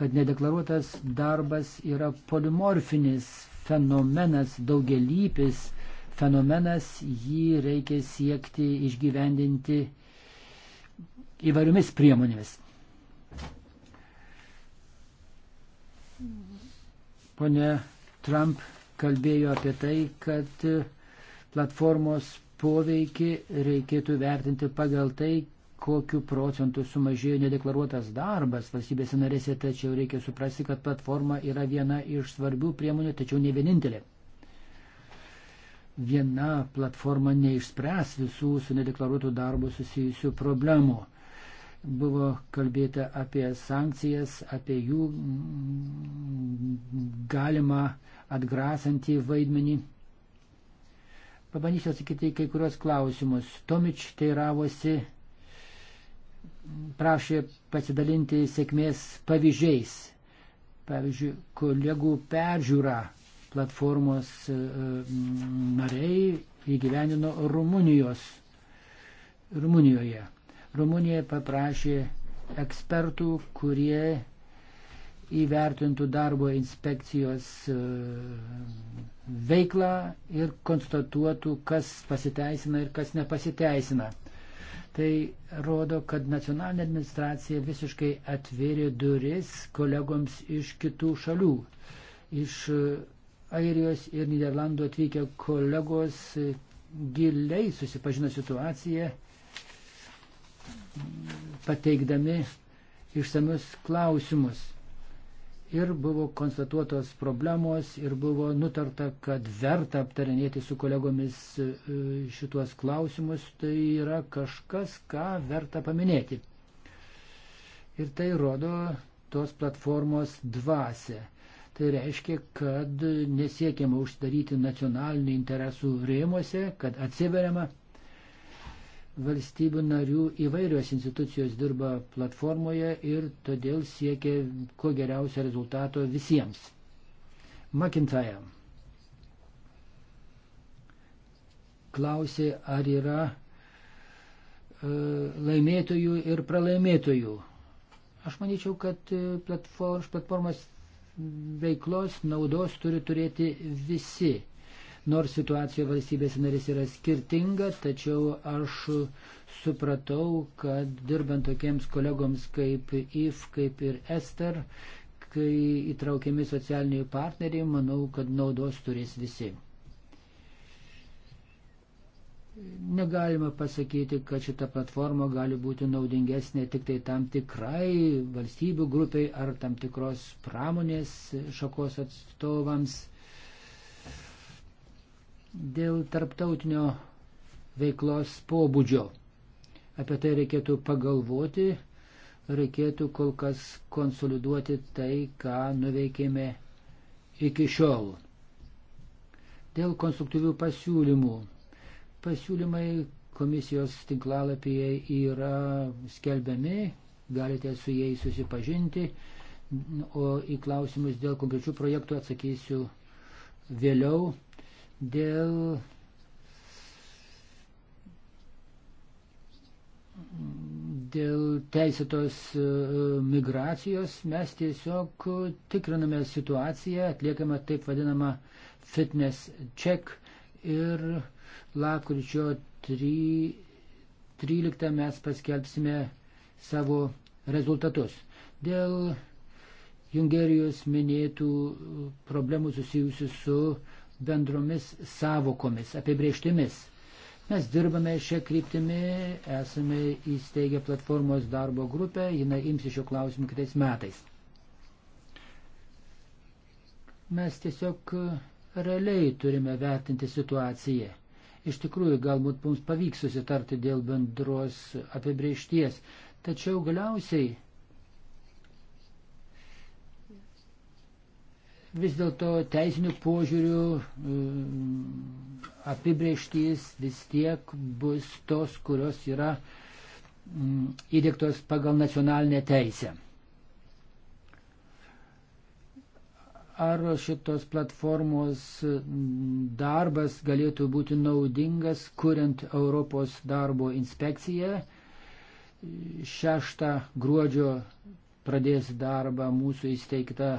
kad nedeklaruotas darbas yra polimorfinis fenomenas, daugelypis fenomenas, jį reikia siekti išgyvendinti įvairiomis priemonėmis. Pone Trump kalbėjo apie tai, kad platformos poveikį reikėtų vertinti pagal tai, kokiu procentu sumažėjo nedeklaruotas darbas valstybėse narėse, tačiau reikia suprasti, kad platforma yra viena iš svarbių priemonių, tačiau ne vienintelė. Viena platforma neišspręs visų su nedeklaruotu darbu susijusių problemų. Buvo kalbėta apie sankcijas, apie jų galimą atgrasantį vaidmenį. Pabandysiu atsakyti kai kurios klausimus. Tomič teiravosi, prašė pasidalinti sėkmės pavyzdžiais. Pavyzdžiui, kolegų peržiūra platformos e, nariai įgyvenino Rumunijos, Rumunijoje. Rumunija paprašė ekspertų, kurie įvertintų darbo inspekcijos e, veiklą ir konstatuotų, kas pasiteisina ir kas nepasiteisina. Tai rodo, kad nacionalinė administracija visiškai atvėrė duris kolegoms iš kitų šalių. Iš e, Airijos ir Niderlandų atvykę kolegos e, giliai susipažino situaciją pateikdami išsamius klausimus. Ir buvo konstatuotos problemos ir buvo nutarta, kad verta aptarinėti su kolegomis e, šituos klausimus. Tai yra kažkas, ką verta paminėti. Ir tai rodo tos platformos dvasę. Tai reiškia, kad nesiekiama uždaryti nacionalinių interesų rėmuose, kad atsiveriama valstybių narių įvairios institucijos dirba platformoje ir todėl siekia kuo geriausio rezultato visiems. McIntyre klausė, ar yra e, laimėtojų ir pralaimėtojų. Aš manyčiau, kad e, platformos veiklos naudos turi turėti visi Nors situacija valstybės narės yra skirtinga, tačiau aš supratau, kad dirbant tokiems kolegoms kaip IF, kaip ir Ester, kai įtraukiami socialiniai partneriai, manau, kad naudos turės visi. Negalima pasakyti, kad šita platforma gali būti naudingesnė tik tai tam tikrai valstybių grupiai ar tam tikros pramonės šakos atstovams. Dėl tarptautinio veiklos pobūdžio. Apie tai reikėtų pagalvoti, reikėtų kol kas konsoliduoti tai, ką nuveikėme iki šiol. Dėl konstruktyvių pasiūlymų. Pasiūlymai komisijos tinklalapyje yra skelbiami, galite su jais susipažinti, o į klausimus dėl konkrečių projektų atsakysiu vėliau dėl dėl teisėtos e, migracijos mes tiesiog tikriname situaciją, atliekame taip vadinamą fitness check ir lakryčio 13 mes paskelbsime savo rezultatus. Dėl Jungerijos minėtų problemų susijusių su bendromis savokomis, apibrieštimis. Mes dirbame šią kryptimį, esame įsteigę platformos darbo grupę, jinai imsi šio klausimų kitais metais. Mes tiesiog realiai turime vertinti situaciją. Iš tikrųjų, galbūt mums pavyks susitarti dėl bendros apibriešties, tačiau galiausiai vis dėlto teisinių požiūrių e, apibrieštys vis tiek bus tos, kurios yra mm, įdėktos pagal nacionalinę teisę. Ar šitos platformos mm, darbas galėtų būti naudingas, kuriant Europos darbo inspekciją? 6 gruodžio pradės darbą mūsų įsteigta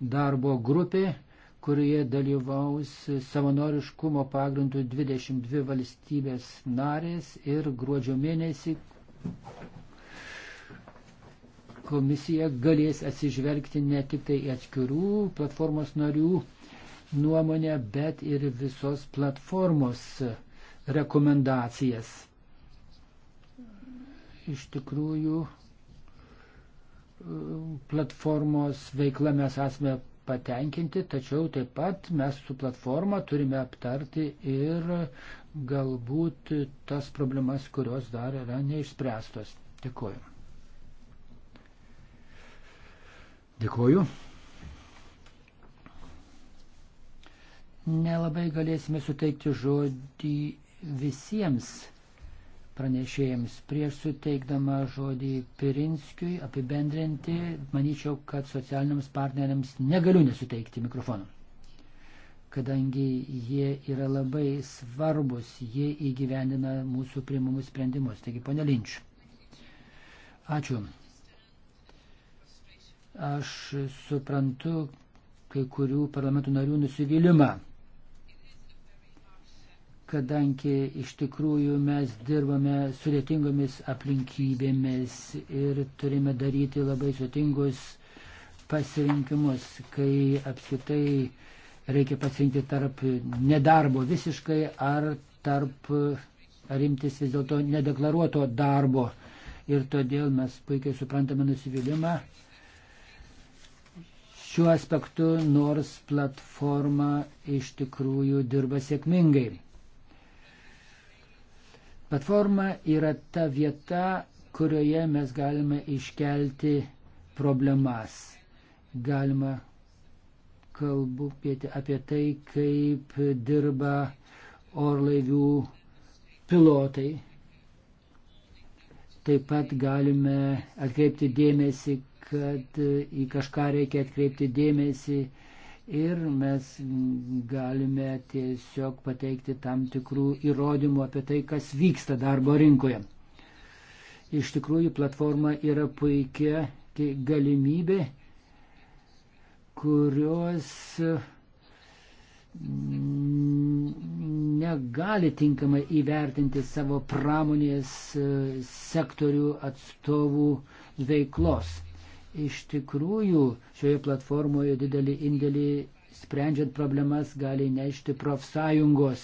darbo grupė, kurioje dalyvaus savanoriškumo pagrindų 22 valstybės narės ir gruodžio mėnesį komisija galės atsižvelgti ne tik tai atskirų platformos narių nuomonę, bet ir visos platformos rekomendacijas. Iš tikrųjų, platformos veikla mes esame patenkinti, tačiau taip pat mes su platforma turime aptarti ir galbūt tas problemas, kurios dar yra neišspręstos. Dėkuoju. Dėkuoju. Nelabai galėsime suteikti žodį visiems pranešėjams. Prieš suteikdama žodį Pirinskiui apibendrinti, manyčiau, kad socialiniams partneriams negaliu nesuteikti mikrofono. Kadangi jie yra labai svarbus, jie įgyvendina mūsų priimamus sprendimus. Taigi, ponė Linč. Ačiū. Aš suprantu kai kurių parlamentų narių nusivylimą kadangi iš tikrųjų mes dirbame sudėtingomis aplinkybėmis ir turime daryti labai sudėtingus pasirinkimus, kai apskritai reikia pasirinkti tarp nedarbo visiškai ar tarp rimtis vis dėlto nedeklaruoto darbo. Ir todėl mes puikiai suprantame nusivylimą šiuo aspektu, nors platforma iš tikrųjų dirba sėkmingai. Platforma yra ta vieta, kurioje mes galime iškelti problemas. Galima kalbų apie tai, kaip dirba orlaivių pilotai. Taip pat galime atkreipti dėmesį, kad į kažką reikia atkreipti dėmesį, ir mes galime tiesiog pateikti tam tikrų įrodymų apie tai, kas vyksta darbo rinkoje. Iš tikrųjų, platforma yra puikia galimybė, kurios mm, negali tinkamai įvertinti savo pramonės e, sektorių atstovų veiklos iš tikrųjų šioje platformoje didelį indėlį sprendžiant problemas gali nešti profsąjungos.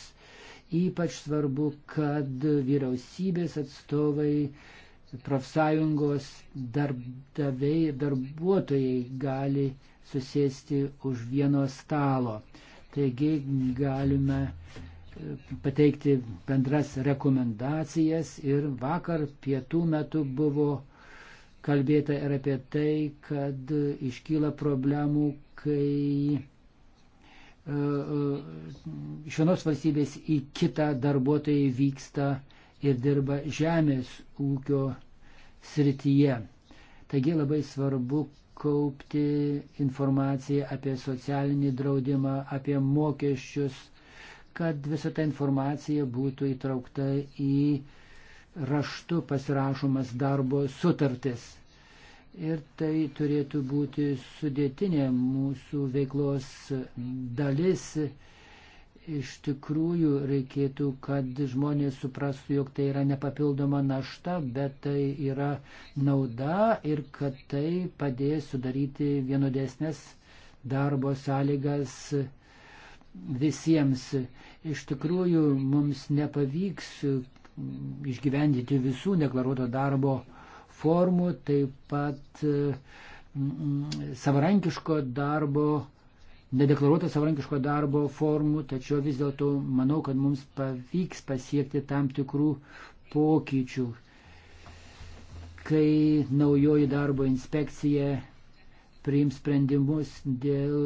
Ypač svarbu, kad vyriausybės atstovai, profsąjungos darbdaviai ir darbuotojai gali susėsti už vieno stalo. Taigi galime e, pateikti bendras rekomendacijas ir vakar pietų metu buvo kalbėta ir apie tai, kad iškyla problemų, kai e, e, iš vienos valstybės į kitą darbuotojai vyksta ir dirba žemės ūkio srityje. Taigi labai svarbu kaupti informaciją apie socialinį draudimą, apie mokesčius, kad visa ta informacija būtų įtraukta į uh, raštu pasirašomas darbo sutartis. Ir tai turėtų būti sudėtinė mūsų veiklos dalis. Iš tikrųjų reikėtų, kad žmonės suprastų, jog tai yra nepapildoma našta, bet tai yra nauda ir kad tai padės sudaryti vienodesnės darbo sąlygas visiems. Iš tikrųjų mums nepavyks išgyvendyti visų deklaruoto darbo formų, taip pat e, savarankiško darbo, nedeklaruoto savarankiško darbo formų, tačiau vis dėlto manau, kad mums pavyks pasiekti tam tikrų pokyčių, kai naujoji darbo inspekcija priims sprendimus dėl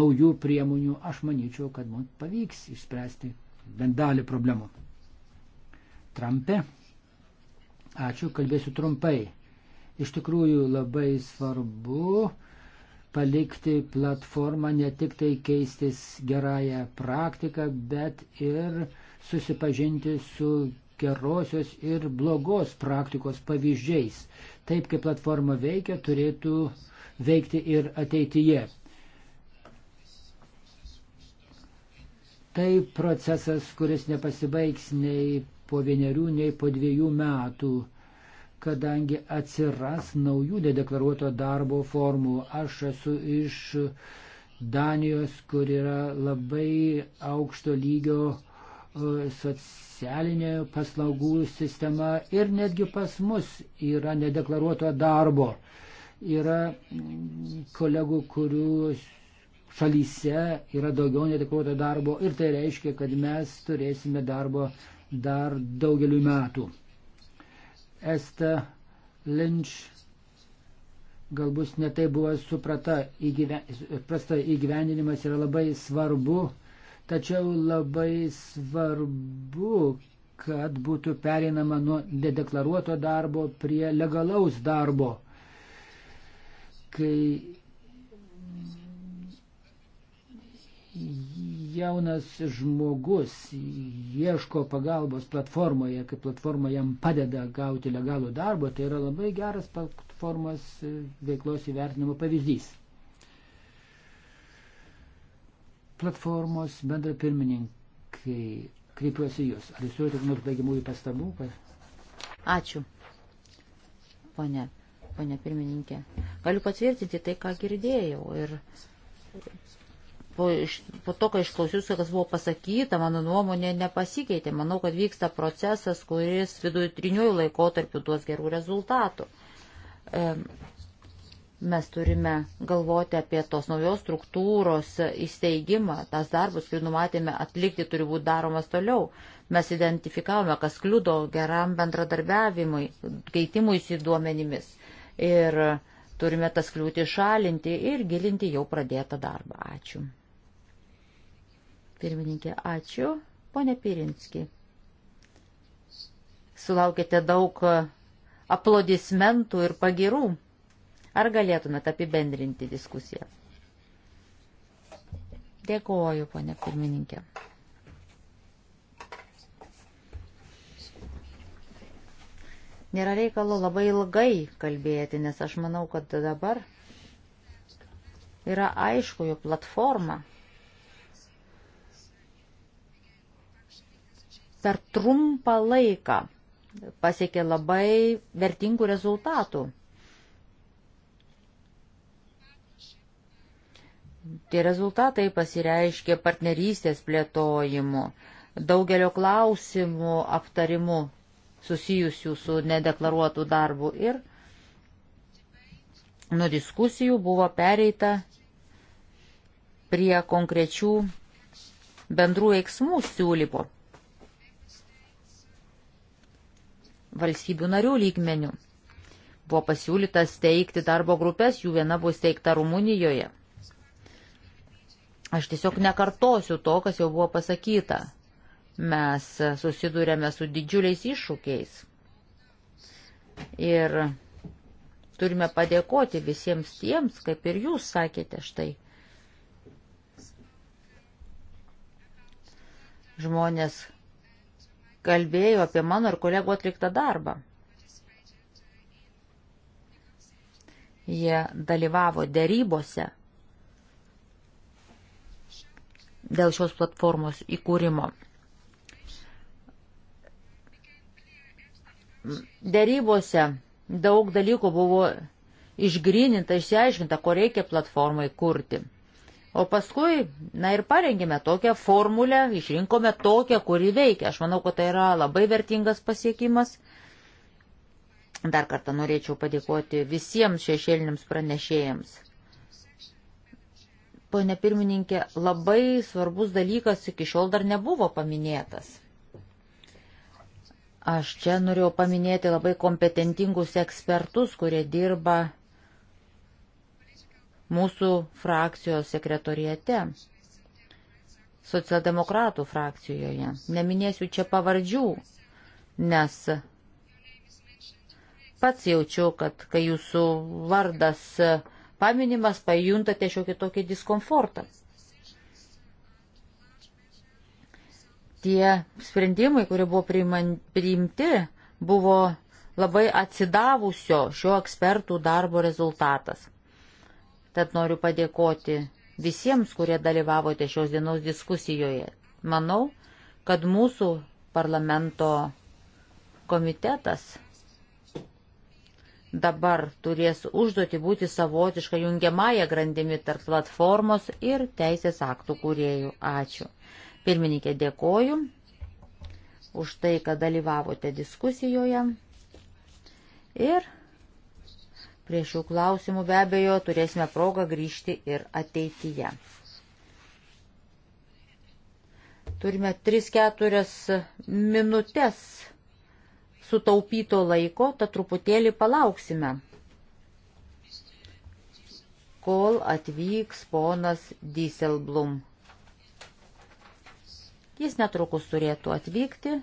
naujų priemonių, aš manyčiau, kad mums pavyks išspręsti bent dalį problemų. Trumpe. Ačiū, kalbėsiu trumpai. Iš tikrųjų labai svarbu palikti platformą ne tik tai keistis gerąją praktiką, bet ir susipažinti su gerosios ir blogos praktikos pavyzdžiais. Taip kaip platforma veikia, turėtų veikti ir ateityje. Tai procesas, kuris nepasibaigs nei po vienerių, nei po dviejų metų, kadangi atsiras naujų nedeklaruoto darbo formų. Aš esu iš Danijos, kur yra labai aukšto lygio e, socialinė paslaugų sistema ir netgi pas mus yra nedeklaruoto darbo. Yra mm, kolegų, kurių šalyse yra daugiau nedeklaruoto darbo ir tai reiškia, kad mes turėsime darbo dar daugeliu metų. Esta Lynch galbūt netai buvo suprata, įgyven, prasta įgyvendinimas yra labai svarbu, tačiau labai svarbu, kad būtų perinama nuo nedeklaruoto darbo prie legalaus darbo. Kai jaunas žmogus ieško pagalbos platformoje, kai platforma jam padeda gauti legalų darbą, tai yra labai geras platformos e, veiklos įvertinimo pavyzdys. Platformos bendra pirmininkai, kreipiuosi jūs. Ar jūs turite nors baigiamųjų pastabų? Ačiū. Pone, pone pirmininkė. Galiu patvirtinti tai, ką girdėjau. Ir po, po to, kai išklausiausi, kas buvo pasakyta, mano nuomonė nepasikeitė. Manau, kad vyksta procesas, kuris viduriniuoju laikotarpiu duos gerų rezultatų. Mes turime galvoti apie tos naujos struktūros įsteigimą, tas darbus, kurį numatėme atlikti, turi būti daromas toliau. Mes identifikavome, kas kliudo geram bendradarbiavimui, keitimui įduomenimis. Ir turime tas kliūtį šalinti ir gilinti jau pradėtą darbą. Ačiū. Pirmininkė, ačiū. Pone Pirinski, sulaukite daug aplodismentų ir pagirų. Ar galėtumėte apibendrinti diskusiją? Dėkoju, ponė pirmininkė. Nėra reikalo labai ilgai kalbėti, nes aš manau, kad dabar yra aišku, jo platforma per trumpą laiką pasiekė labai vertingų rezultatų. Tie rezultatai pasireiškė partnerystės plėtojimu, daugelio klausimų aptarimu susijusių su nedeklaruotų darbų ir nuo diskusijų buvo pereita prie konkrečių bendrų veiksmų siūlymo valstybių narių lygmenių. Buvo pasiūlyta steigti darbo grupės, jų viena buvo steigta Rumunijoje. Aš tiesiog nekartosiu to, kas jau buvo pasakyta. Mes susidurėme su didžiuliais iššūkiais. Ir turime padėkoti visiems tiems, kaip ir jūs sakėte štai. Žmonės kalbėjo apie mano ir kolegų atliktą darbą. Jie dalyvavo dėrybose dėl šios platformos įkūrimo. Dėrybose daug dalykų buvo išgrininta, išsiaiškinta, ko reikia platformai kurti. O paskui, na ir parengėme tokią formulę, išrinkome tokią, kuri veikia. Aš manau, kad tai yra labai vertingas pasiekimas. Dar kartą norėčiau padėkoti visiems šešėliniams pranešėjams. Pone pirmininkė, labai svarbus dalykas iki šiol dar nebuvo paminėtas. Aš čia norėjau paminėti labai kompetentingus ekspertus, kurie dirba mūsų frakcijos sekretorijate, socialdemokratų frakcijoje. Neminėsiu čia pavardžių, nes pats jaučiu, kad kai jūsų vardas paminimas, pajuntate šiokį tokį diskomfortą. Tie sprendimai, kurie buvo priimti, buvo labai atsidavusio šio ekspertų darbo rezultatas. Tad noriu padėkoti visiems, kurie dalyvavote šios dienos diskusijoje. Manau, kad mūsų parlamento komitetas dabar turės užduoti būti savotišką jungiamąją grandimi tarp platformos ir teisės aktų kuriejų. Ačiū. Pirmininkė, dėkoju už tai, kad dalyvavote diskusijoje. Ir Prie šių klausimų be abejo turėsime progą grįžti ir ateityje. Turime 3-4 minutės sutaupyto laiko, tad truputėlį palauksime, kol atvyks ponas Dieselblum. Jis netrukus turėtų atvykti,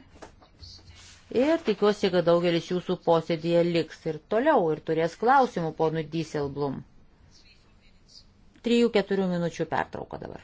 ir tikiuosi, kad daugelis jūsų posėdėje liks ir toliau ir turės klausimų ponui Dieselblum. 3-4 minučių pertrauka dabar.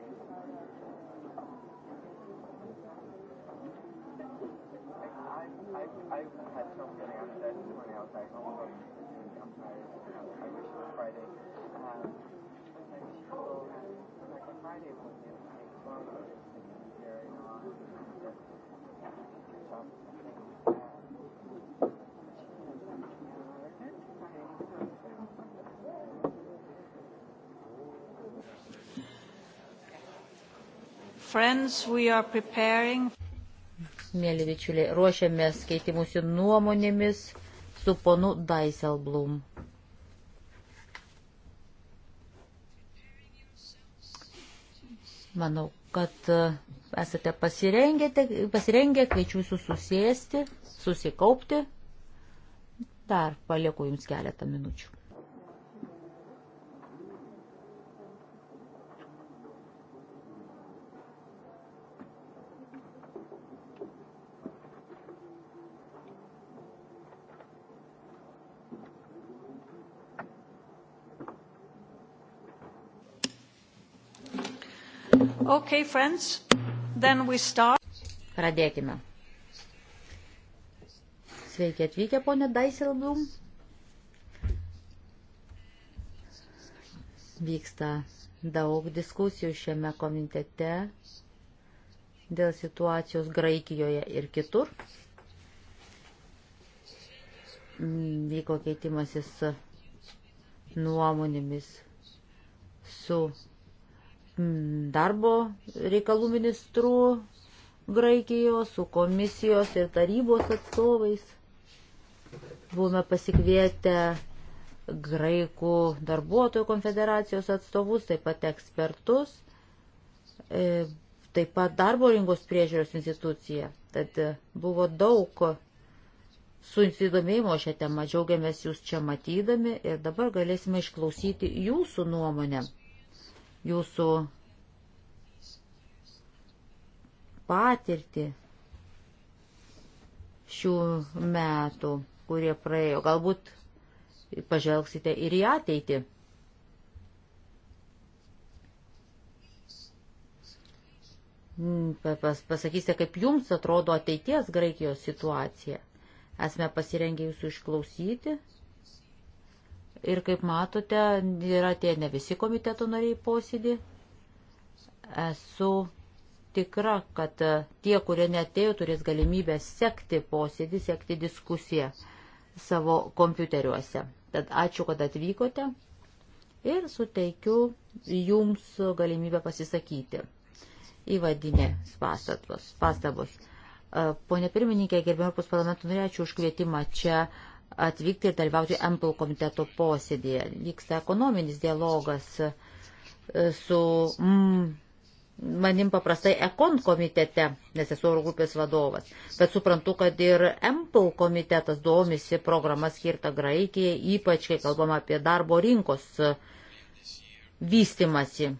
friends, preparing... Mėly bičiuliai, ruošiamės keitimusi nuomonėmis su ponu Daiselblum. Manau, kad e, esate pasirengę, pasirengę kviečiu jūsų susėsti, susikaupti. Dar palieku jums keletą minučių. Okay, friends, then we start. Pradėkime. Sveiki atvykę, ponė Daiselblum. Vyksta daug diskusijų šiame komitete dėl situacijos Graikijoje ir kitur. Vyko keitimasis nuomonėmis su darbo reikalų ministru Graikijos, su komisijos ir tarybos atstovais. Buvome pasikvietę Graikų darbuotojų konfederacijos atstovus, taip pat ekspertus, e, taip pat darbo rinkos priežiūros instituciją. Tad e, buvo daug suinsidomėjimo šią temą, džiaugiamės jūs čia matydami ir dabar galėsime išklausyti jūsų nuomonę jūsų patirtį šių metų, kurie praėjo. Galbūt pažvelgsite ir į ateitį. Hmm, pasakysite, kaip jums atrodo ateities Graikijos situacija. Esame pasirengę jūsų išklausyti Ir kaip matote, yra tie ne visi komiteto nariai posėdį. Esu tikra, kad tie, kurie netėjo, turės galimybę sekti posėdį, sekti diskusiją savo kompiuteriuose. Tad ačiū, kad atvykote ir suteikiu jums galimybę pasisakyti. Įvadinės pastabos. Pone pirmininkė, gerbėjom parlamentų norėčiau už kvietimą čia atvykti ir dalyvauti MPL komiteto posėdėje. Vyksta ekonominis dialogas e, su mm, manim paprastai ekon komitete, nes esu oro grupės vadovas. Bet suprantu, kad ir MPL komitetas domisi programą skirtą Graikijai, ypač kai kalbama apie darbo rinkos e, vystimasi.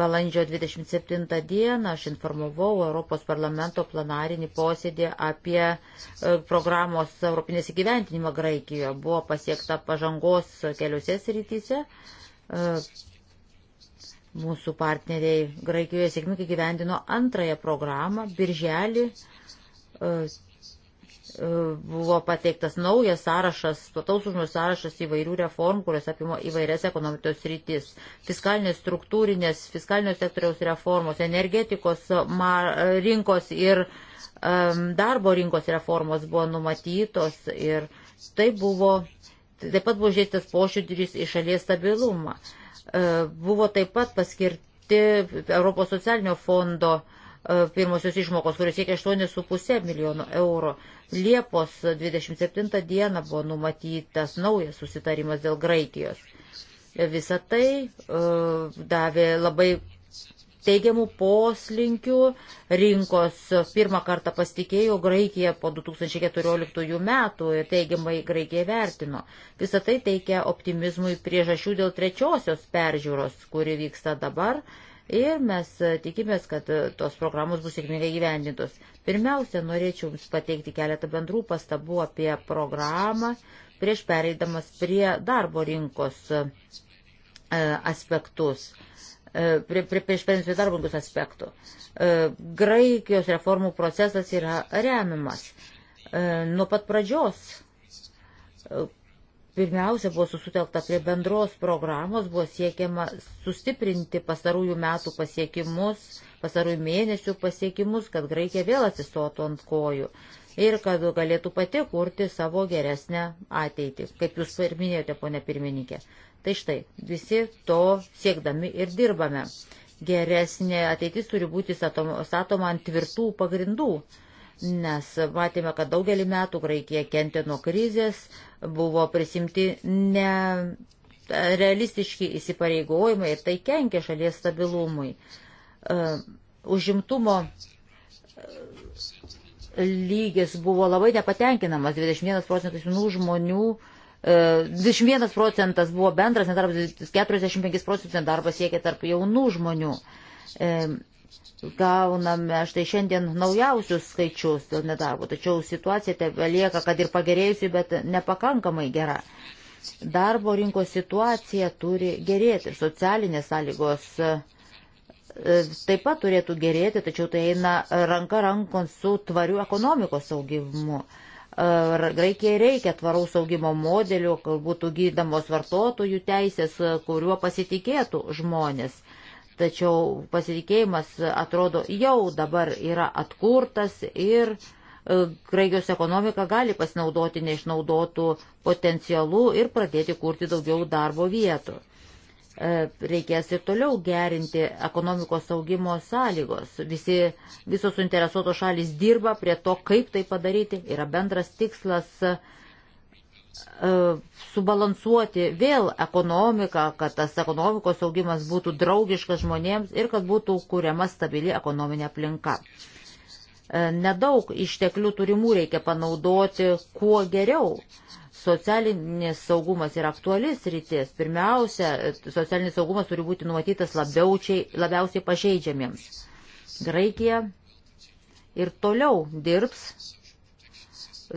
Balandžio 27 dieną aš informavau Europos parlamento planarinį posėdį apie e, programos Europinės įgyventinimą Graikijoje. Buvo pasiekta pažangos keliuose srityse. E, mūsų partneriai Graikijoje sėkmingai gyvendino antrąją programą. Birželį e, buvo pateiktas naujas sąrašas, plataus užmojų sąrašas įvairių reformų, kurios apima įvairias ekonomikos rytis. Fiskalinės struktūrinės, fiskalinio sektoriaus reformos, energetikos rinkos ir um, darbo rinkos reformos buvo numatytos ir tai buvo, taip pat buvo žiūrėtas pošiūdris į šalies stabilumą. Uh, buvo taip pat paskirti Europos socialinio fondo uh, E, pirmosios išmokos, kuris siekia 8,5 milijono eurų. Liepos 27 dieną buvo numatytas naujas susitarimas dėl Graikijos. Visą tai uh, davė labai teigiamų poslinkių, rinkos pirmą kartą pasitikėjo Graikija po 2014 metų ir teigiamai Graikija vertino. Visą tai teikia optimizmui priežasčių dėl trečiosios peržiūros, kuri vyksta dabar. Uh, ir mes e, tikimės, kad e, tos programos bus sėkmingai gyvendintos. Pirmiausia, norėčiau Jums pateikti keletą bendrų pastabų apie programą prieš pereidamas prie darbo rinkos e, aspektus prie, prie, prieš pensijų darbangus aspektų. Graikijos reformų procesas yra remiamas. Nuo pat pradžios Pirmiausia, buvo susitelkta prie bendros programos, buvo siekiama sustiprinti pastarųjų metų pasiekimus, pastarųjų mėnesių pasiekimus, kad Graikija vėl atsistotų ant kojų ir kad galėtų pati kurti savo geresnę ateitį, kaip jūs minėjote, ponė pirmininkė. Tai štai, visi to siekdami ir dirbame. Geresnė ateitis turi būti statoma ant tvirtų pagrindų nes matėme, kad daugelį metų Graikija kentė nuo krizės, buvo prisimti ne realistiški įsipareigojimai ir tai kenkė šalies stabilumui. E, užimtumo lygis buvo labai nepatenkinamas, 21 procentus jaunų žmonių, 21 e, procentas buvo bendras nedarbas, 45 procentus nedarbas siekia tarp jaunų žmonių. E, gauname štai šiandien naujausius skaičius dėl nedarbo, tačiau situacija tebe lieka, kad ir pagerėjusi, bet nepakankamai gera. Darbo rinkos situacija turi gerėti, socialinės sąlygos e, taip pat turėtų gerėti, tačiau tai eina ranka rankon su tvariu ekonomikos augimu. E, Graikijai reikia tvaraus augimo modelių, kad būtų gydamos vartotojų teisės, kuriuo pasitikėtų žmonės Tačiau pasitikėjimas atrodo jau dabar yra atkurtas ir e, Graikijos ekonomika gali pasinaudoti neišnaudotų potencialų ir pradėti kurti daugiau darbo vietų. E, reikės ir toliau gerinti ekonomikos saugimo sąlygos. Visi, visos suinteresuotos šalis dirba prie to, kaip tai padaryti. Yra bendras tikslas uh, E, subalansuoti vėl ekonomiką, kad tas ekonomikos augimas būtų draugiškas žmonėms ir kad būtų kuriama stabili ekonominė aplinka. E, nedaug išteklių turimų reikia panaudoti kuo geriau. Socialinis saugumas yra aktualis rytis. Pirmiausia, socialinis saugumas turi būti numatytas labiausiai, labiausiai pažeidžiamiems. Graikija ir toliau dirbs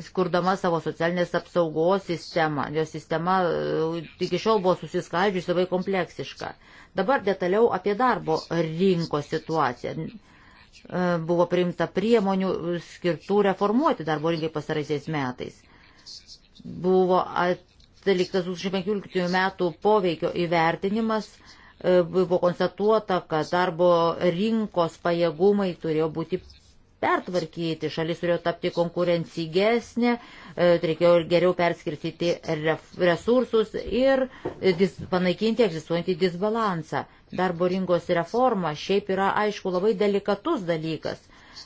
skurdama savo socialinės apsaugos sistemą. Jo sistema e, iki šiol buvo susiskaldžiusi labai kompleksiška. Dabar detaliau apie darbo rinkos situaciją. E, buvo priimta priemonių skirtų reformuoti darbo rinkai pasaraisiais metais. Buvo atliktas 2015 metų poveikio įvertinimas e, buvo konstatuota, kad darbo rinkos pajėgumai turėjo būti pertvarkyti, šalis turėjo tapti konkurencingesnė, e, reikėjo geriau perskirstyti resursus ir panaikinti egzistuojantį disbalansą. Darbo rinkos reforma šiaip yra, aišku, labai delikatus dalykas,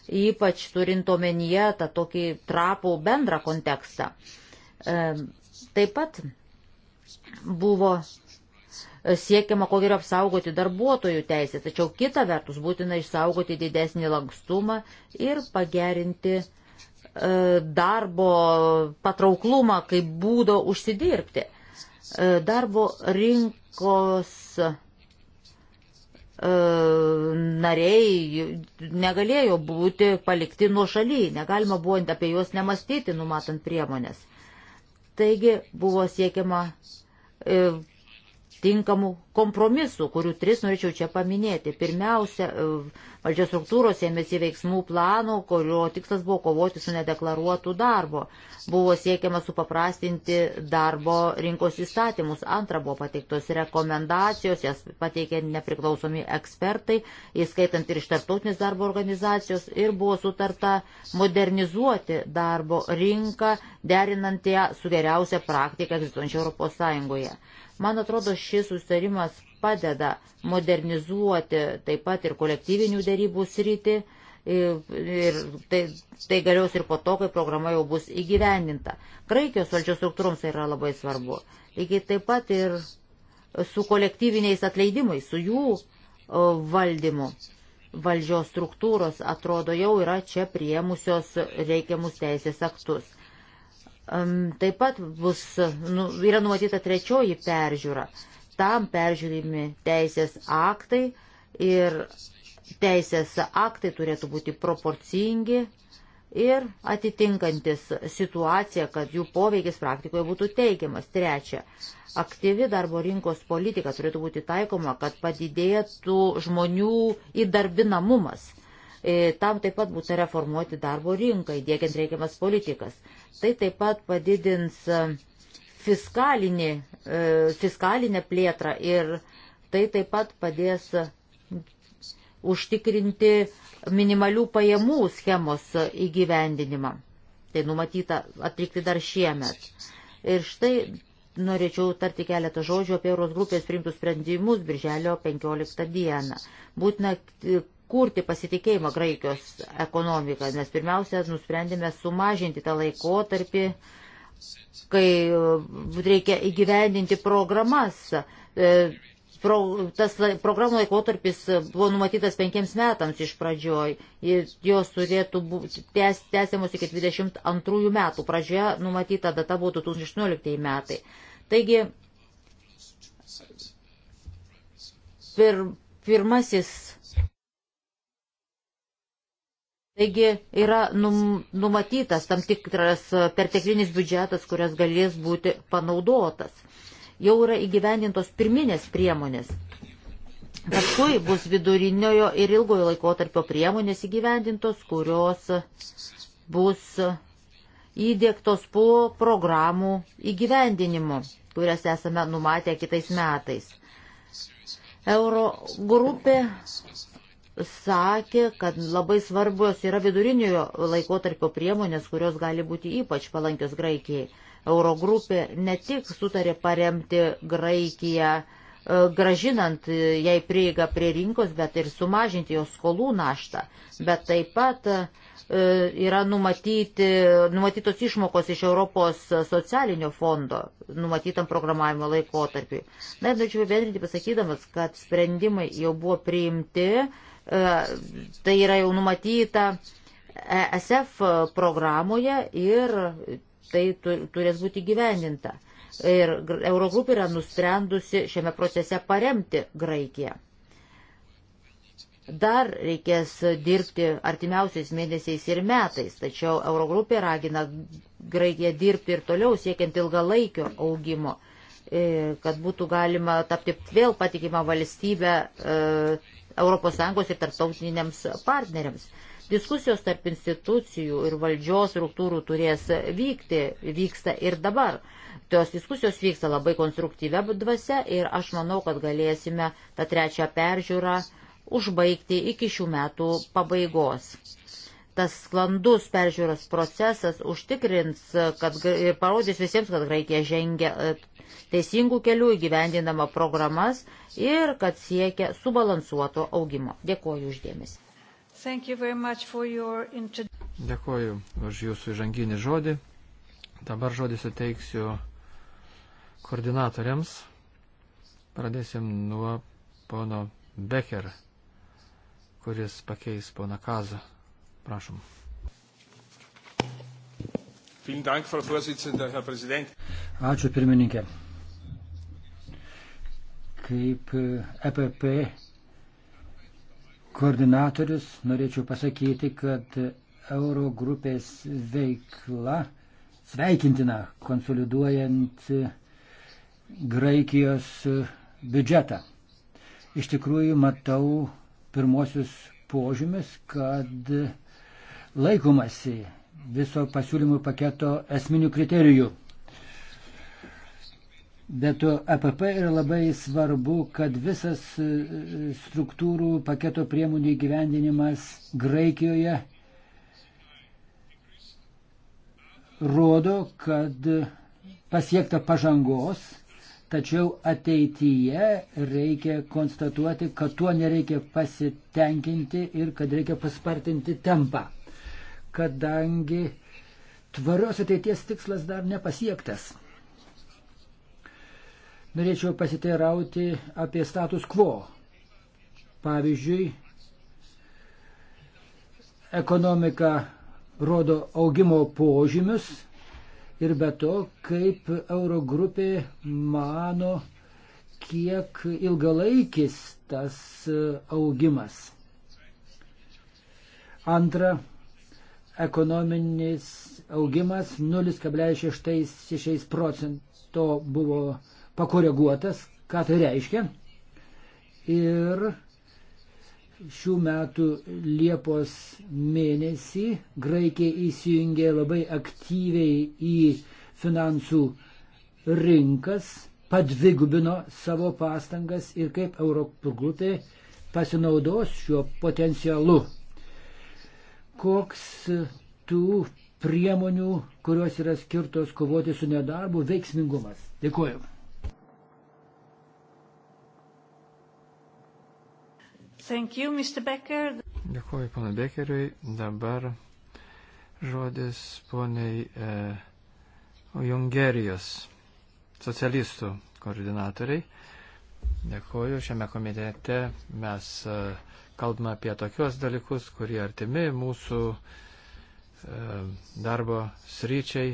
ypač turint omenyje tą tokį trapų bendrą kontekstą. E, taip pat buvo siekiama ko geriau apsaugoti darbuotojų teisės, tačiau kita vertus būtina išsaugoti didesnį lankstumą ir pagerinti e, darbo patrauklumą kaip būdo užsidirbti. E, darbo rinkos e, nariai negalėjo būti palikti nuo šaly, negalima buvo apie juos nemastyti, numatant priemonės. Taigi buvo siekiama tinkamų kompromisų, kurių tris norėčiau čia paminėti. Pirmiausia, e, valdžios struktūros ėmėsi veiksmų plano, kurio tikslas buvo kovoti su nedeklaruotu darbo. Buvo siekiama supaprastinti darbo rinkos įstatymus. Antra, buvo pateiktos rekomendacijos, jas pateikė nepriklausomi ekspertai, įskaitant ir iš tarptautinės darbo organizacijos, ir buvo sutarta modernizuoti darbo rinką, derinant ją su geriausia praktika egzistuojančia Europos Sąjungoje. Man atrodo, šis sustarimas padeda modernizuoti taip pat ir kolektyvinių dėrybų sritį ir tai, tai galios ir po to, kai programa jau bus įgyvendinta. Graikijos valdžios struktūroms tai yra labai svarbu. Lygiai taip pat ir su kolektyviniais atleidimais, su jų valdymu. Valdžios struktūros atrodo jau yra čia priemusios reikiamus teisės aktus. Taip pat bus, nu, yra numatyta trečioji peržiūra. Tam peržiūrimi teisės aktai ir teisės aktai turėtų būti proporcingi ir atitinkantis situaciją, kad jų poveikis praktikoje būtų teigiamas. Trečia, aktyvi darbo rinkos politika turėtų būti taikoma, kad padidėtų žmonių įdarbinamumas. E, tam taip pat būtų reformuoti darbo rinką, įdėkiant reikiamas politikas. Tai taip pat padidins e, fiskalinį, e, fiskalinę plėtrą ir tai taip pat padės užtikrinti minimalių pajamų schemos įgyvendinimą. Tai numatyta atlikti dar šiemet. Ir štai norėčiau tarti keletą žodžių apie Euros grupės priimtus sprendimus birželio 15 dieną. Būtina atkurti pasitikėjimą Graikijos ekonomiką, nes pirmiausia, nusprendėme sumažinti tą laikotarpį, kai e, reikia įgyvendinti programas. E, pro, tas programų laikotarpis buvo numatytas penkiems metams iš pradžioj. Jos turėtų būti tęs, tęsiamos iki 22 metų. Pradžioje numatyta data buvo 2018 metai. Taigi, pir, pirmasis Taigi yra num, numatytas tam tikras e, perteklinis biudžetas, kurias galės būti panaudotas. Jau yra įgyvendintos pirminės priemonės. Paskui bus viduriniojo ir ilgojo laikotarpio priemonės įgyvendintos, kurios bus įdėktos po programų įgyvendinimo, kurias esame numatę kitais metais. Euro grupė sakė, kad labai svarbios yra viduriniojo laikotarpio priemonės, kurios gali būti ypač palankios Graikijai. Eurogrupė ne tik sutarė paremti Graikiją, e, gražinant jai prieigą prie rinkos, bet ir sumažinti jos skolų naštą, bet taip pat e, yra numatyti, numatytos išmokos iš Europos socialinio fondo numatytam programavimo laikotarpiu. Na ir norėčiau bendrinti pasakydamas, kad sprendimai jau buvo priimti E, tai yra jau numatyta ESF programoje ir tai turės būti gyvendinta. Ir Eurogrupė yra nusprendusi šiame procese paremti Graikiją. Dar reikės dirbti artimiausiais mėnesiais ir metais, tačiau Eurogrupė ragina Graikiją dirbti ir toliau siekiant ilgalaikio augimo, e, kad būtų galima tapti vėl patikimą valstybę e, ES ir tarptautiniams partneriams. Diskusijos tarp institucijų ir valdžios struktūrų turės vykti, vyksta ir dabar. Tos diskusijos vyksta labai konstruktyvę dvasia ir aš manau, kad galėsime tą trečią peržiūrą užbaigti iki šių metų pabaigos. Tas sklandus peržiūros procesas užtikrins kad, ir parodys visiems, kad Graikija žengia teisingų kelių įgyvendinama programas ir kad siekia subalansuoto augimo. Dėkuoju uždėmesi. Your... Dėkuoju už jūsų įžanginį žodį. Dabar žodį suteiksiu koordinatoriams. Pradėsim nuo pono Becker, kuris pakeis poną Kazą. Prašom. Ačiū pirmininkė. Kaip EPP e koordinatorius norėčiau pasakyti, kad euro grupės veikla sveikintina konsoliduojant Graikijos biudžetą. Iš tikrųjų matau pirmosius požymis, kad laikomasi viso pasiūlymų paketo esminių kriterijų. Bet EPP yra labai svarbu, kad visas e, struktūrų paketo priemonių įgyvendinimas Graikijoje rodo, kad pasiekta pažangos, tačiau ateityje reikia konstatuoti, kad tuo nereikia pasitenkinti ir kad reikia paspartinti tempą kadangi tvarios ateities tikslas dar nepasiektas. Norėčiau pasiteirauti apie status quo. Pavyzdžiui, ekonomika rodo augimo požymius ir be to, kaip Eurogrupė mano, kiek ilgalaikis tas augimas. Antra, ekonominis augimas 0,6 procento buvo pakoreguotas. Ką tai reiškia? Ir šių metų Liepos mėnesį Graikija įsijungė labai aktyviai į finansų rinkas, padvigubino savo pastangas ir kaip Europų grupė pasinaudos šiuo potencialu koks tų priemonių, kurios yra skirtos kovoti su nedarbu, veiksmingumas. Dėkuoju. Thank you, Mr. Becker. Dėkuoju, pana Bekeriui. Dabar žodis poniai e, Jungerijos socialistų koordinatoriai. Dėkuoju, šiame komitete mes. E, kalbame apie tokios dalykus, kurie artimi mūsų e, darbo sryčiai.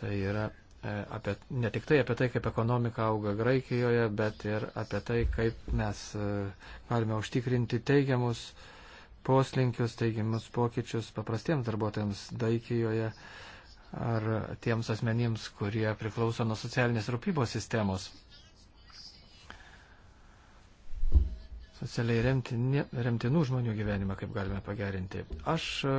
Tai yra e, apie, ne tik tai apie tai, kaip ekonomika auga Graikijoje, bet ir apie tai, kaip mes e, galime užtikrinti teigiamus poslinkius, teigiamus pokyčius paprastiems darbuotojams Daikijoje ar tiems asmenims, kurie priklauso nuo socialinės rūpybos sistemos. socialiai remtini, remtinų žmonių gyvenimą, kaip galime pagerinti. Aš e,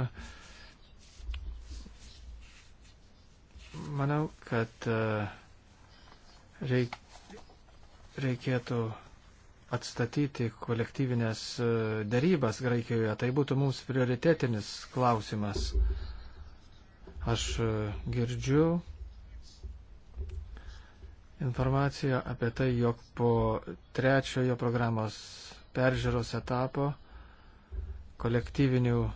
manau, kad e, reik, reikėtų atstatyti kolektyvinės e, darybas Graikijoje. Tai būtų mums prioritetinis klausimas. Aš girdžiu informaciją apie tai, jog po trečiojo programos peržiūros etapo, kolektyvinių e,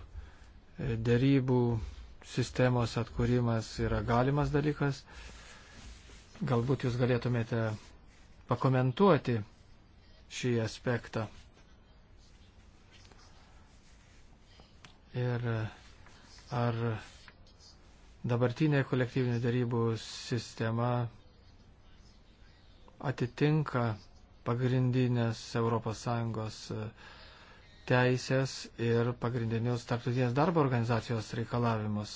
dėrybų sistemos atkūrimas yra galimas dalykas. Galbūt jūs galėtumėte pakomentuoti šį aspektą. Ir e, ar dabartinė kolektyvinių darybų sistema atitinka pagrindinės ES e, teisės ir pagrindinius tarptautinės darbo organizacijos reikalavimus.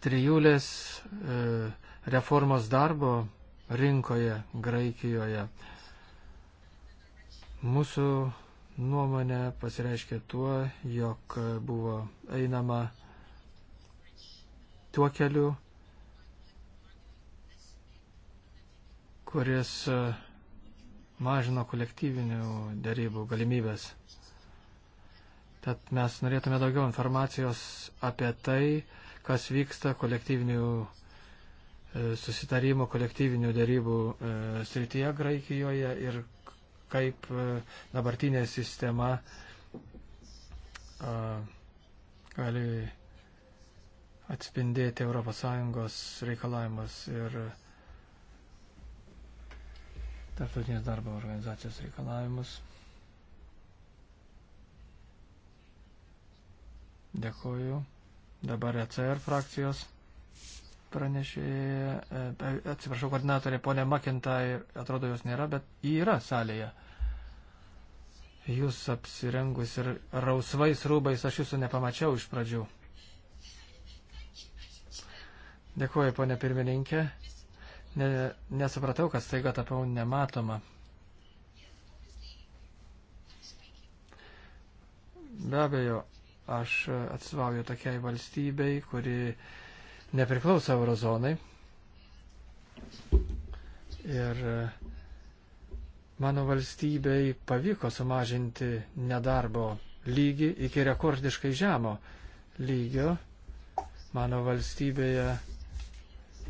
Trijulės e, reformos darbo rinkoje Graikijoje mūsų nuomonė pasireiškia tuo, jog buvo einama tuo keliu, kuris e, mažino kolektyvinių dėrybų galimybės. Tad mes norėtume daugiau informacijos apie tai, kas vyksta kolektyvinių e, susitarimų, kolektyvinių dėrybų e, srityje Graikijoje ir kaip dabartinė sistema gali atspindėti ES reikalavimus ir tarptautinės darbo organizacijos reikalavimus. Dėkoju. Dabar ECR frakcijos pranešė, e, e, atsiprašau, koordinatorė ponė McIntyre, atrodo jos nėra, bet ji yra salėje. Jūs apsirengus ir rausvais rūbais, aš jūsų nepamačiau iš pradžių. Dėkuoju, ponė pirmininkė ne, nesupratau, kad staiga tapau nematoma. Be abejo, aš atsvauju tokiai valstybei, kuri nepriklauso eurozonai. Ir mano valstybei pavyko sumažinti nedarbo lygį iki rekordiškai žemo lygio. Mano valstybėje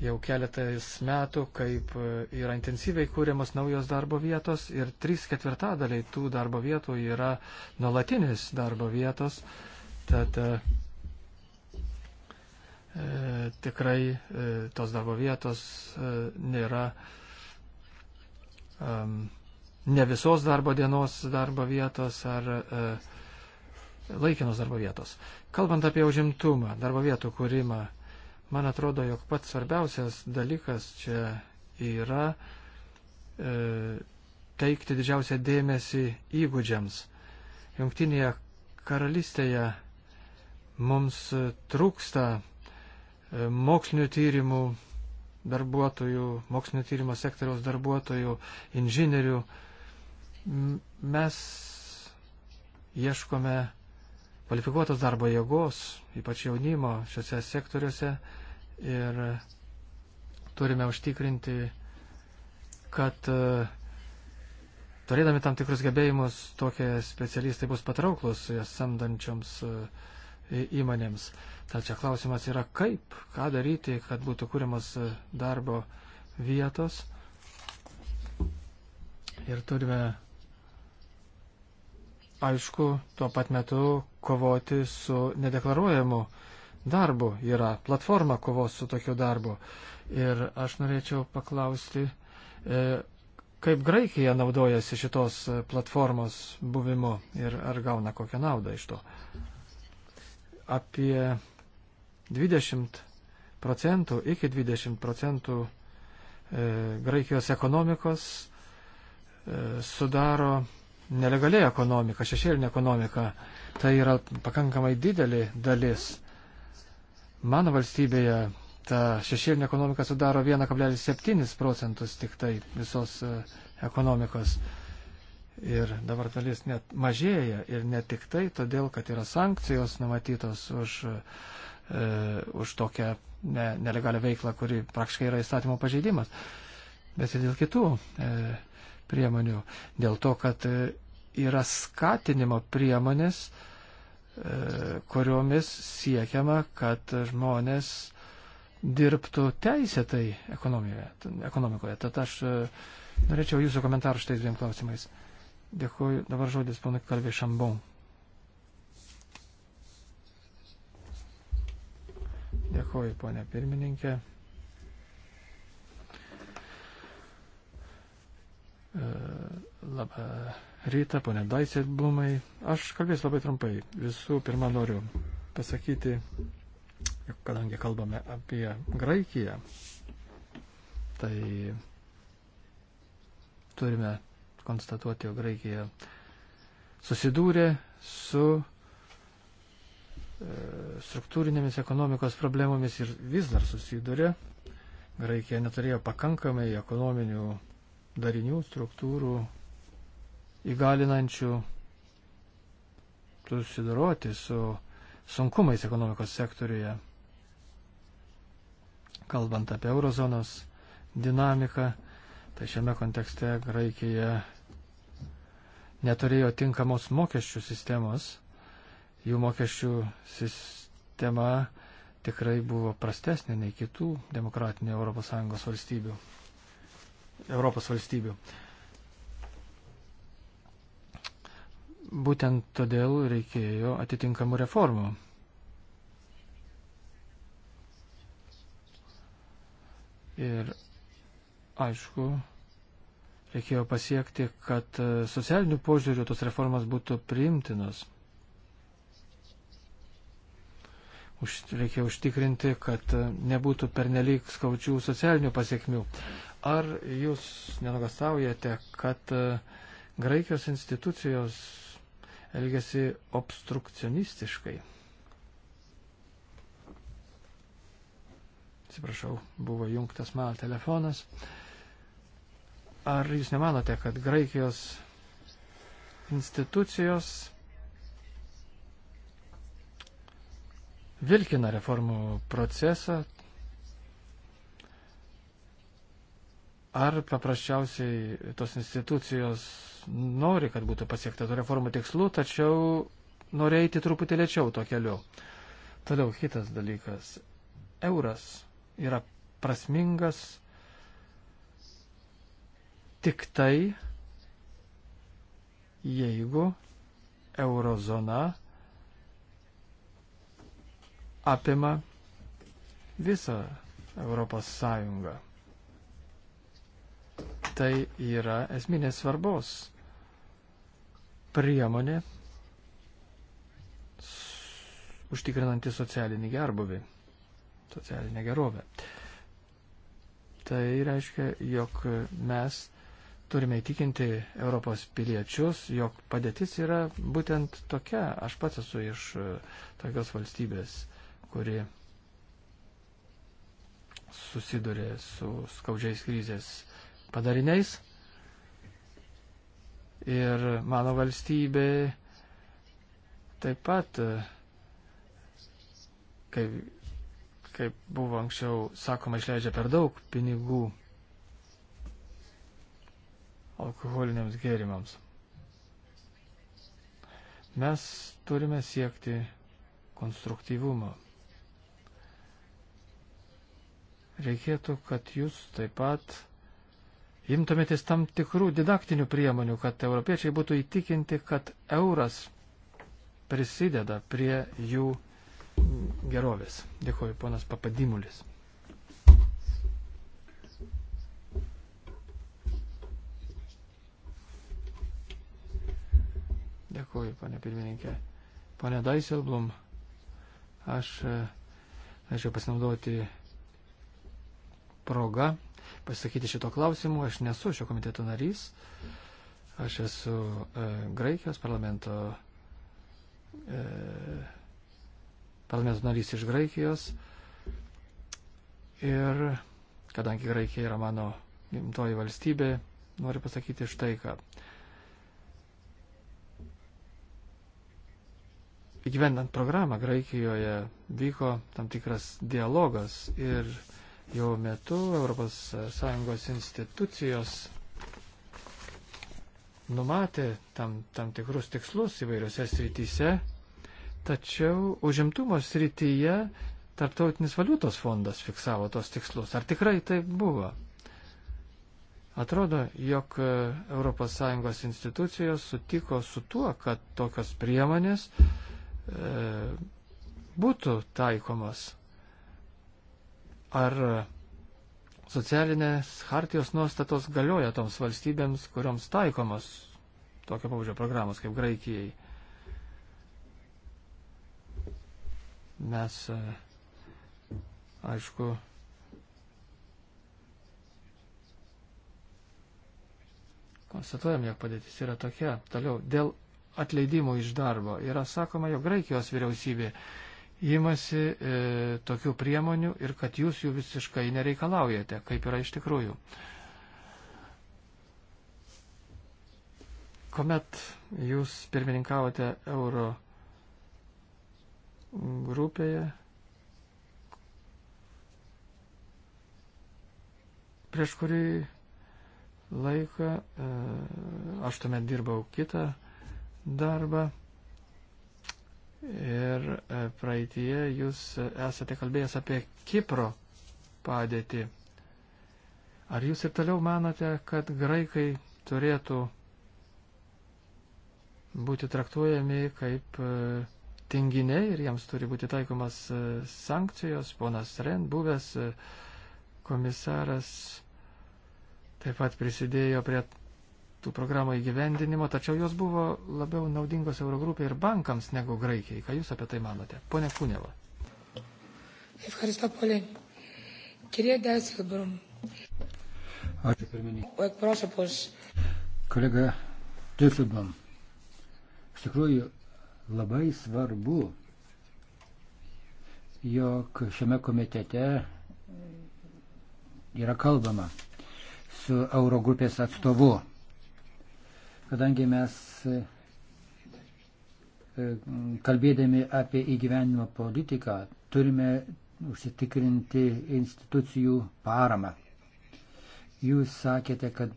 jau keletais metų, kaip e, yra intensyviai kūriamos naujos darbo vietos ir trys ketvirtadaliai tų darbo vietų yra nuolatinės darbo vietos. Tad e, e tikrai e, tos darbo vietos e, nėra e, ne visos darbo dienos darbo vietos ar e, laikinos darbo vietos. Kalbant apie užimtumą, darbo vietų kūrimą, Man atrodo, jog pats svarbiausias dalykas čia yra e, teikti didžiausią dėmesį įgūdžiams. Jungtinėje karalystėje mums trūksta e, mokslinių tyrimų darbuotojų, mokslinio tyrimo sektoriaus darbuotojų, inžinierių. Mes ieškome kvalifikuotos darbo jėgos, ypač jaunimo šiuose sektoriuose ir turime užtikrinti, kad e, turėdami tam tikrus gebėjimus tokie specialistai bus patrauklus jas samdančioms e, įmonėms. Tad čia klausimas yra kaip, ką daryti, kad būtų kūriamos e, darbo vietos. Ir turime, aišku, tuo pat metu kovoti su nedeklaruojamu uh, darbu yra, platforma kovos su tokiu darbu. Ir aš norėčiau paklausti, e, kaip Graikija naudojasi šitos e, platformos buvimu ir ar gauna kokią naudą iš to. Apie 20 procentų, iki 20 procentų e, Graikijos ekonomikos sudaro nelegaliai ekonomika, šešėlinė ekonomika. Tai yra pakankamai didelė dalis. Mano valstybėje ta šešėlinė ekonomika sudaro 1,7 procentus tik tai visos e, ekonomikos. Ir dabar dalis net mažėja ir ne tik tai todėl, kad yra sankcijos numatytos už, e, už tokią ne, nelegalią veiklą, kuri praktiškai yra įstatymo pažeidimas, bet ir dėl kitų e, priemonių. Dėl to, kad e, yra skatinimo priemonės, e, E, kuriomis siekiama, kad žmonės dirbtų teisėtai ekonomikoje. Tad aš e, norėčiau jūsų komentarų šitais dviem klausimais. Dėkuoju. Dabar žodis ponui Kalvė Šambon. Dėkuoju, ponė pirmininkė. E, Labą rytą, ponė Daisėt Blumai. Aš kalbėsiu labai trumpai. Visų pirma, noriu pasakyti, kadangi kalbame apie Graikiją, tai turime konstatuoti, jog Graikija susidūrė su e, struktūrinėmis ekonomikos problemomis ir vis dar susiduria. Graikija neturėjo pakankamai ekonominių darinių, struktūrų, įgalinančių susidoroti su sunkumais ekonomikos sektoriuje. Kalbant apie eurozonos dinamiką, tai šiame kontekste Graikija neturėjo tinkamos mokesčių sistemos. Jų mokesčių sistema tikrai buvo prastesnė nei kitų demokratinių ES valstybių. Europos valstybių. Būtent todėl reikėjo atitinkamų reformų. Ir aišku, reikėjo pasiekti, kad e, socialinių požiūrių tos reformas būtų priimtinos. Už, reikia užtikrinti, kad e, nebūtų pernelyg skaučių socialinių pasiekmių. Ar jūs nenugastaujate, kad e, Graikijos institucijos elgesi obstrukcionistiškai. Atsiprašau, buvo jungtas mano telefonas. Ar jūs nemanote, kad Graikijos institucijos vilkina reformų procesą, Ar paprasčiausiai tos institucijos nori, kad būtų pasiekta to reformų tikslų, tačiau nori eiti truputį lėčiau to keliu. Toliau kitas dalykas. Euras yra prasmingas tik tai, jeigu eurozona apima visą Europos Sąjungą tai yra esminės svarbos priemonė užtikrinanti socialinį gerbuvį, socialinę gerovę. Tai reiškia, jog mes turime įtikinti Europos piliečius, jog padėtis yra būtent tokia. Aš pats esu iš e, tokios valstybės, kuri susidurė su skaudžiais krizės padariniais. Ir mano valstybė taip pat, kaip, kaip buvo anksčiau sakoma, išleidžia per daug pinigų alkoholiniams gėrimams. Mes turime siekti konstruktyvumo. Reikėtų, kad jūs taip pat imtumėtės tam tikrų didaktinių priemonių, kad europiečiai būtų įtikinti, kad euras prisideda prie jų gerovės. Dėkuoju, ponas Papadimulis. Dėkuoju, ponė pirmininkė. Pone Daiselblum, aš e, norėčiau pasinaudoti progą pasakyti šito klausimu. Aš nesu šio komiteto narys. Aš esu e, Graikijos parlamento, e, parlamento narys iš Graikijos. Ir kadangi Graikija yra mano gimtoji valstybė, noriu pasakyti štai ką. Įgyvendant programą Graikijoje vyko tam tikras dialogas ir jo metu ES institucijos numatė tam, tam tikrus tikslus įvairiose srityse, tačiau užimtumo srityje Tartautinis valiutos fondas fiksavo tos tikslus. Ar tikrai taip buvo? Atrodo, jog ES institucijos sutiko su tuo, kad tokios priemonės e, būtų taikomas. Ar socialinės hartijos nuostatos galioja toms valstybėms, kurioms taikomos tokio pavyzdžio programos kaip Graikijai? Mes, e, aišku, konstatuojam, jog padėtis yra tokia. Toliau, dėl atleidimų iš darbo yra sakoma, jog Graikijos vyriausybė įmasi e, tokių priemonių ir kad jūs jų visiškai nereikalaujate, kaip yra iš tikrųjų. Komet jūs pirmininkavote euro grupėje, prieš kurį laiką e, aš tuomet dirbau kitą darbą Ir e, praeitie jūs esate kalbėjęs apie Kipro padėtį. Ar jūs ir toliau manote, kad graikai turėtų būti traktuojami kaip e, tinginiai ir jiems turi būti taikomas e, sankcijos? Ponas Ren, buvęs komisaras, taip pat prisidėjo prie tų programų įgyvendinimo, tačiau jos buvo labiau naudingos Eurogrupiai ir bankams negu Graikijai. Ką Jūs apie tai manote? Pone Kuneva. Ačiū pirmininkai. Kolega Tilsibam, iš tikrųjų labai svarbu, jog šiame komitete yra kalbama su Eurogrupės atstovu kadangi mes e, e, kalbėdami apie įgyvenimo politiką turime užsitikrinti institucijų paramą. Jūs sakėte, kad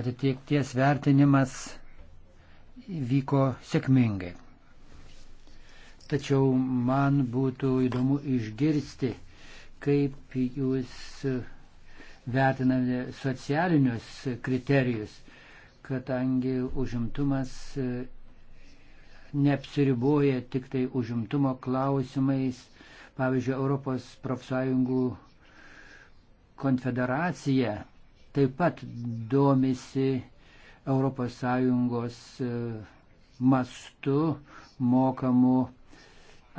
atitiekties vertinimas vyko sėkmingai. Tačiau man būtų įdomu išgirsti, kaip jūs vertinate socialinius kriterijus, kadangi užimtumas e, neapsiriboja tik tai užimtumo klausimais. Pavyzdžiui, Europos profsąjungų konfederacija taip pat domisi ES e, mastu mokamų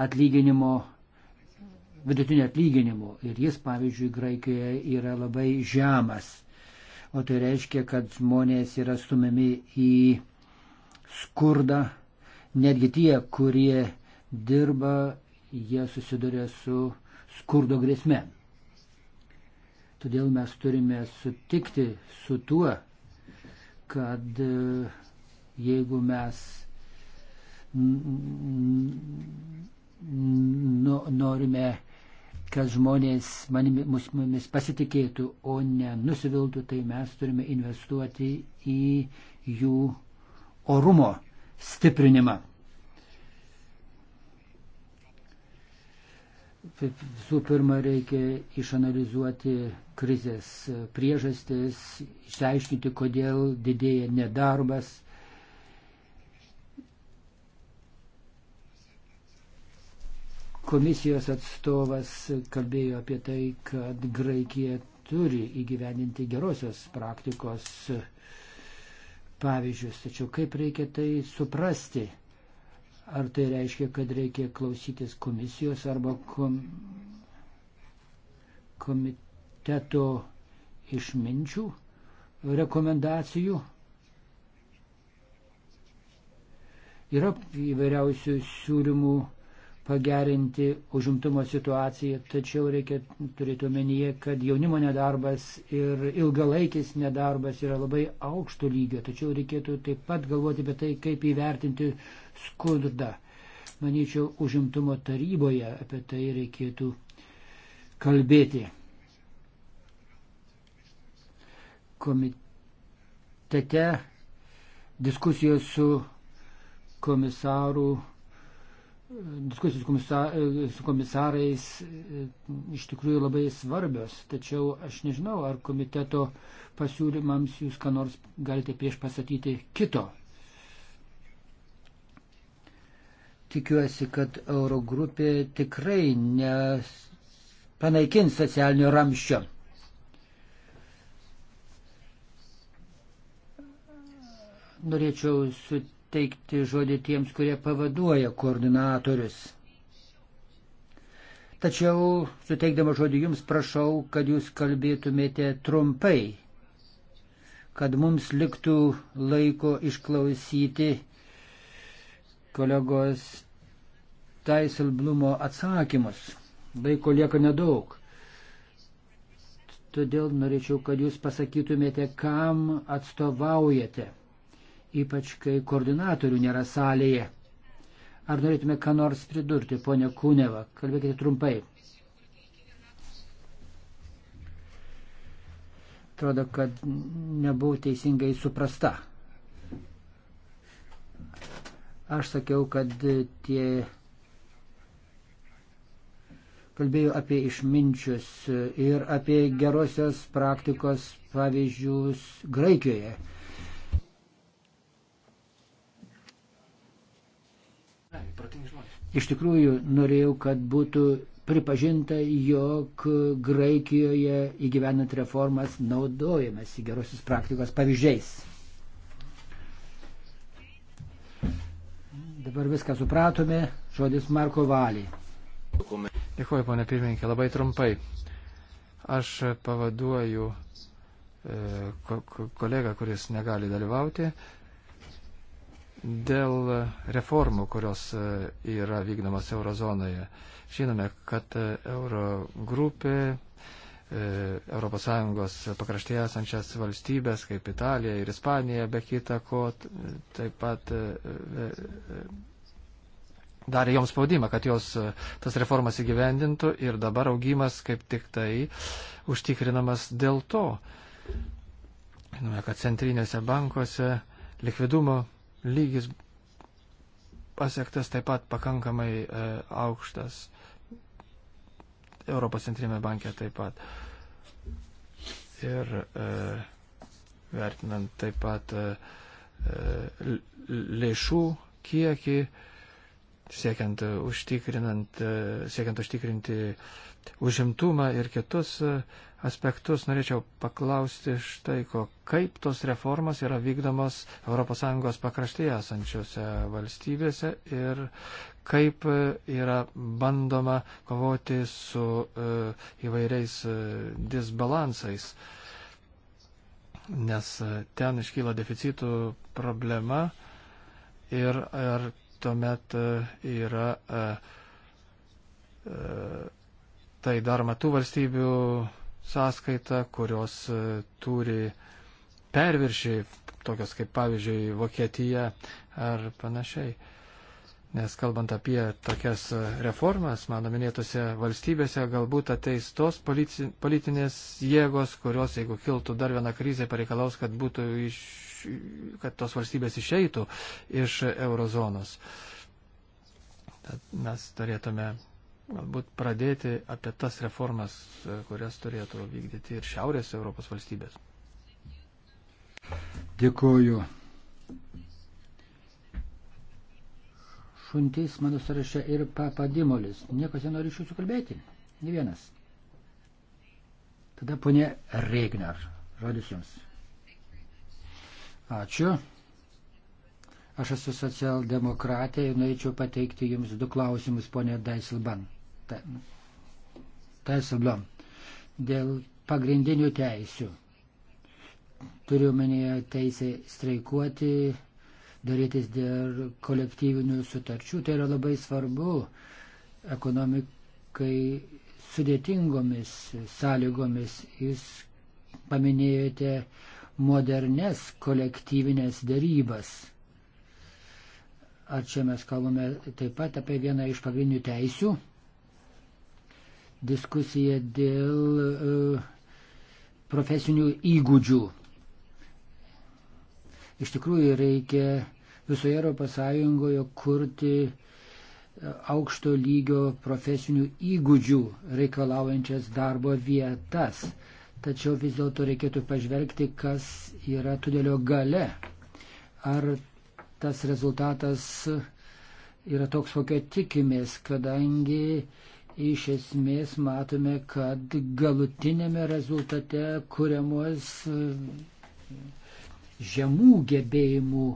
atlyginimo, vidutinio atlyginimo. Ir jis, pavyzdžiui, Graikijoje yra labai žemas o tai reiškia, kad žmonės yra stumiami į skurdą. Netgi tie, kurie dirba, jie susiduria su skurdo grėsme. Todėl mes turime sutikti su tuo, kad e, jeigu mes norime kad žmonės manimi, mus, mumis pasitikėtų, o ne nusiviltų, tai mes turime investuoti į jų orumo stiprinimą. Visų pirma, reikia išanalizuoti krizės priežastis, išsiaiškinti, kodėl didėja nedarbas, Komisijos atstovas kalbėjo apie tai, kad Graikija turi įgyveninti gerosios praktikos pavyzdžius. Tačiau kaip reikia tai suprasti? Ar tai reiškia, kad reikia klausytis komisijos arba kom... komiteto išminčių rekomendacijų? Yra įvairiausių siūlymų pagerinti užimtumo situaciją, tačiau reikia turėti omenyje, kad jaunimo nedarbas ir ilgalaikis nedarbas yra labai aukšto lygio, tačiau reikėtų taip pat galvoti apie tai, kaip įvertinti skurdą. Manyčiau, užimtumo taryboje apie tai reikėtų kalbėti. Komitete diskusijos su komisaru diskusijos komisar, su komisarais e, iš tikrųjų labai svarbios, tačiau aš nežinau, ar komiteto pasiūlymams jūs ką nors galite prieš pasakyti kito. Tikiuosi, kad Eurogrupė tikrai nepanaikins socialinio ramščio. Norėčiau sutikti suteikti žodį tiems, kurie pavaduoja koordinatorius. Tačiau, suteikdama žodį jums, prašau, kad jūs kalbėtumėte trumpai, kad mums liktų laiko išklausyti kolegos Taiselblumo atsakymus. Laiko lieka nedaug. Todėl norėčiau, kad jūs pasakytumėte, kam atstovaujate ypač kai koordinatorių nėra salėje. Ar norėtume ką nors pridurti, ponia Kūneva? Kalbėkite trumpai. Atrodo, kad nebuvau teisingai suprasta. Aš sakiau, kad tie kalbėjo apie išminčius ir apie gerosios praktikos pavyzdžius Graikijoje. Iš tikrųjų, norėjau, kad būtų pripažinta, jog Graikijoje įgyvenant reformas naudojamas į gerosios praktikos pavyzdžiais. Dabar viską supratome. Žodis Marko Valiai. Dėkuoju, ponė pirmininkė, labai trumpai. Aš pavaduoju e, kolegą, kuris negali dalyvauti dėl reformų, kurios e, yra vykdomas eurozonoje. Žinome, kad e, euro grupė, ES pakraštėje esančias valstybės kaip Italija ir Ispanija, be kita ko, taip pat e, darė joms spaudimą, kad jos tas reformas įgyvendintų ir dabar augimas kaip tik tai užtikrinamas dėl to. Žinome, kad centrinėse bankuose likvidumo lygis pasiektas taip pat pakankamai e, aukštas. Europos centrinėme banke taip pat. Ir e, vertinant taip pat e, e lėšų kiekį, siekiant, užtikrinant, e, siekiant užtikrinti e, užimtumą ir kitus e, aspektus, norėčiau paklausti štai ko, kaip tos reformos yra vykdomos ES pakraštyje esančiose valstybėse ir kaip e, yra bandoma kovoti su e, įvairiais disbalansais, nes ten iškyla deficitų problema ir, ir tuomet yra. Uh, uh, Tai daroma tų valstybių sąskaita, kurios e, turi perviršį, tokios kaip pavyzdžiui Vokietija ar panašiai. Nes kalbant apie tokias e, reformas, mano minėtose valstybėse galbūt ateis tos politinės jėgos, kurios, jeigu kiltų dar viena krizė, pareikalaus, kad, būtų iš, kad tos valstybės išeitų iš eurozonos. Tad mes turėtume galbūt pradėti apie tas reformas, e, kurias turėtų vykdyti ir Šiaurės Europos valstybės. Dėkuoju. Šuntys mano sąraše ir papadimolis. Niekas nenori iš jūsų kalbėti. Ne vienas. Tada ponė Regner. Žodis jums. Ačiū. Aš esu socialdemokratė ir norėčiau pateikti jums du klausimus, ponė Daisilban. Peselblom dėl pagrindinių teisių. Turiu menyje teisę streikuoti, darytis dėl kolektyvinių sutarčių. Tai yra labai svarbu ekonomikai sudėtingomis sąlygomis. Jūs paminėjote modernes kolektyvinės darybas. Ar čia mes kalbame taip pat apie vieną iš pagrindinių teisių? diskusiją dėl e, profesinių įgūdžių. Iš tikrųjų reikia visoje ES kurti e, aukšto lygio profesinių įgūdžių reikalaujančias darbo vietas. Tačiau vis dėlto reikėtų pažvelgti, kas yra tunelio gale. Ar tas rezultatas yra toks, kokio tikimės, kadangi iš esmės matome, kad galutinėme rezultate kuriamos e, žemų gebėjimų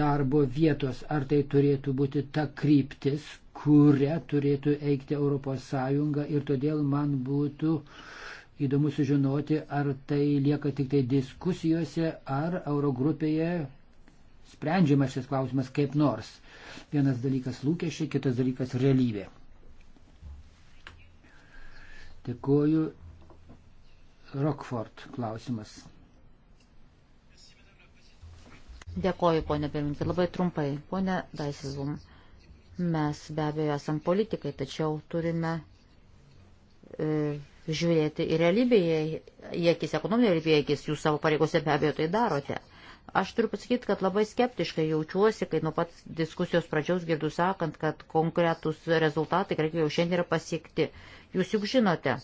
darbo vietos. Ar tai turėtų būti ta kryptis, kuria turėtų eikti ES ir todėl man būtų įdomu sužinoti, ar tai lieka tik tai diskusijose, ar Eurogrupėje sprendžiamas šis klausimas kaip nors. Vienas dalykas lūkesčiai, kitas dalykas realybė. Dėkuoju. Rockford klausimas. Dėkoju, ponė pirmininkė. Labai trumpai, ponė Daisizum, mes be abejo esam politikai, tačiau turime e, žiūrėti į realybėje, į akis, ekonominio realybėje akis, jūs savo pareigose be abejo tai darote. Aš turiu pasakyti, kad labai skeptiškai jaučiuosi, kai nuo pat diskusijos pradžiaus girdu sakant, kad konkretūs rezultatai Graikijoje jau šiandien yra pasiekti. Jūs juk žinote,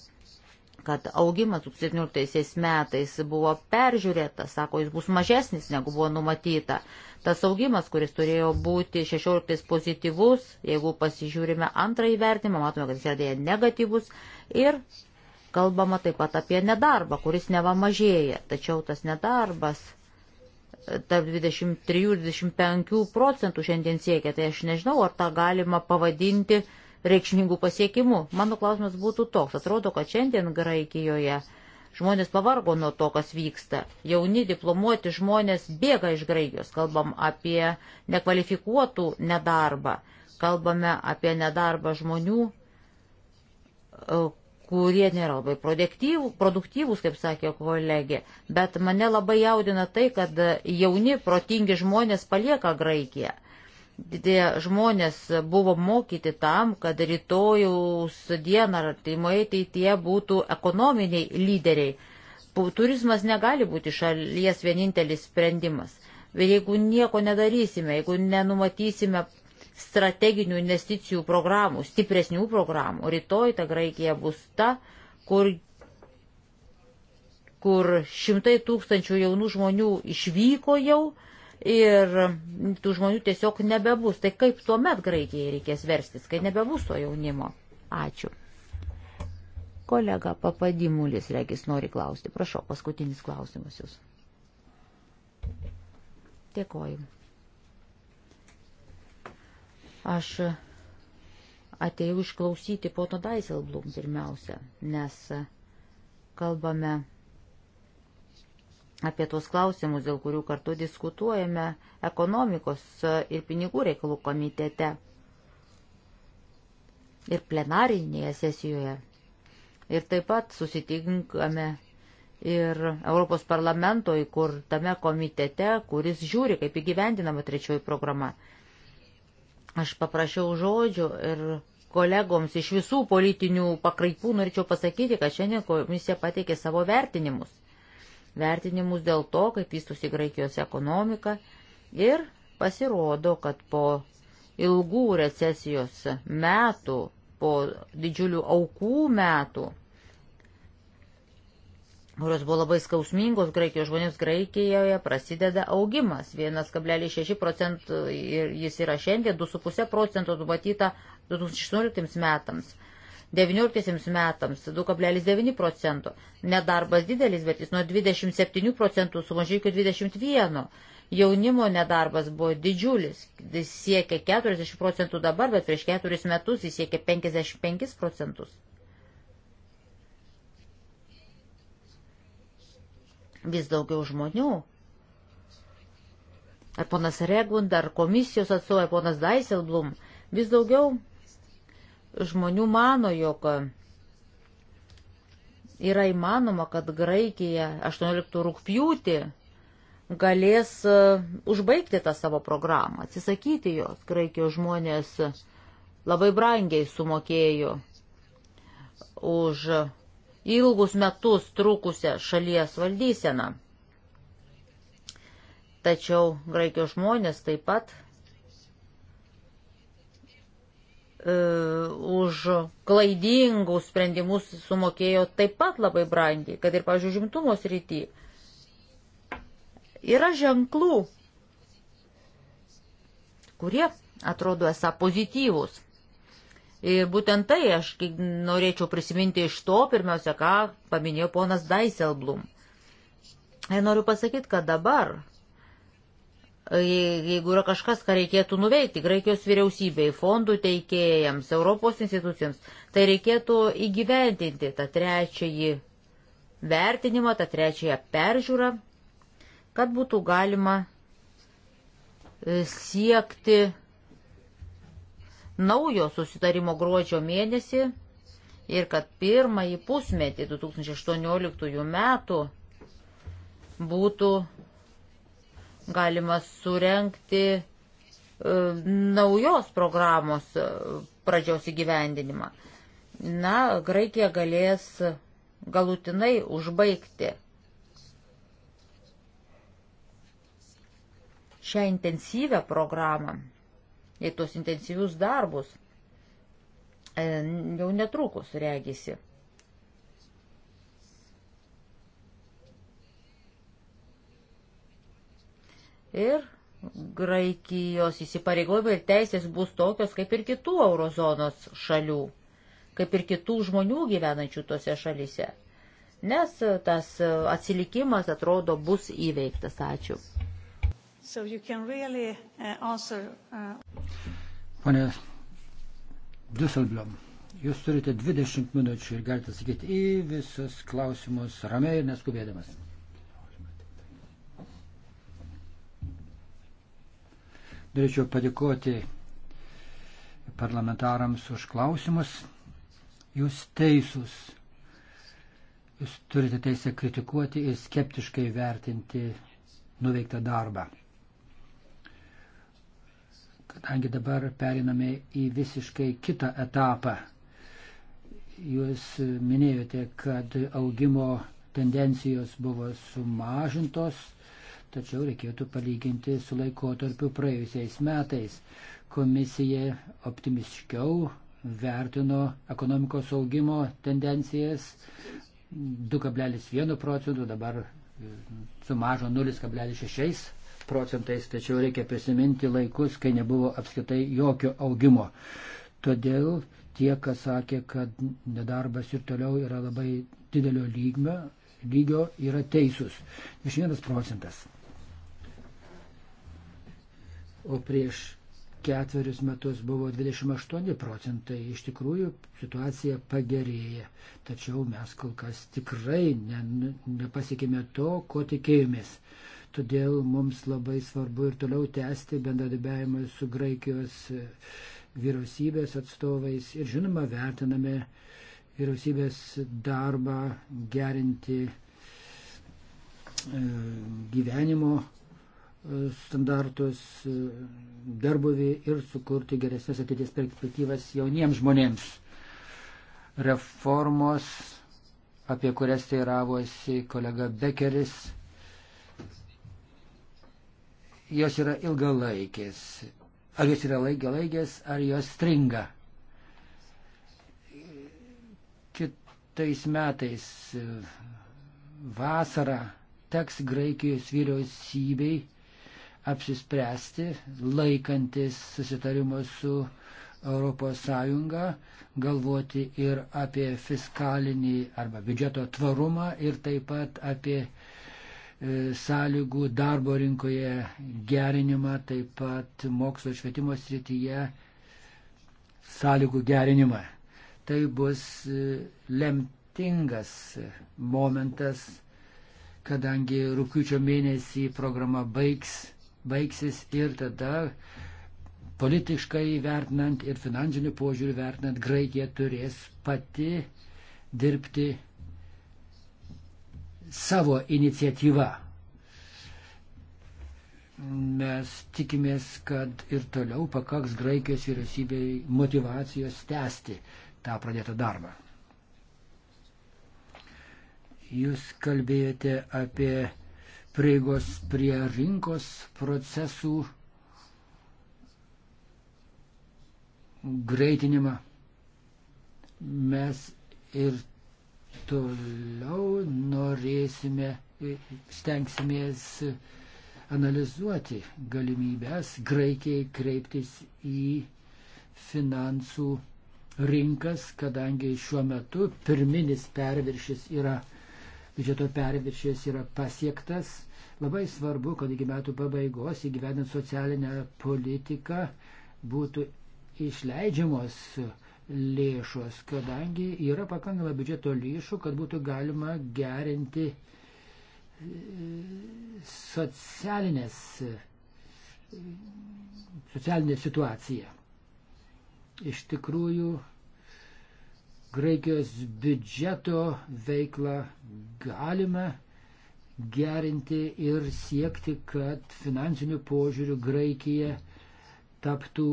kad augimas 2017 metais buvo peržiūrėtas, sako, jis bus mažesnis negu buvo numatyta. Tas augimas, kuris turėjo būti 16 pozityvus, jeigu pasižiūrime antrąjį vertimą, matome, kad jis yra dėja negatyvus ir kalbama taip pat apie nedarbą, kuris neva mažėja. Tačiau tas nedarbas tarp 23-25 procentų šiandien siekia. Tai aš nežinau, ar tą galima pavadinti reikšmingų pasiekimų. Mano klausimas būtų toks. Atrodo, kad šiandien Graikijoje žmonės pavargo nuo to, kas vyksta. Jauni diplomuoti žmonės bėga iš Graikijos. Kalbam apie nekvalifikuotų nedarbą. Kalbame apie nedarbą žmonių, kurie nėra labai produktyvūs, kaip sakė kolegė, bet mane labai jaudina tai, kad jauni, protingi žmonės palieka Graikiją. Tie žmonės buvo mokyti tam, kad rytojaus dieną ar atimoje ateityje būtų ekonominiai lyderiai. Turizmas negali būti šalies vienintelis sprendimas. Ir jeigu nieko nedarysime, jeigu nenumatysime strateginių investicijų programų, stipresnių programų. Rytoj ta Graikija bus ta, kur, kur šimtai tūkstančių jaunų žmonių išvyko jau ir tų žmonių tiesiog nebebus. Tai kaip tuomet Graikijai reikės verstis, kai nebebus to jaunimo? Ačiū. Kolega Papadimulis, regis, nori klausti. Prašau, paskutinis klausimas jūs. Dėkoju. Aš atėjau išklausyti poto Daiselblum pirmiausia, nes kalbame apie tuos klausimus, dėl kurių kartu diskutuojame ekonomikos ir pinigų reikalų komitete ir plenarinėje sesijoje. Ir taip pat susitinkame ir Europos parlamento įkurtame komitete, kuris žiūri, kaip įgyvendinama trečioji programa. Aš paprašiau žodžio ir kolegoms iš visų politinių pakraipų norėčiau pasakyti, kad šiandien komisija pateikė savo vertinimus. Vertinimus dėl to, kaip vystosi Graikijos ekonomika ir pasirodo, kad po ilgų recesijos metų, po didžiulių aukų metų, kurios buvo labai skausmingos Graikijos žmonėms, Graikijoje prasideda augimas. 1,6 procentų jis yra šiandien, 2,5 procentų numatyta 2018 metams. 19 metams 2,9 procentų. Nedarbas didelis, bet jis nuo 27 procentų sumažėjo iki 21. Jaunimo nedarbas buvo didžiulis, jis siekia 40 procentų dabar, bet prieš keturis metus jis siekia 55 procentus. vis daugiau žmonių. Ar ponas Regund, ar komisijos atstovai, ponas Daiselblum, vis daugiau žmonių mano, jog yra įmanoma, kad Graikija 18 rūpjūtį galės e, užbaigti tą savo programą, atsisakyti jos. Graikijos žmonės labai brangiai sumokėjo už ilgus metus trukusią šalies valdyseną. Tačiau graikijos žmonės taip pat e, už klaidingus sprendimus sumokėjo taip pat labai brangiai, kad ir, pavyzdžiui, žimtumo srity. Yra ženklų, kurie atrodo esą pozityvus. Ir būtent tai aš norėčiau prisiminti iš to, pirmiausia, ką paminėjo ponas Daiselblum. Ir noriu pasakyti, kad dabar, jeigu yra kažkas, ką reikėtų nuveikti Graikijos vyriausybei, fondų teikėjams, Europos institucijams, tai reikėtų įgyventinti tą trečiąjį vertinimą, tą trečiąją peržiūrą, kad būtų galima e, siekti naujo susitarimo gruodžio mėnesį ir kad pirmąjį pusmetį 2018 metų būtų galima surenkti e, naujos programos e, pradžios įgyvendinimą. Na, Graikija galės galutinai užbaigti šią intensyvę programą į tuos intensyvius darbus e, jau netrukus regisi. Ir Graikijos įsipareigojimai ir teisės bus tokios kaip ir kitų eurozonos šalių, kaip ir kitų žmonių gyvenančių tose šalise. Nes tas atsilikimas atrodo bus įveiktas. Ačiū. So you can really uh, answer. Uh Pone Dusselblom, jūs turite 20 minučių ir galite atsakyti į visus klausimus ramiai ir neskubėdamas. Norėčiau padėkoti parlamentarams už klausimus. Jūs teisūs. Jūs turite teisę kritikuoti ir skeptiškai vertinti nuveiktą darbą kadangi dabar periname į visiškai kitą etapą. Jūs minėjote, kad augimo tendencijos buvo sumažintos, tačiau reikėtų palyginti su laikotarpiu praėjusiais metais. Komisija optimiškiau vertino ekonomikos augimo tendencijas 2,1 procentų, dabar sumažo 0,6 procentais, tačiau reikia prisiminti laikus, kai nebuvo apskaitai jokio augimo. Todėl tie, kas sakė, kad nedarbas ir toliau yra labai didelio lygmio, lygio, yra teisūs. 21 procentas. O prieš ketverius metus buvo 28 procentai. Iš tikrųjų situacija pagerėja. Tačiau mes kol kas tikrai ne, nepasiekime to, ko tikėjomės. Todėl mums labai svarbu ir toliau tęsti bendradarbiavimą su Graikijos vyriausybės atstovais ir žinoma vertiname vyriausybės darbą gerinti e, gyvenimo e, standartus, e, darbuvį ir sukurti geresnės ateities perspektyvas jauniems žmonėms. Reformos, apie kurias teiravosi kolega Bekeris, jos yra ilgalaikės. Ar jos yra ilgalaikės, ar jos stringa. Kitais metais e, vasarą teks Graikijos vyriausybei apsispręsti, laikantis susitarimo su ES, galvoti ir apie fiskalinį arba biudžeto tvarumą ir taip pat apie E, sąlygų darbo rinkoje gerinimą, taip pat mokslo švietimo srityje sąlygų gerinimą. Tai bus e, lemtingas momentas, kadangi rūpiučio mėnesį programa baigs, baigsis ir tada politiškai vertinant ir finansiniu požiūriu vertinant, Graikija turės pati dirbti savo iniciatyva. Mes tikimės, kad ir toliau pakaks Graikijos vyriausybei motivacijos tęsti tą pradėtą darbą. Jūs kalbėjote apie prieigos prie rinkos procesų greitinimą. Mes ir toliau norėsime, e, stengsimės analizuoti galimybės Graikijai kreiptis į finansų rinkas, kadangi šiuo metu pirminis perviršis yra, biudžeto perviršis yra pasiektas. Labai svarbu, kad iki metų pabaigos įgyvenant socialinę politiką būtų išleidžiamos uh, lėšos, kadangi yra pakankama biudžeto lėšų, kad būtų galima gerinti e, socialinės, socialinę situaciją. Iš tikrųjų, Graikijos biudžeto veiklą galima gerinti ir siekti, kad finansinių požiūrių Graikija taptų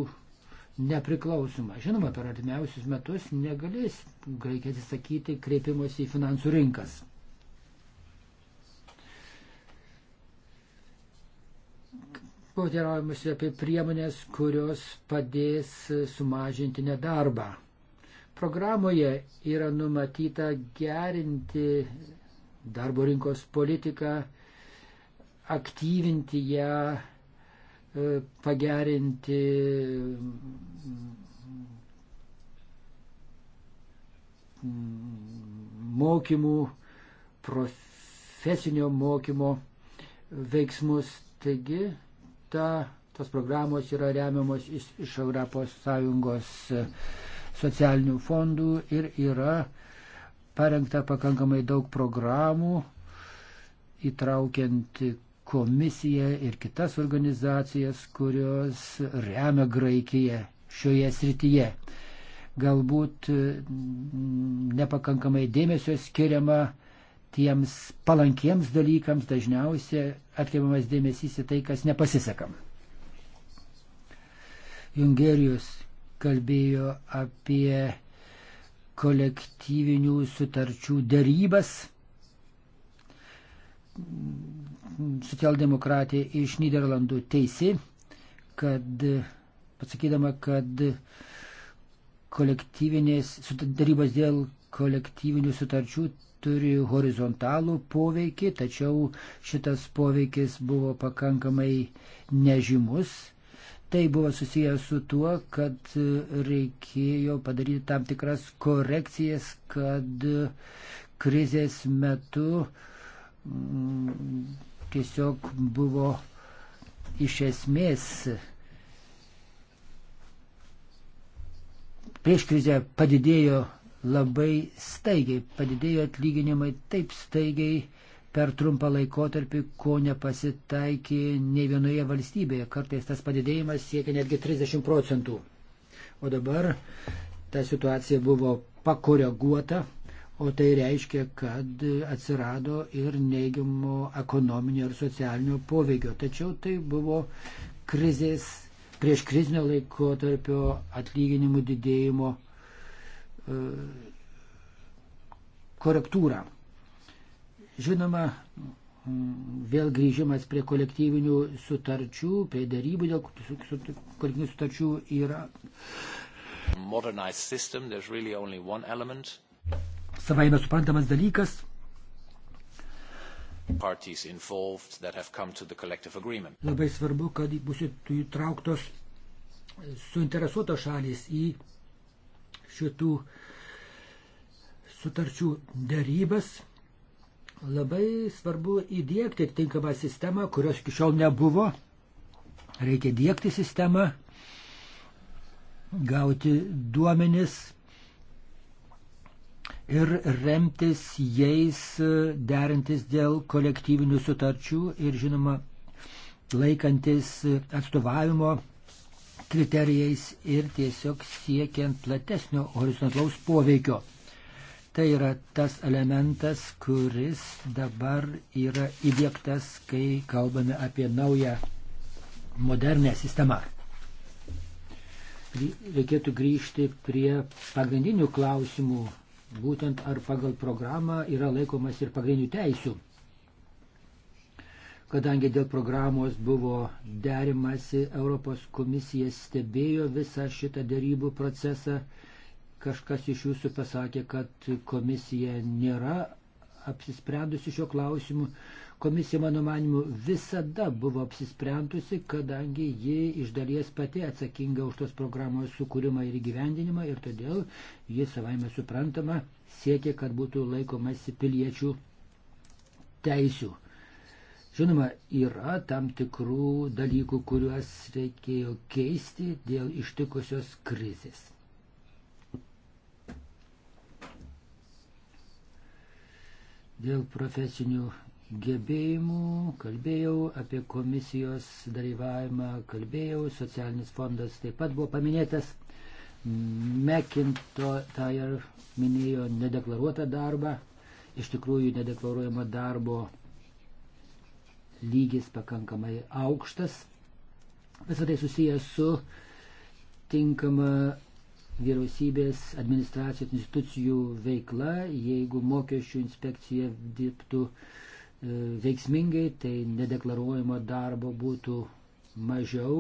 nepriklausomą. Žinoma, per artimiausius metus negalės Graikija atsisakyti kreipimosi į finansų rinkas. Buvo teiraujamasi apie priemonės, kurios padės sumažinti nedarbą. Programoje yra numatyta gerinti darbo rinkos politiką, aktyvinti ją pagerinti mm, mokymų, profesinio mokymo veiksmus. Taigi, ta, tos programos yra remiamos iš, iš ES socialinių fondų ir yra parengta pakankamai daug programų, įtraukiant komisiją ir kitas organizacijas, kurios remia Graikiją šioje srityje. Galbūt mm, nepakankamai dėmesio skiriama tiems palankiems dalykams, dažniausiai atkreipiamas dėmesys į tai, kas nepasisekam. Jungerijus kalbėjo apie kolektyvinių sutarčių darybas socialdemokratė iš Niderlandų teisi, kad pasakydama, kad kolektyvinės darybos dėl kolektyvinių sutarčių turi horizontalų poveikį, tačiau šitas poveikis buvo pakankamai nežymus. Tai buvo susijęs su tuo, kad reikėjo padaryti tam tikras korekcijas, kad krizės metu mm, tiesiog buvo iš esmės prieš krizę padidėjo labai staigiai, padidėjo atlyginimai taip staigiai per trumpą laikotarpį, ko nepasitaikė nei vienoje valstybėje. Kartais tas padidėjimas siekia netgi 30 procentų. O dabar ta situacija buvo pakoreguota O tai reiškia, kad atsirado ir neigiamo ekonominio ir socialinio poveikio. Tačiau tai buvo krizės, prieš krizinio laiko tarpio atlyginimų didėjimo e, korektūrą. Žinoma, vėl grįžimas prie kolektyvinių sutarčių, prie darybų dėl kolektyvinių sutarčių yra. Modernized system, there's really only one element savaime suprantamas dalykas. Labai svarbu, kad bus įtrauktos suinteresuotos šalis į šitų sutarčių darybas. Labai svarbu įdėkti tinkamą sistemą, kurios iki šiol nebuvo. Reikia dėkti sistemą, gauti duomenis ir remtis jais, derintis dėl kolektyvinių sutarčių ir, žinoma, laikantis atstovavimo kriterijais ir tiesiog siekiant platesnio horizontalaus poveikio. Tai yra tas elementas, kuris dabar yra įdėktas, kai kalbame apie naują modernę sistemą. Reikėtų grįžti prie pagrindinių klausimų būtent ar pagal programą yra laikomas ir pagrindinių teisių. Kadangi dėl programos buvo derimasi, Europos komisija stebėjo visą šitą dėrybų procesą. Kažkas iš jūsų pasakė, kad komisija nėra apsisprendusi šio klausimu. Komisija, mano manimu, visada buvo apsisprendusi, kadangi ji iš dalies pati atsakinga už tos programos sukūrimą ir įgyvendinimą ir todėl ji savaime suprantama siekia, kad būtų laikomasi piliečių teisių. Žinoma, yra tam tikrų dalykų, kuriuos reikėjo keisti dėl ištikusios krizės. Dėl profesinių gebėjimų kalbėjau apie komisijos dalyvavimą, kalbėjau, socialinis fondas taip pat buvo paminėtas, McIntyre minėjo nedeklaruotą darbą, iš tikrųjų nedeklaruojama darbo lygis pakankamai aukštas. Visą tai susijęs su tinkama vyriausybės administracijos institucijų veikla, jeigu mokesčių inspekcija dirbtų e, veiksmingai, tai nedeklaruojamo darbo būtų mažiau.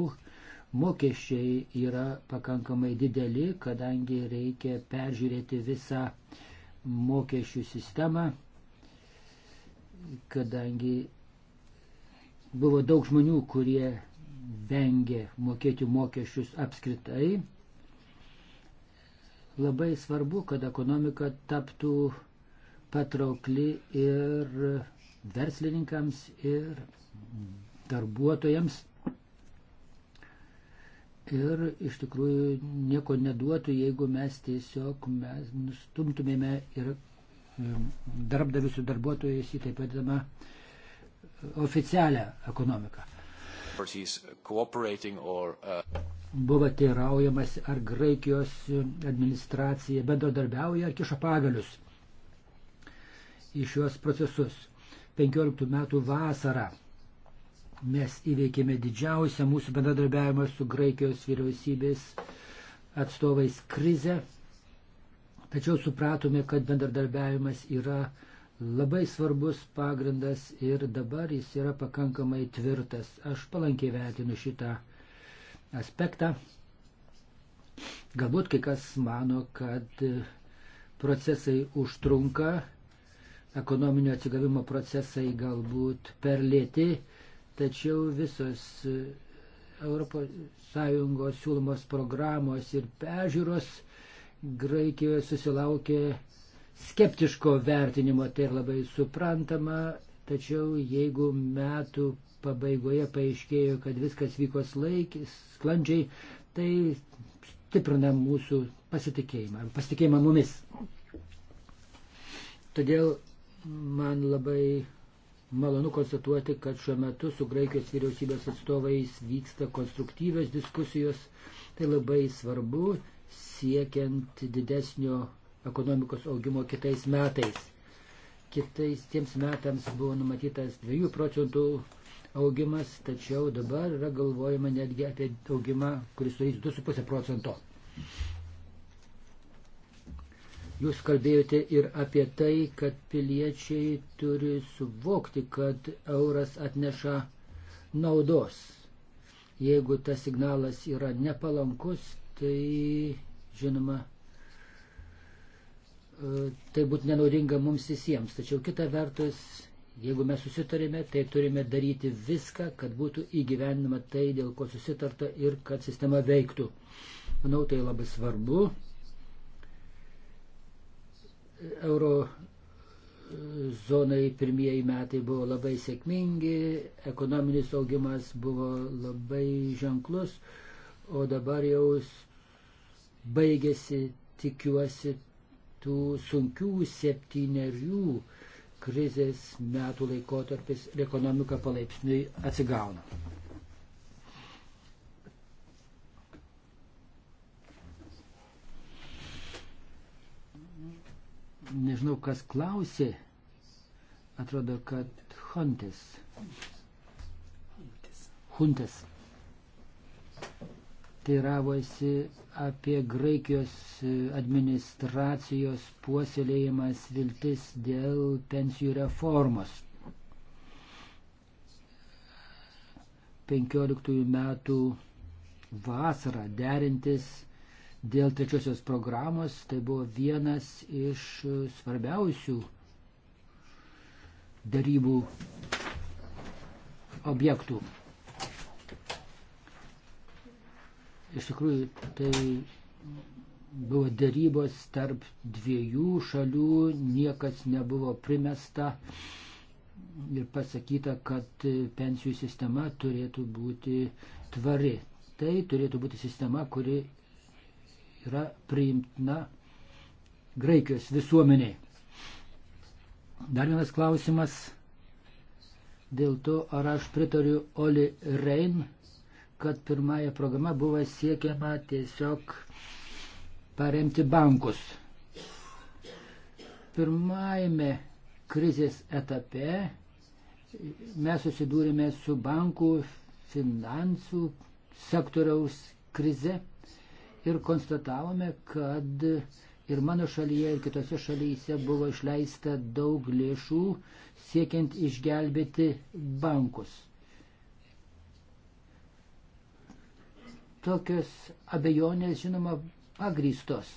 Mokesčiai yra pakankamai dideli, kadangi reikia peržiūrėti visą mokesčių sistemą, kadangi buvo daug žmonių, kurie vengė mokėti mokesčius apskritai Labai svarbu, kad ekonomika taptų patraukli ir verslininkams, ir darbuotojams. Ir iš tikrųjų nieko neduotų, jeigu mes tiesiog mes nustumtumėme ir um, darbdavius ir darbuotojus į taip vadinamą oficialią ekonomiką. Uh, Buvo teiraujamas, ar Graikijos administracija bendradarbiauja ar kiša pagalius į šiuos procesus. 15 metų vasarą mes įveikėme didžiausią mūsų bendradarbiavimą su Graikijos vyriausybės atstovais krizę, tačiau supratome, kad bendradarbiavimas yra uh, labai svarbus pagrindas ir dabar jis yra pakankamai tvirtas. Aš palankiai vertinu šitą aspektą. Galbūt kai kas mano, kad procesai užtrunka, ekonominio atsigavimo procesai galbūt per lėti, tačiau visos ES siūlomos programos ir pežiūros Graikijoje susilaukė skeptiško vertinimo, tai ir labai suprantama, tačiau jeigu metų pabaigoje paaiškėjo, kad viskas vyko laikis, sklandžiai, tai stiprina mūsų pasitikėjimą, pasitikėjimą mumis. Todėl man labai malonu konstatuoti, kad šiuo metu su Graikijos vyriausybės atstovais vyksta konstruktyvios diskusijos. Tai labai svarbu siekiant didesnio ekonomikos augimo kitais metais. Kitais tiems metams buvo numatytas 2 procentų augimas, tačiau dabar yra galvojama netgi apie augimą, kuris sudarys 2,5 procento. Jūs kalbėjote ir apie tai, kad piliečiai turi suvokti, kad euras atneša naudos. Jeigu tas signalas yra nepalankus, tai žinoma tai būtų nenaudinga mums visiems. Tačiau kita vertus, jeigu mes susitarėme, tai turime daryti viską, kad būtų įgyvendinama tai, dėl ko susitarta ir kad sistema veiktų. Manau, tai labai svarbu. Euro e, zonai pirmieji metai buvo labai sėkmingi, ekonominis augimas buvo labai ženklus, o dabar jau baigėsi, tikiuosi, tų sunkių septyniarių krizės metų laikotarpis ir ekonomika palaipsniui atsigauna. Nežinau, kas klausė. Atrodo, kad Huntis. Huntis teiravosi apie Graikijos administracijos puoselėjimas viltis dėl pensijų reformos. 15 metų vasarą derintis dėl trečiosios programos, tai buvo vienas iš svarbiausių darybų objektų. Iš tikrųjų, tai buvo dėrybos tarp dviejų šalių, niekas nebuvo primesta ir pasakyta, kad pensijų sistema turėtų būti tvari. Tai turėtų būti sistema, kuri yra priimtina Graikijos visuomeniai. Dar vienas klausimas dėl to, ar aš pritariu Oli Rein kad pirmąją programą buvo siekiama tiesiog paremti bankus. Pirmajame krizės etape mes susidūrėme su bankų finansų sektoriaus krize ir konstatavome, kad ir mano šalyje, ir kitose šalyse buvo išleista daug lėšų siekiant išgelbėti bankus. tokios abejonės, žinoma, pagrystos,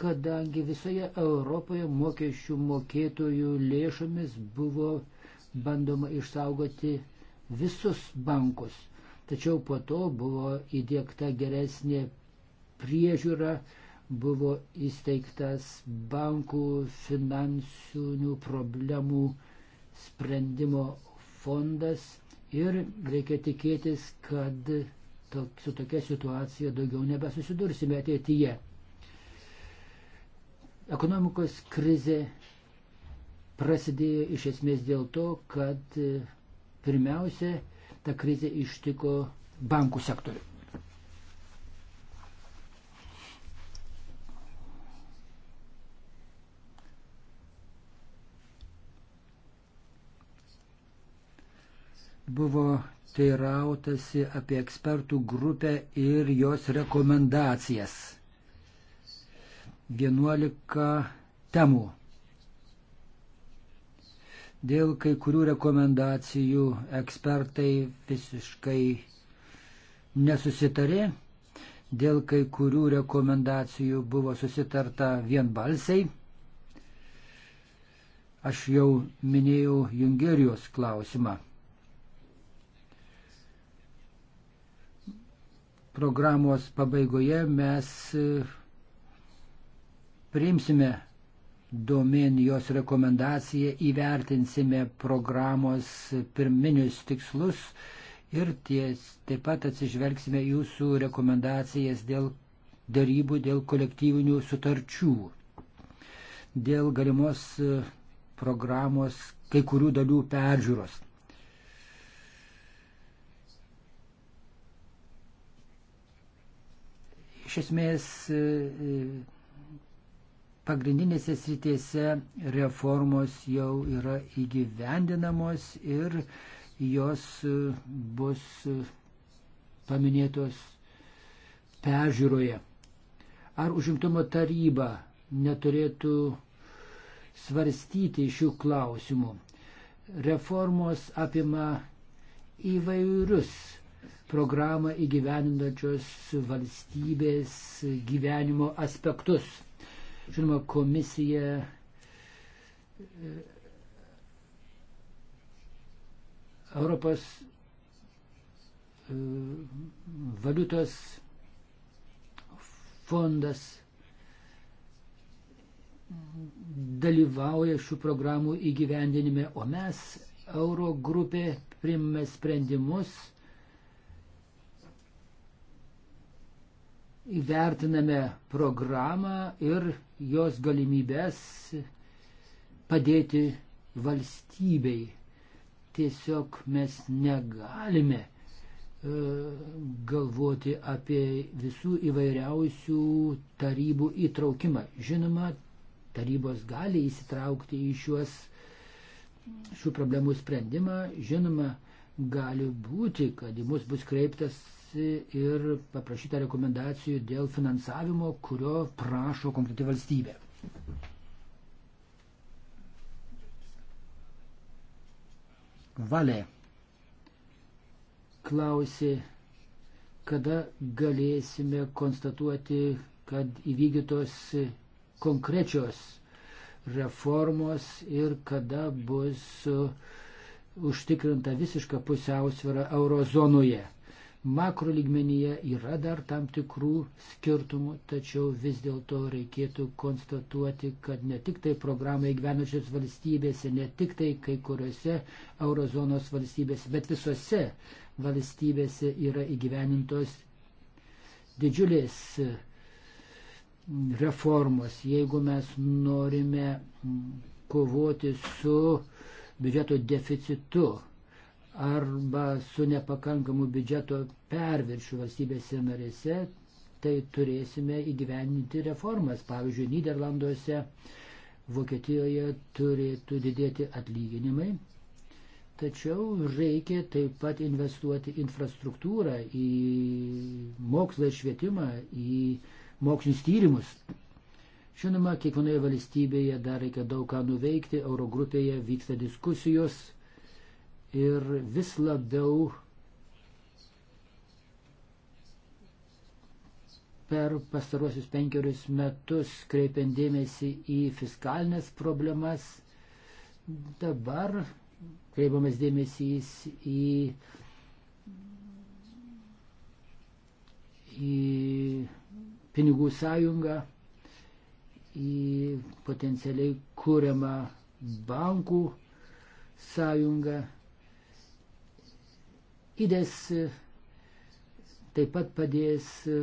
kadangi visoje Europoje mokesčių mokėtojų lėšomis buvo bandoma išsaugoti visus bankus. Tačiau po to buvo įdėkta geresnė priežiūra, buvo įsteigtas bankų finansinių problemų sprendimo fondas Ir reikia tikėtis, kad to, su tokia situacija daugiau nebesusidursime ateityje. Ekonomikos krizė prasidėjo iš esmės dėl to, kad e, pirmiausia, ta krizė ištiko bankų sektorių. buvo teirautasi apie ekspertų grupę ir jos rekomendacijas. 11 temų. Dėl kai kurių rekomendacijų ekspertai visiškai nesusitarė, dėl kai kurių rekomendacijų buvo susitarta vienbalsiai. Aš jau minėjau Jungerijos klausimą. programos pabaigoje mes e, priimsime domen jos rekomendaciją, įvertinsime programos pirminius tikslus ir ties, taip pat atsižvelgsime jūsų rekomendacijas dėl darybų, dėl kolektyvinių sutarčių, dėl galimos e, programos kai kurių dalių peržiūros. iš esmės e, e, pagrindinėse sritėse reformos jau yra įgyvendinamos ir jos e, bus paminėtos peržiūroje. Ar užimtumo taryba neturėtų svarstyti šių klausimų? Reformos apima įvairius programą įgyveninančios valstybės gyvenimo aspektus. Žinoma, komisija e, Europos e, valiutos fondas dalyvauja šių programų įgyvendinime, o mes euro grupė primame sprendimus įvertiname programą ir jos galimybės padėti valstybei. Tiesiog mes negalime e, galvoti apie visų įvairiausių tarybų įtraukimą. Žinoma, tarybos gali įsitraukti į šiuos šių problemų sprendimą. Žinoma, gali būti, kad į mus bus kreiptas ir paprašyta rekomendacijų dėl finansavimo, kurio prašo konkreti valstybė. Valė klausė, kada galėsime konstatuoti, kad įvykdytos konkrečios reformos ir kada bus užtikrinta visiška pusiausvėra eurozonoje makro lygmenyje yra dar tam tikrų skirtumų, tačiau vis dėlto reikėtų konstatuoti, kad ne tik tai programai gyvenančios valstybėse, ne tik tai kai kuriuose eurozonos valstybėse, bet visose valstybėse yra įgyvenintos didžiulės reformos. Jeigu mes norime kovoti su biudžeto deficitu, arba su nepakankamu biudžeto perviršiu valstybėse narėse, tai turėsime įgyveninti reformas. Pavyzdžiui, Niderlanduose, Vokietijoje turėtų didėti atlyginimai, tačiau reikia taip pat investuoti infrastruktūrą, į mokslą ir švietimą, į mokslinius tyrimus. Žinoma, kiekvienoje valstybėje dar reikia daug ką nuveikti, Eurogrupėje vyksta diskusijos ir vis labiau per pastarosius penkerius metus kreipiant dėmesį į fiskalinės problemas, dabar kreipiamas dėmesys į, į pinigų sąjungą, į potencialiai kūriamą bankų sąjungą Įdės e, taip pat padės e,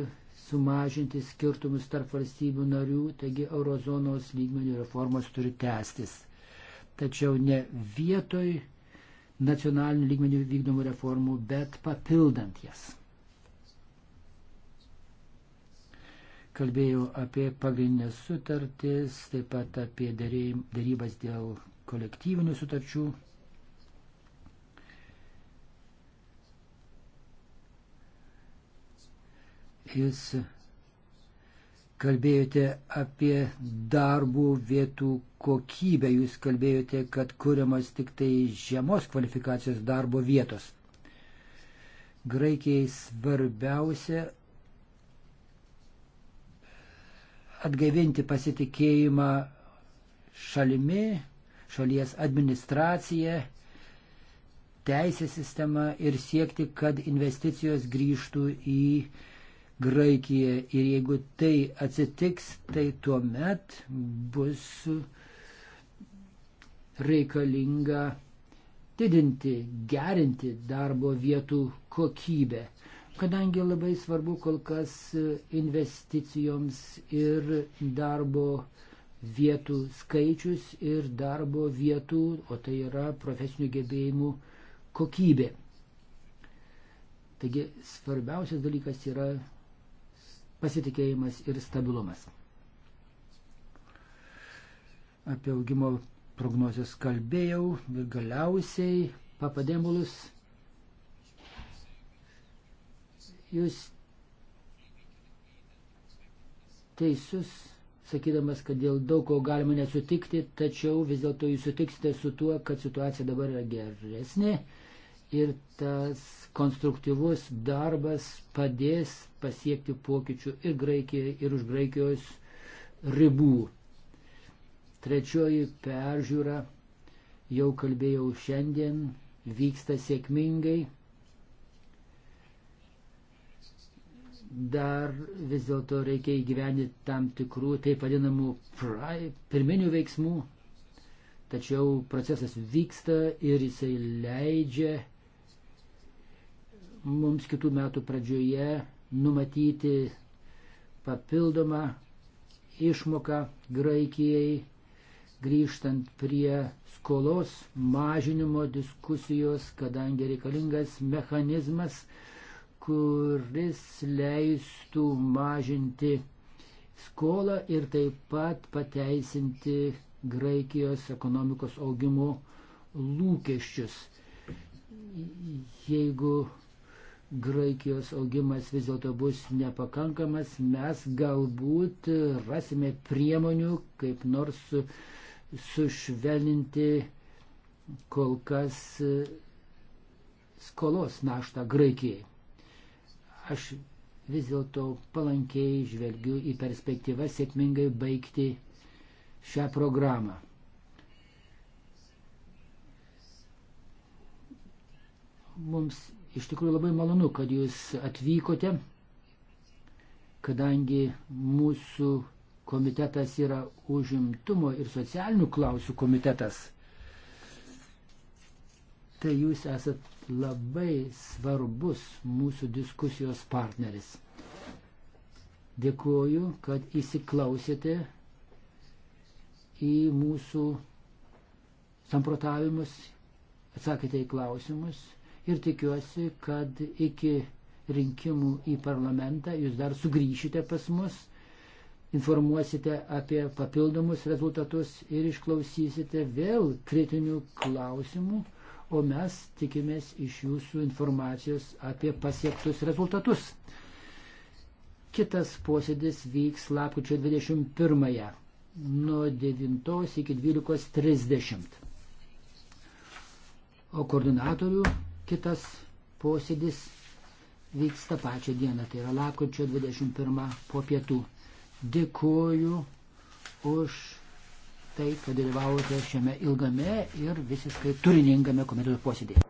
sumažinti skirtumus tarp valstybių narių, taigi eurozonos lygmenių reformos turi tęstis. Tačiau ne vietoj nacionalinių lygmenių vykdomų reformų, bet papildant jas. Kalbėjau apie pagrindinės sutartis, taip pat apie dėrybas dėl kolektyvinių sutarčių Jūs kalbėjote apie darbų vietų kokybę, jūs kalbėjote, kad kuriamas tik tai žemos kvalifikacijos darbo vietos. Graikijai svarbiausia atgaivinti pasitikėjimą šalimi, šalies administracija, teisės sistema ir siekti, kad investicijos grįžtų į uh, Graikija ir jeigu tai atsitiks, tai tuo met bus reikalinga didinti, gerinti darbo vietų kokybę, kadangi labai svarbu kol kas investicijoms ir darbo vietų skaičius ir darbo vietų, o tai yra profesinių gebėjimų kokybė. Taigi svarbiausias dalykas yra pasitikėjimas ir stabilumas. Apie augimo prognozijas kalbėjau ir galiausiai papadėmulus. Jūs teisus, sakydamas, kad dėl daug ko galima nesutikti, tačiau vis dėlto jūs sutiksite su tuo, kad situacija dabar yra geresnė ir tas konstruktyvus darbas padės pasiekti pokyčių ir Graikijai, ir už Graikijos ribų. Trečioji peržiūra, jau kalbėjau šiandien, vyksta sėkmingai. Dar vis dėlto reikia įgyvendinti tam tikrų, taip vadinamų, pirminių veiksmų, tačiau procesas vyksta ir jisai leidžia mums kitų metų pradžioje numatyti papildomą išmoką Graikijai, grįžtant prie skolos mažinimo diskusijos, kadangi reikalingas mechanizmas, kuris leistų mažinti skolą ir taip pat pateisinti Graikijos ekonomikos augimo lūkesčius. Jeigu Graikijos augimas vis dėlto bus nepakankamas, mes galbūt rasime priemonių kaip nors su, sušvelninti kol kas skolos naštą Graikijai. Aš vis dėlto palankiai žvelgiu į perspektyvą sėkmingai baigti šią programą. Mums Iš tikrųjų labai malonu, kad jūs atvykote, kadangi mūsų komitetas yra užimtumo ir socialinių klausimų komitetas. Tai jūs esat labai svarbus mūsų diskusijos partneris. Dėkuoju, kad įsiklausėte į mūsų samprotavimus, atsakėte į klausimus ir tikiuosi, kad iki rinkimų į parlamentą jūs dar sugrįšite pas mus, informuosite apie papildomus rezultatus ir išklausysite vėl kritinių klausimų, o mes tikimės iš jūsų informacijos apie pasiektus rezultatus. Kitas posėdis vyks lapkričio 21 nuo 9 iki 12.30. O koordinatorių Kitas posėdis vyks tą pačią dieną, tai yra lapkričio 21 po pietų. Dėkuoju už tai, kad dalyvavote šiame ilgame ir visiškai turiningame komiteto posėdėje.